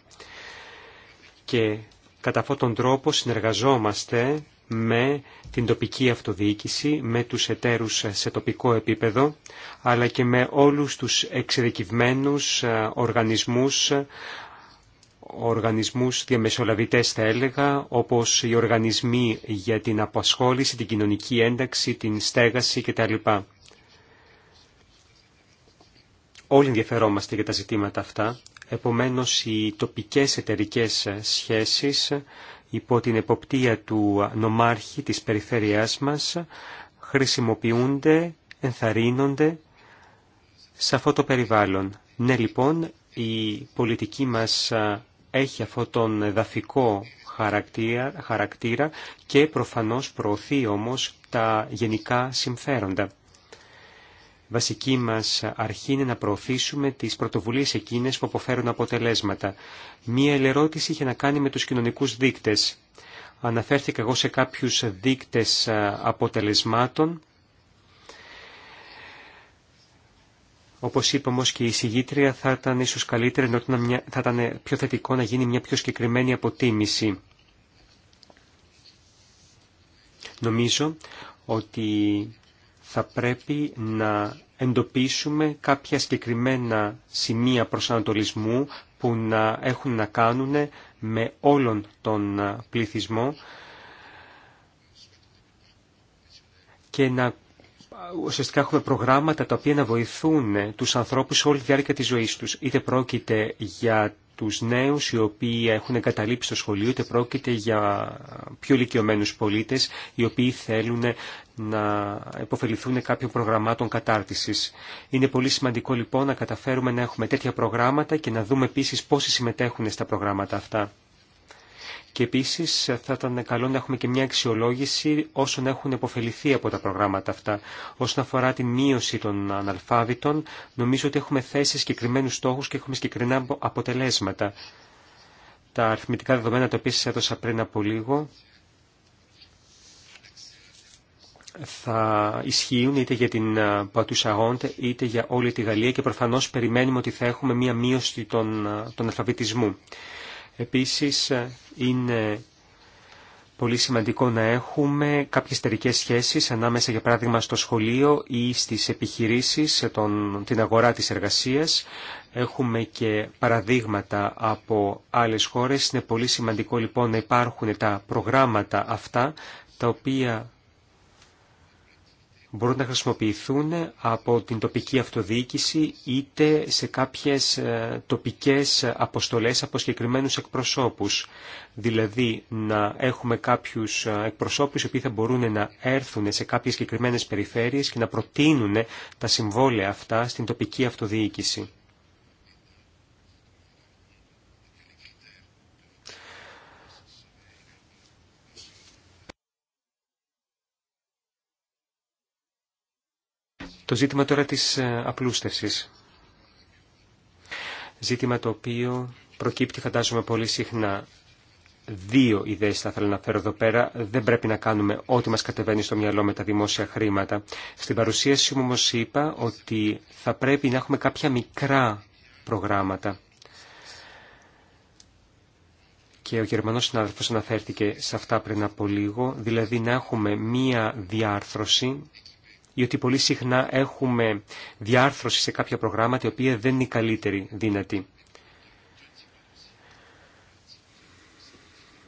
Και κατά αυτόν τον τρόπο συνεργαζόμαστε με την τοπική αυτοδιοίκηση, με τους εταίρους σε τοπικό επίπεδο, αλλά και με όλους τους εξειδικευμένους ε, οργανισμούς, οργανισμούς διαμεσολαβητές θα έλεγα, όπως οι οργανισμοί για την απασχόληση, την κοινωνική ένταξη, την στέγαση κτλ. Όλοι ενδιαφερόμαστε για τα ζητήματα αυτά, επομένως οι τοπικές εταιρικές σχέσεις υπό την εποπτεία του νομάρχη της περιφέρειάς μας χρησιμοποιούνται, ενθαρρύνονται σε αυτό το περιβάλλον. Ναι λοιπόν, η πολιτική μας έχει αυτόν τον εδαφικό χαρακτήρα και προφανώς προωθεί όμως τα γενικά συμφέροντα βασική μας αρχή είναι να προωθήσουμε τις πρωτοβουλίες εκείνες που αποφέρουν αποτελέσματα. Μία ελερώτηση είχε να κάνει με τους κοινωνικούς δείκτες. Αναφέρθηκα εγώ σε κάποιους δείκτες αποτελεσμάτων. Όπως είπα όμως και η συγγήτρια θα ήταν ίσως καλύτερη, ενώ θα ήταν πιο θετικό να γίνει μια πιο συγκεκριμένη αποτίμηση. Νομίζω ότι θα πρέπει να εντοπίσουμε κάποια συγκεκριμένα σημεία προσανατολισμού που να έχουν να κάνουν με όλον τον ε, πληθυσμό και να ουσιαστικά έχουμε προγράμματα τα οποία να βοηθούν τους ανθρώπους όλη τη διάρκεια της ζωής τους. Είτε πρόκειται για τους νέους οι οποίοι έχουν εγκαταλείψει το σχολείο, είτε πρόκειται για πιο ηλικιωμένου πολίτες οι οποίοι θέλουν να υποφεληθούν κάποιων προγραμμάτων κατάρτισης. Είναι πολύ σημαντικό λοιπόν να καταφέρουμε να έχουμε τέτοια προγράμματα και να δούμε επίσης πόσοι συμμετέχουν στα προγράμματα αυτά. Και επίση θα ήταν καλό να έχουμε και μια αξιολόγηση όσων έχουν επωφεληθεί από τα προγράμματα αυτά. Όσον αφορά τη μείωση των αναλφάβητων, νομίζω ότι έχουμε θέσει συγκεκριμένου στόχου και έχουμε συγκεκριμένα αποτελέσματα. Τα αριθμητικά δεδομένα τα οποία σα έδωσα πριν από λίγο θα ισχύουν είτε για την Πατού είτε για όλη τη Γαλλία και προφανώς περιμένουμε ότι θα έχουμε μία μείωση των, των αλφαβητισμού. Επίσης είναι πολύ σημαντικό να έχουμε κάποιες εταιρικέ σχέσεις ανάμεσα για παράδειγμα στο σχολείο ή στις επιχειρήσεις, τον, την αγορά της εργασίας. Έχουμε και παραδείγματα από άλλες χώρες. Είναι πολύ σημαντικό λοιπόν να υπάρχουν τα προγράμματα αυτά τα οποία μπορούν να χρησιμοποιηθούν από την τοπική αυτοδιοίκηση είτε σε κάποιες ε, τοπικές αποστολές από συγκεκριμένους εκπροσώπους. Δηλαδή να έχουμε κάποιους ε, εκπροσώπους οι οποίοι θα μπορούν να έρθουν σε κάποιες συγκεκριμένες περιφέρειες και να προτείνουν τα συμβόλαια αυτά στην τοπική αυτοδιοίκηση. Το ζήτημα τώρα της ε, απλούστευσης. Ζήτημα το οποίο προκύπτει φαντάζομαι πολύ συχνά. Δύο ιδέες θα ήθελα να φέρω εδώ πέρα. Δεν πρέπει να κάνουμε ό,τι μας κατεβαίνει στο μυαλό με τα δημόσια χρήματα. Στην παρουσίαση μου όμως είπα ότι θα πρέπει να έχουμε κάποια μικρά προγράμματα. Και ο Γερμανός συνάδελφος αναφέρθηκε σε αυτά πριν από λίγο, δηλαδή να έχουμε μία διάρθρωση διότι πολύ συχνά έχουμε διάρθρωση σε κάποια προγράμματα η οποία δεν είναι η καλύτερη δυνατή.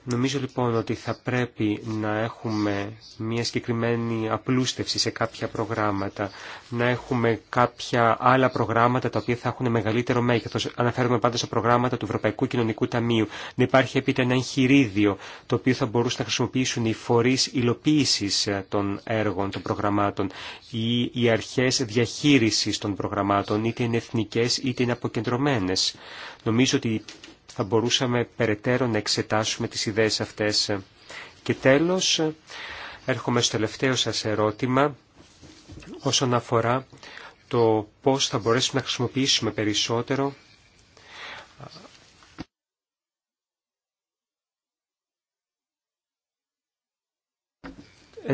Νομίζω λοιπόν ότι θα πρέπει να έχουμε μια συγκεκριμένη απλούστευση σε κάποια προγράμματα, να έχουμε κάποια άλλα προγράμματα τα οποία θα έχουν μεγαλύτερο μέγεθος. Αναφέρομαι πάντα σε προγράμματα του Ευρωπαϊκού Κοινωνικού Ταμείου. Να υπάρχει επίτε ένα εγχειρίδιο το οποίο θα μπορούσαν να χρησιμοποιήσουν οι φορείς υλοποίησης ε, των έργων, των προγραμμάτων ή οι αρχές διαχείρισης των προγραμμάτων, είτε είναι εθνικές είτε είναι αποκεντρωμένες. Νομίζω ότι θα μπορούσαμε περαιτέρω να εξετάσουμε τις ιδέες αυτές. Και τέλος, έρχομαι στο τελευταίο σας ερώτημα όσον αφορά το πώς θα μπορέσουμε να χρησιμοποιήσουμε περισσότερο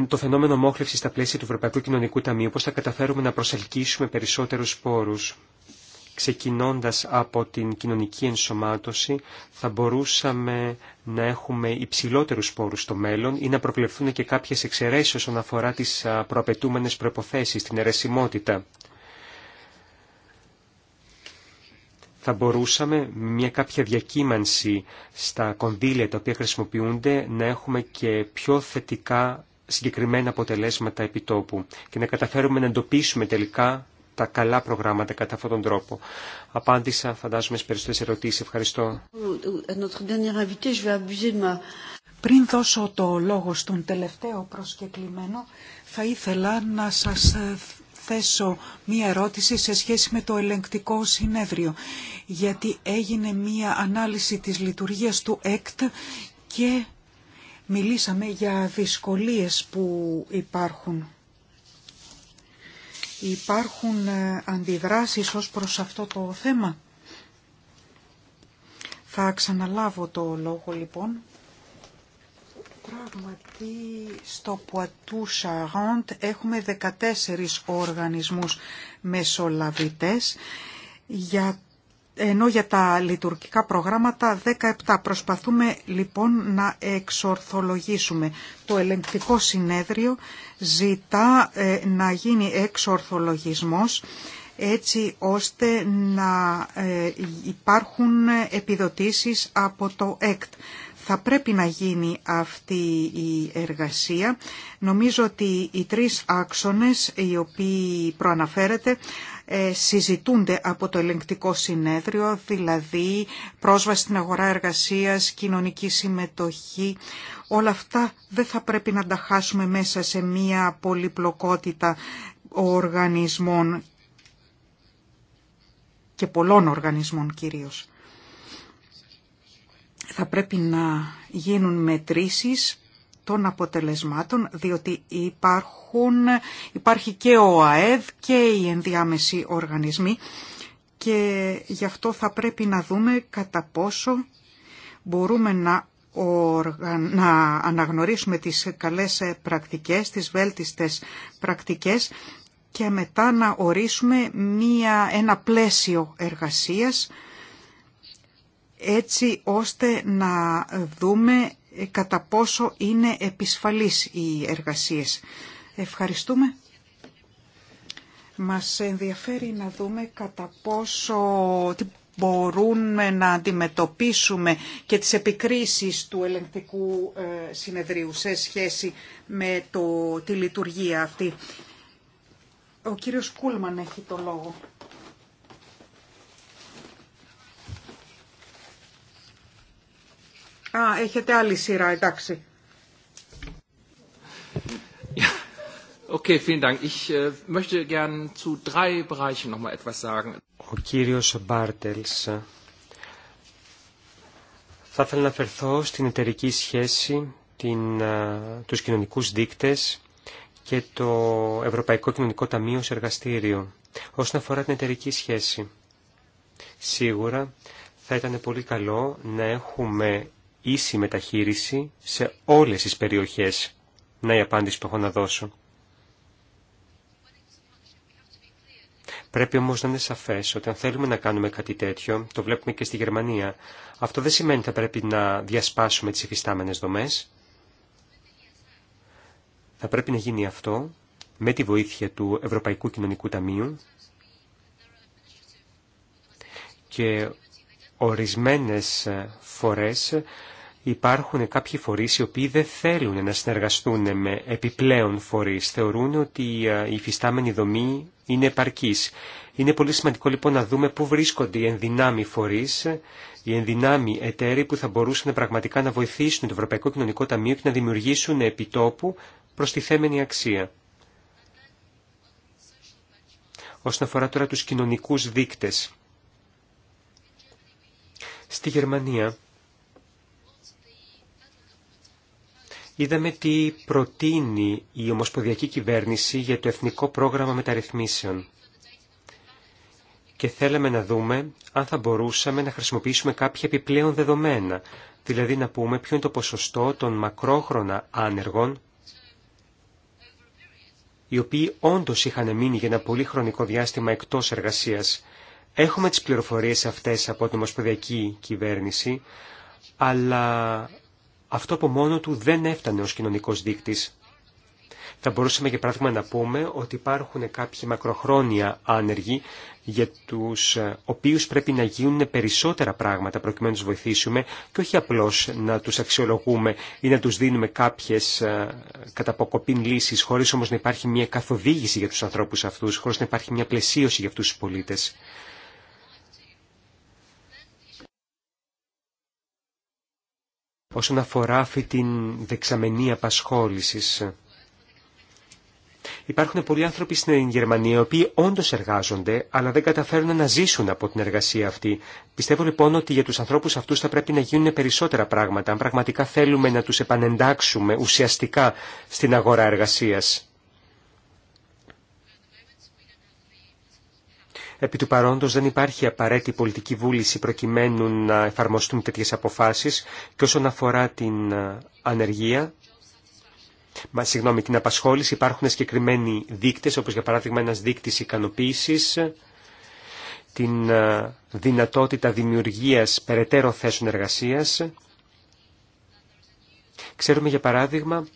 το φαινόμενο μόχλευση στα πλαίσια του Ευρωπαϊκού Κοινωνικού Ταμείου, πώς θα καταφέρουμε να προσελκύσουμε περισσότερους πόρους ξεκινώντας από την κοινωνική ενσωμάτωση, θα μπορούσαμε να έχουμε υψηλότερους σπόρους στο μέλλον ή να προβλεφθούν και κάποιες εξαιρέσεις όσον αφορά τις προαπαιτούμενες προϋποθέσεις, την αιρεσιμότητα. θα μπορούσαμε μια κάποια διακύμανση στα κονδύλια τα οποία χρησιμοποιούνται να έχουμε και πιο θετικά συγκεκριμένα αποτελέσματα επιτόπου και να καταφέρουμε να εντοπίσουμε τελικά τα καλά προγράμματα κατά αυτόν τον τρόπο. Απάντησα, φαντάζομαι, στι περισσότερε ερωτήσεις. Ευχαριστώ. Πριν δώσω το λόγο στον τελευταίο προσκεκλημένο, θα ήθελα να σας ε, θέσω μία ερώτηση σε σχέση με το ελεγκτικό συνέδριο, γιατί έγινε μία ανάλυση της λειτουργίας του ΕΚΤ και μιλήσαμε για δυσκολίες που υπάρχουν. Υπάρχουν ε, αντιδράσεις ως προς αυτό το θέμα. Θα ξαναλάβω το λόγο λοιπόν. Πράγματι στο Πουατού έχουμε 14 οργανισμούς μεσολαβητές για ενώ για τα λειτουργικά προγράμματα 17. Προσπαθούμε λοιπόν να εξορθολογήσουμε. Το ελεγκτικό συνέδριο ζητά ε, να γίνει εξορθολογισμός έτσι ώστε να ε, υπάρχουν επιδοτήσεις από το ΕΚΤ. Θα πρέπει να γίνει αυτή η εργασία. Νομίζω ότι οι τρεις άξονες οι οποίοι προαναφέρεται ε, συζητούνται από το ελεγκτικό συνέδριο, δηλαδή πρόσβαση στην αγορά εργασίας, κοινωνική συμμετοχή. Όλα αυτά δεν θα πρέπει να τα χάσουμε μέσα σε μία πολυπλοκότητα οργανισμών και πολλών οργανισμών κυρίως. Θα πρέπει να γίνουν μετρήσεις των αποτελεσμάτων, διότι υπάρχουν, υπάρχει και ο ΑΕΔ και οι ενδιάμεσοι οργανισμοί και γι' αυτό θα πρέπει να δούμε κατά πόσο μπορούμε να, να αναγνωρίσουμε τις καλές πρακτικές, τις βέλτιστες πρακτικές και μετά να ορίσουμε μία, ένα πλαίσιο εργασίας έτσι ώστε να δούμε ε, κατά πόσο είναι επισφαλής οι εργασίες. Ευχαριστούμε. Μας ενδιαφέρει να δούμε κατά πόσο μπορούμε να αντιμετωπίσουμε και τις επικρίσεις του ελεγκτικού ε, συνεδρίου σε σχέση με το, τη λειτουργία αυτή. Ο κύριος Κούλμαν έχει το λόγο. Α, έχετε άλλη σειρά, εντάξει. Okay, vielen Dank. Ich äh, möchte gern zu drei Bereichen Ο κύριος Μπάρτελς ε, θα ήθελα να αφαιρθώ στην εταιρική σχέση, την, ε, τους κοινωνικούς δείκτες και το Ευρωπαϊκό Κοινωνικό Ταμείο σε εργαστήριο. Όσον αφορά την εταιρική σχέση, σίγουρα θα ήταν πολύ καλό να έχουμε ίση μεταχείριση σε όλες τις περιοχές. Να η απάντηση που έχω να δώσω. Πρέπει όμως να είναι σαφές ότι αν θέλουμε να κάνουμε κάτι τέτοιο, το βλέπουμε και στη Γερμανία, αυτό δεν σημαίνει ότι θα πρέπει να διασπάσουμε τις υφιστάμενες δομές. Θα πρέπει να γίνει αυτό με τη βοήθεια του Ευρωπαϊκού Κοινωνικού Ταμείου και ορισμένες ε, φορές υπάρχουν κάποιοι φορείς οι οποίοι δεν θέλουν να συνεργαστούν με επιπλέον φορείς. Θεωρούν ότι ε, η υφιστάμενη δομή είναι επαρκής. Είναι πολύ σημαντικό λοιπόν να δούμε πού βρίσκονται οι ενδυνάμοι φορείς, οι ενδυνάμοι εταίροι που θα μπορούσαν πραγματικά να βοηθήσουν το Ευρωπαϊκό Κοινωνικό Ταμείο και να δημιουργήσουν επιτόπου τη θέμενη αξία. Όσον αφορά τώρα τους κοινωνικούς δείκτες, Στη Γερμανία είδαμε τι προτείνει η Ομοσπονδιακή Κυβέρνηση για το Εθνικό Πρόγραμμα Μεταρρυθμίσεων και θέλαμε να δούμε αν θα μπορούσαμε να χρησιμοποιήσουμε κάποια επιπλέον δεδομένα, δηλαδή να πούμε ποιο είναι το ποσοστό των μακρόχρονα άνεργων, οι οποίοι όντως είχαν μείνει για ένα πολύ χρονικό διάστημα εκτός εργασίας Έχουμε τις πληροφορίες αυτές από την Ομοσπονδιακή Κυβέρνηση, αλλά αυτό από μόνο του δεν έφτανε ως κοινωνικός δείκτης. Θα μπορούσαμε για παράδειγμα να πούμε ότι υπάρχουν κάποιοι μακροχρόνια άνεργοι για τους ε, οποίους πρέπει να γίνουν περισσότερα πράγματα προκειμένου να τους βοηθήσουμε και όχι απλώς να τους αξιολογούμε ή να τους δίνουμε κάποιες ε, καταποκοπήν λύσεις χωρίς όμως να υπάρχει μια καθοδήγηση για τους ανθρώπους αυτούς, χωρίς να υπάρχει μια πλαισίωση για αυτούς τους πολίτες. όσον αφορά αυτή την δεξαμενή απασχόλησης. Υπάρχουν πολλοί άνθρωποι στην Γερμανία οι οποίοι όντω εργάζονται, αλλά δεν καταφέρουν να ζήσουν από την εργασία αυτή. Πιστεύω λοιπόν ότι για του ανθρώπου αυτού θα πρέπει να γίνουν περισσότερα πράγματα, αν πραγματικά θέλουμε να του επανεντάξουμε ουσιαστικά στην αγορά εργασία. Επί του παρόντος δεν υπάρχει απαραίτητη πολιτική βούληση προκειμένου να εφαρμοστούν τέτοιες αποφάσεις και όσον αφορά την ε, ανεργία, μα, συγγνώμη, την απασχόληση υπάρχουν συγκεκριμένοι δείκτες, όπως για παράδειγμα ένας δείκτης ικανοποίησης, την ε, δυνατότητα δημιουργίας περαιτέρω θέσεων εργασίας. Ξέρουμε για παράδειγμα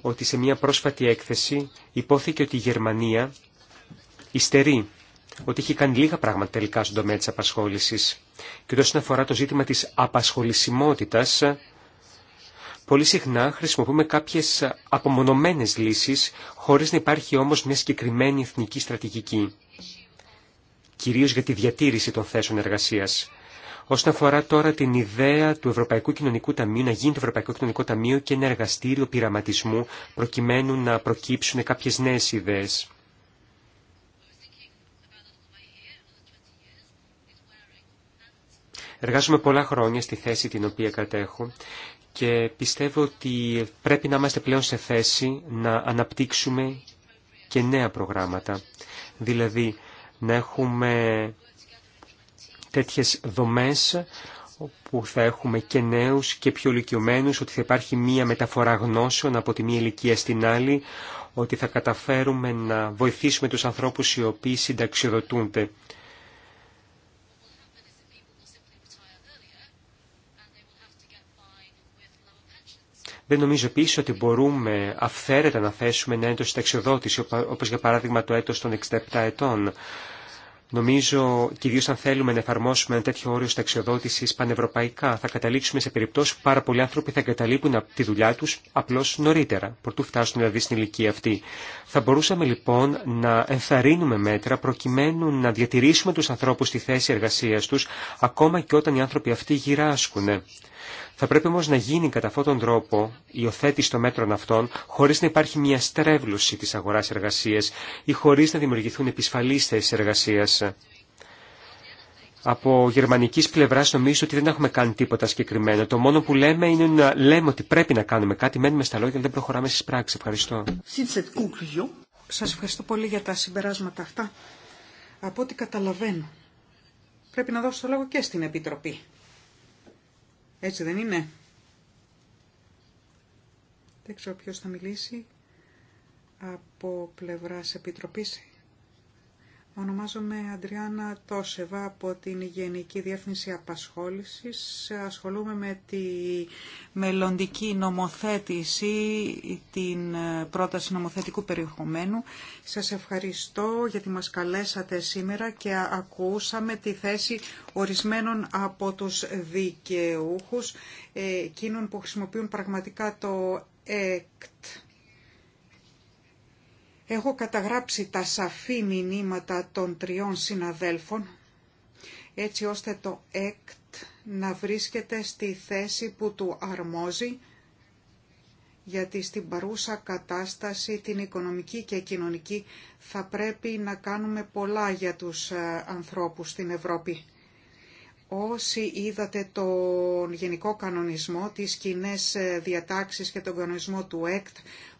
ότι σε μια πρόσφατη έκθεση υπόθηκε ότι η Γερμανία υστερεί ότι έχει κάνει λίγα πράγματα τελικά στον τομέα τη απασχόληση Και όσον αφορά το ζήτημα τη απασχολησιμότητα, πολύ συχνά χρησιμοποιούμε κάποιε απομονωμένε λύσει χωρί να υπάρχει όμω μια συγκεκριμένη εθνική στρατηγική, κυρίω για τη διατήρηση των θέσεων εργασία. Όσον αφορά τώρα την ιδέα του Ευρωπαϊκού Κοινωνικού Ταμείου να γίνει το Ευρωπαϊκό Κοινωνικό Ταμείο και ένα εργαστήριο πειραματισμού προκειμένου να προκύψουν κάποιες νέες ιδέες. Εργάζομαι πολλά χρόνια στη θέση την οποία κατέχω και πιστεύω ότι πρέπει να είμαστε πλέον σε θέση να αναπτύξουμε και νέα προγράμματα. Δηλαδή να έχουμε τέτοιες δομές όπου θα έχουμε και νέους και πιο ηλικιωμένους, ότι θα υπάρχει μία μεταφορά γνώσεων από τη μία ηλικία στην άλλη, ότι θα καταφέρουμε να βοηθήσουμε τους ανθρώπους οι οποίοι συνταξιοδοτούνται. Δεν νομίζω επίση ότι μπορούμε αυθαίρετα να θέσουμε ένα έτος ταξιοδότηση, όπως για παράδειγμα το έτος των 67 ετών. Νομίζω, κυρίως αν θέλουμε να εφαρμόσουμε ένα τέτοιο όριο ταξιοδότηση πανευρωπαϊκά, θα καταλήξουμε σε περιπτώσει που πάρα πολλοί άνθρωποι θα εγκαταλείπουν τη δουλειά του απλώ νωρίτερα, προτού φτάσουν δηλαδή στην ηλικία αυτή. Θα μπορούσαμε λοιπόν να ενθαρρύνουμε μέτρα προκειμένου να διατηρήσουμε του ανθρώπου στη θέση εργασία του, ακόμα και όταν οι άνθρωποι αυτοί γυράσκουν. Θα πρέπει όμως να γίνει κατά αυτόν τον τρόπο η οθέτηση των μέτρων αυτών χωρίς να υπάρχει μια στρέβλωση της αγοράς εργασίας ή χωρίς να δημιουργηθούν επισφαλείς θέσεις εργασίας. Από γερμανικής πλευράς νομίζω ότι δεν έχουμε κάνει τίποτα συγκεκριμένο. Το μόνο που λέμε είναι να λέμε ότι πρέπει να κάνουμε κάτι, μένουμε στα λόγια, δεν προχωράμε στις πράξεις. Ευχαριστώ. Σας ευχαριστώ πολύ για τα συμπεράσματα αυτά. Από ό,τι καταλαβαίνω, πρέπει να δώσω το λόγο και στην Επιτροπή. Έτσι δεν είναι. Δεν ξέρω ποιος θα μιλήσει από πλευράς Επιτροπής Ονομάζομαι Αντριάννα Τόσεβα από την Γενική Διεύθυνση Απασχόλησης. Ασχολούμαι με τη μελλοντική νομοθέτηση, την πρόταση νομοθετικού περιεχομένου. Σας ευχαριστώ γιατί μας καλέσατε σήμερα και ακούσαμε τη θέση ορισμένων από τους δικαιούχους, ε, εκείνων που χρησιμοποιούν πραγματικά το ΕΚΤ Έχω καταγράψει τα σαφή μηνύματα των τριών συναδέλφων, έτσι ώστε το ΕΚΤ να βρίσκεται στη θέση που του αρμόζει, γιατί στην παρούσα κατάσταση την οικονομική και κοινωνική θα πρέπει να κάνουμε πολλά για τους ε, ανθρώπους στην Ευρώπη. Όσοι είδατε τον γενικό κανονισμό, τις κοινέ ε, διατάξεις και τον κανονισμό του ΕΚΤ,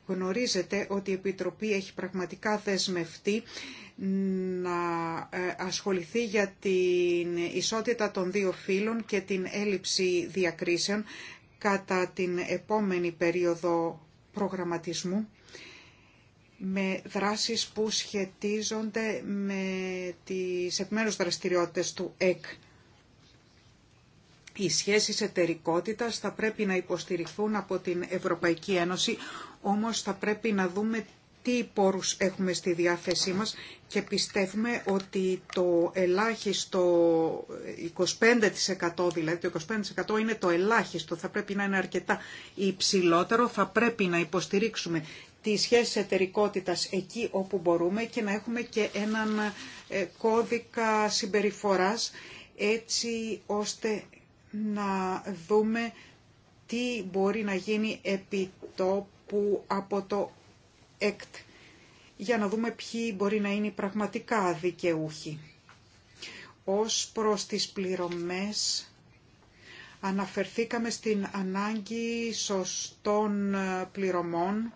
Γνωρίζετε ότι η Επιτροπή έχει πραγματικά δεσμευτεί να ε, ασχοληθεί για την ισότητα των δύο φύλων και την έλλειψη διακρίσεων κατά την επόμενη περίοδο προγραμματισμού με δράσεις που σχετίζονται με τις επιμέρους δραστηριότητες του ΕΚ οι σχέσεις εταιρικότητας θα πρέπει να υποστηριχθούν από την Ευρωπαϊκή Ένωση, όμως θα πρέπει να δούμε τι πόρους έχουμε στη διάθεσή μας και πιστεύουμε ότι το ελάχιστο 25% δηλαδή το 25% είναι το ελάχιστο, θα πρέπει να είναι αρκετά υψηλότερο, θα πρέπει να υποστηρίξουμε τη σχέση εταιρικότητας εκεί όπου μπορούμε και να έχουμε και έναν ε, κώδικα συμπεριφοράς έτσι ώστε να δούμε τι μπορεί να γίνει επί τόπου από το ΕΚΤ για να δούμε ποιοι μπορεί να είναι πραγματικά δικαιούχοι. Ως προς τις πληρωμές αναφερθήκαμε στην ανάγκη σωστών ε, πληρωμών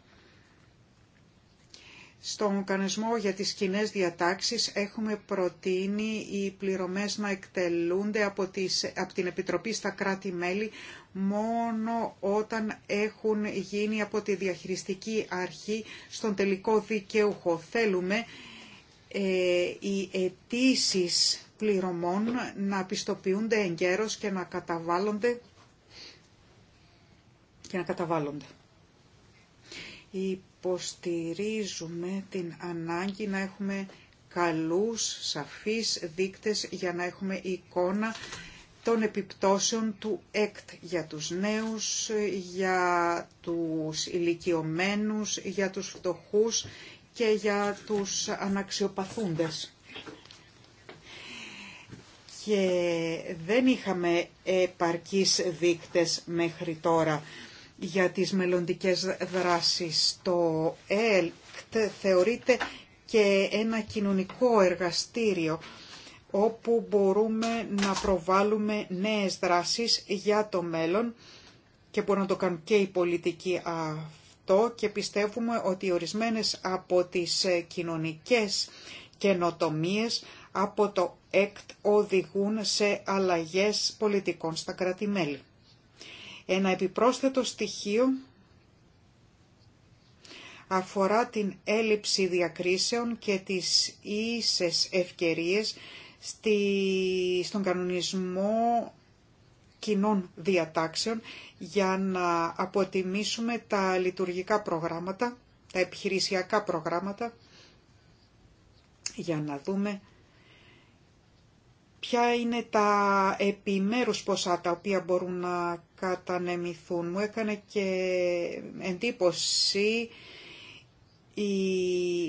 στον οργανισμό για τις κοινέ διατάξεις έχουμε προτείνει οι πληρωμές να εκτελούνται από, τις, από την Επιτροπή στα κράτη-μέλη μόνο όταν έχουν γίνει από τη διαχειριστική αρχή στον τελικό δικαιούχο. Θέλουμε ε, οι αιτήσει πληρωμών να πιστοποιούνται εγκαίρως και να καταβάλλονται και να καταβάλλονται υποστηρίζουμε την ανάγκη να έχουμε καλούς, σαφείς δίκτες για να έχουμε εικόνα των επιπτώσεων του ΕΚΤ για τους νέους, για τους ηλικιωμένους, για τους φτωχούς και για τους αναξιοπαθούντες. Και δεν είχαμε επαρκείς δείκτες μέχρι τώρα για τις μελλοντικές δράσεις. Το ΕΕΛΚΤ θεωρείται και ένα κοινωνικό εργαστήριο όπου μπορούμε να προβάλλουμε νέες δράσεις για το μέλλον και μπορούν να το κάνουν και οι πολιτικοί αυτό και πιστεύουμε ότι ορισμένες από τις κοινωνικές καινοτομίε από το ΕΚΤ οδηγούν σε αλλαγές πολιτικών στα κράτη-μέλη. Ένα επιπρόσθετο στοιχείο αφορά την έλλειψη διακρίσεων και τις ίσες ευκαιρίες στη, στον κανονισμό κοινών διατάξεων για να αποτιμήσουμε τα λειτουργικά προγράμματα, τα επιχειρησιακά προγράμματα, για να δούμε ποια είναι τα επιμέρους ποσά τα οποία μπορούν να κατανεμηθούν. Μου έκανε και εντύπωση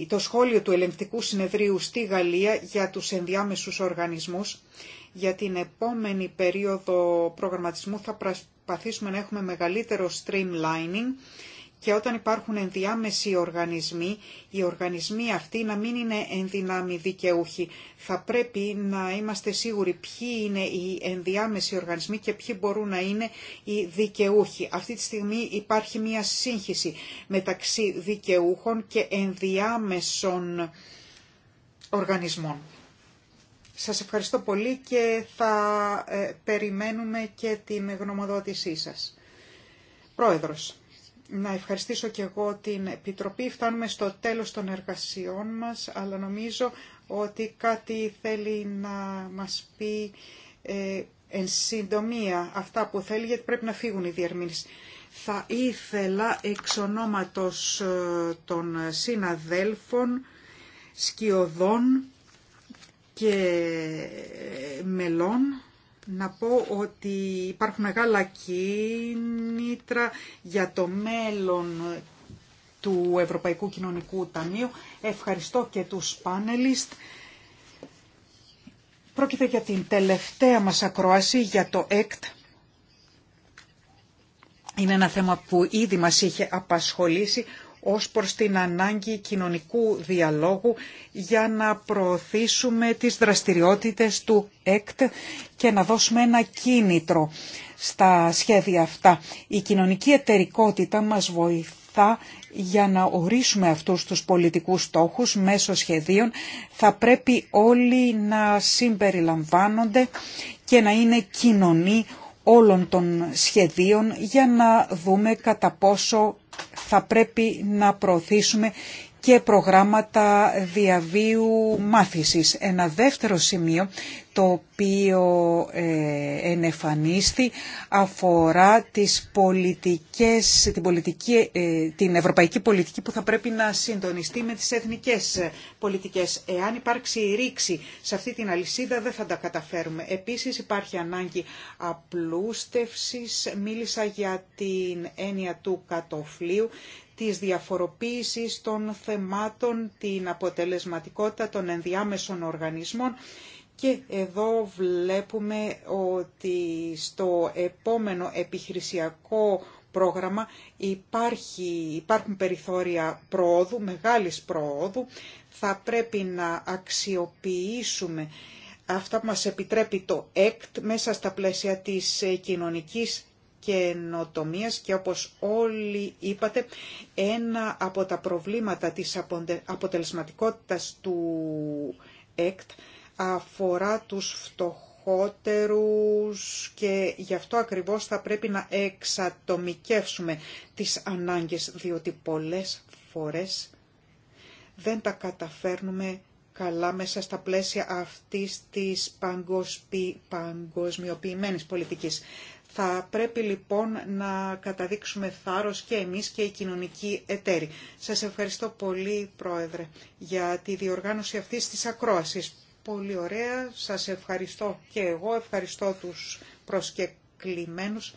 το σχόλιο του ελεγκτικού συνεδρίου στη Γαλλία για τους ενδιάμεσους οργανισμούς. Για την επόμενη περίοδο προγραμματισμού θα προσπαθήσουμε να έχουμε μεγαλύτερο streamlining και όταν υπάρχουν ενδιάμεσοι οργανισμοί, οι οργανισμοί αυτοί να μην είναι ενδυνάμοι δικαιούχοι. Θα πρέπει να είμαστε σίγουροι ποιοι είναι οι ενδιάμεσοι οργανισμοί και ποιοι μπορούν να είναι οι δικαιούχοι. Αυτή τη στιγμή υπάρχει μια σύγχυση μεταξύ δικαιούχων και ενδιάμεσων οργανισμών. Σας ευχαριστώ πολύ και θα ε, περιμένουμε και την γνωμοδότησή σας. Πρόεδρος να ευχαριστήσω και εγώ την Επιτροπή. Φτάνουμε στο τέλος των εργασιών μας, αλλά νομίζω ότι κάτι θέλει να μας πει ε, εν συντομία αυτά που θέλει, γιατί πρέπει να φύγουν οι διερμήνες. Θα ήθελα εξ ονόματος ε, των συναδέλφων, σκιωδών και ε, μελών να πω ότι υπάρχουν μεγάλα κίνητρα για το μέλλον του Ευρωπαϊκού Κοινωνικού Ταμείου. Ευχαριστώ και τους πάνελιστ. Πρόκειται για την τελευταία μας ακρόαση για το ΕΚΤ. Είναι ένα θέμα που ήδη μας είχε απασχολήσει ως προς την ανάγκη κοινωνικού διαλόγου για να προωθήσουμε τις δραστηριότητες του ΕΚΤ και να δώσουμε ένα κίνητρο στα σχέδια αυτά. Η κοινωνική εταιρικότητα μας βοηθά για να ορίσουμε αυτούς τους πολιτικούς στόχους μέσω σχεδίων. Θα πρέπει όλοι να συμπεριλαμβάνονται και να είναι κοινωνοί όλων των σχεδίων για να δούμε κατά πόσο θα πρέπει να προωθήσουμε και προγράμματα διαβίου μάθησης. Ένα δεύτερο σημείο το οποίο ε, ενεφανίστη αφορά τις πολιτικές, την, πολιτική, ε, την ευρωπαϊκή πολιτική που θα πρέπει να συντονιστεί με τις εθνικές ε, πολιτικές. Εάν υπάρξει ρήξη σε αυτή την αλυσίδα δεν θα τα καταφέρουμε. Επίσης υπάρχει ανάγκη απλούστευσης. Μίλησα για την έννοια του κατοφλίου της διαφοροποίησης των θεμάτων, την αποτελεσματικότητα των ενδιάμεσων οργανισμών και εδώ βλέπουμε ότι στο επόμενο επιχειρησιακό πρόγραμμα υπάρχει, υπάρχουν περιθώρια προόδου, μεγάλης προόδου. Θα πρέπει να αξιοποιήσουμε αυτά που μας επιτρέπει το ΕΚΤ μέσα στα πλαίσια της κοινωνικής καινοτομίας και όπως όλοι είπατε, ένα από τα προβλήματα της αποτελεσματικότητας του ΕΚΤ αφορά τους φτωχότερους και γι' αυτό ακριβώς θα πρέπει να εξατομικεύσουμε τις ανάγκες, διότι πολλές φορές δεν τα καταφέρνουμε καλά μέσα στα πλαίσια αυτής της παγκοσμιοποιημένης πολιτικής. Θα πρέπει λοιπόν να καταδείξουμε θάρρος και εμείς και η κοινωνικοί εταίροι. Σας ευχαριστώ πολύ Πρόεδρε για τη διοργάνωση αυτής της ακρόασης. Πολύ ωραία, σας ευχαριστώ και εγώ, ευχαριστώ τους προσκεκλημένους.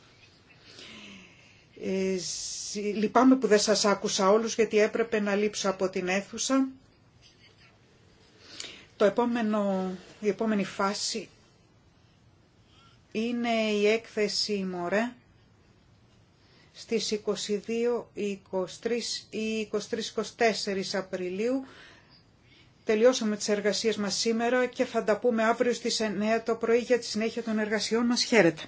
Ε, λυπάμαι που δεν σας άκουσα όλους γιατί έπρεπε να λείψω από την αίθουσα. Το επόμενο, η επόμενη φάση είναι η έκθεση Μωρέ στις 22, 23 ή 23-24 Απριλίου. Τελειώσαμε τις εργασίες μας σήμερα και θα τα πούμε αύριο στις 9 το πρωί για τη συνέχεια των εργασιών μας. Χαίρετε.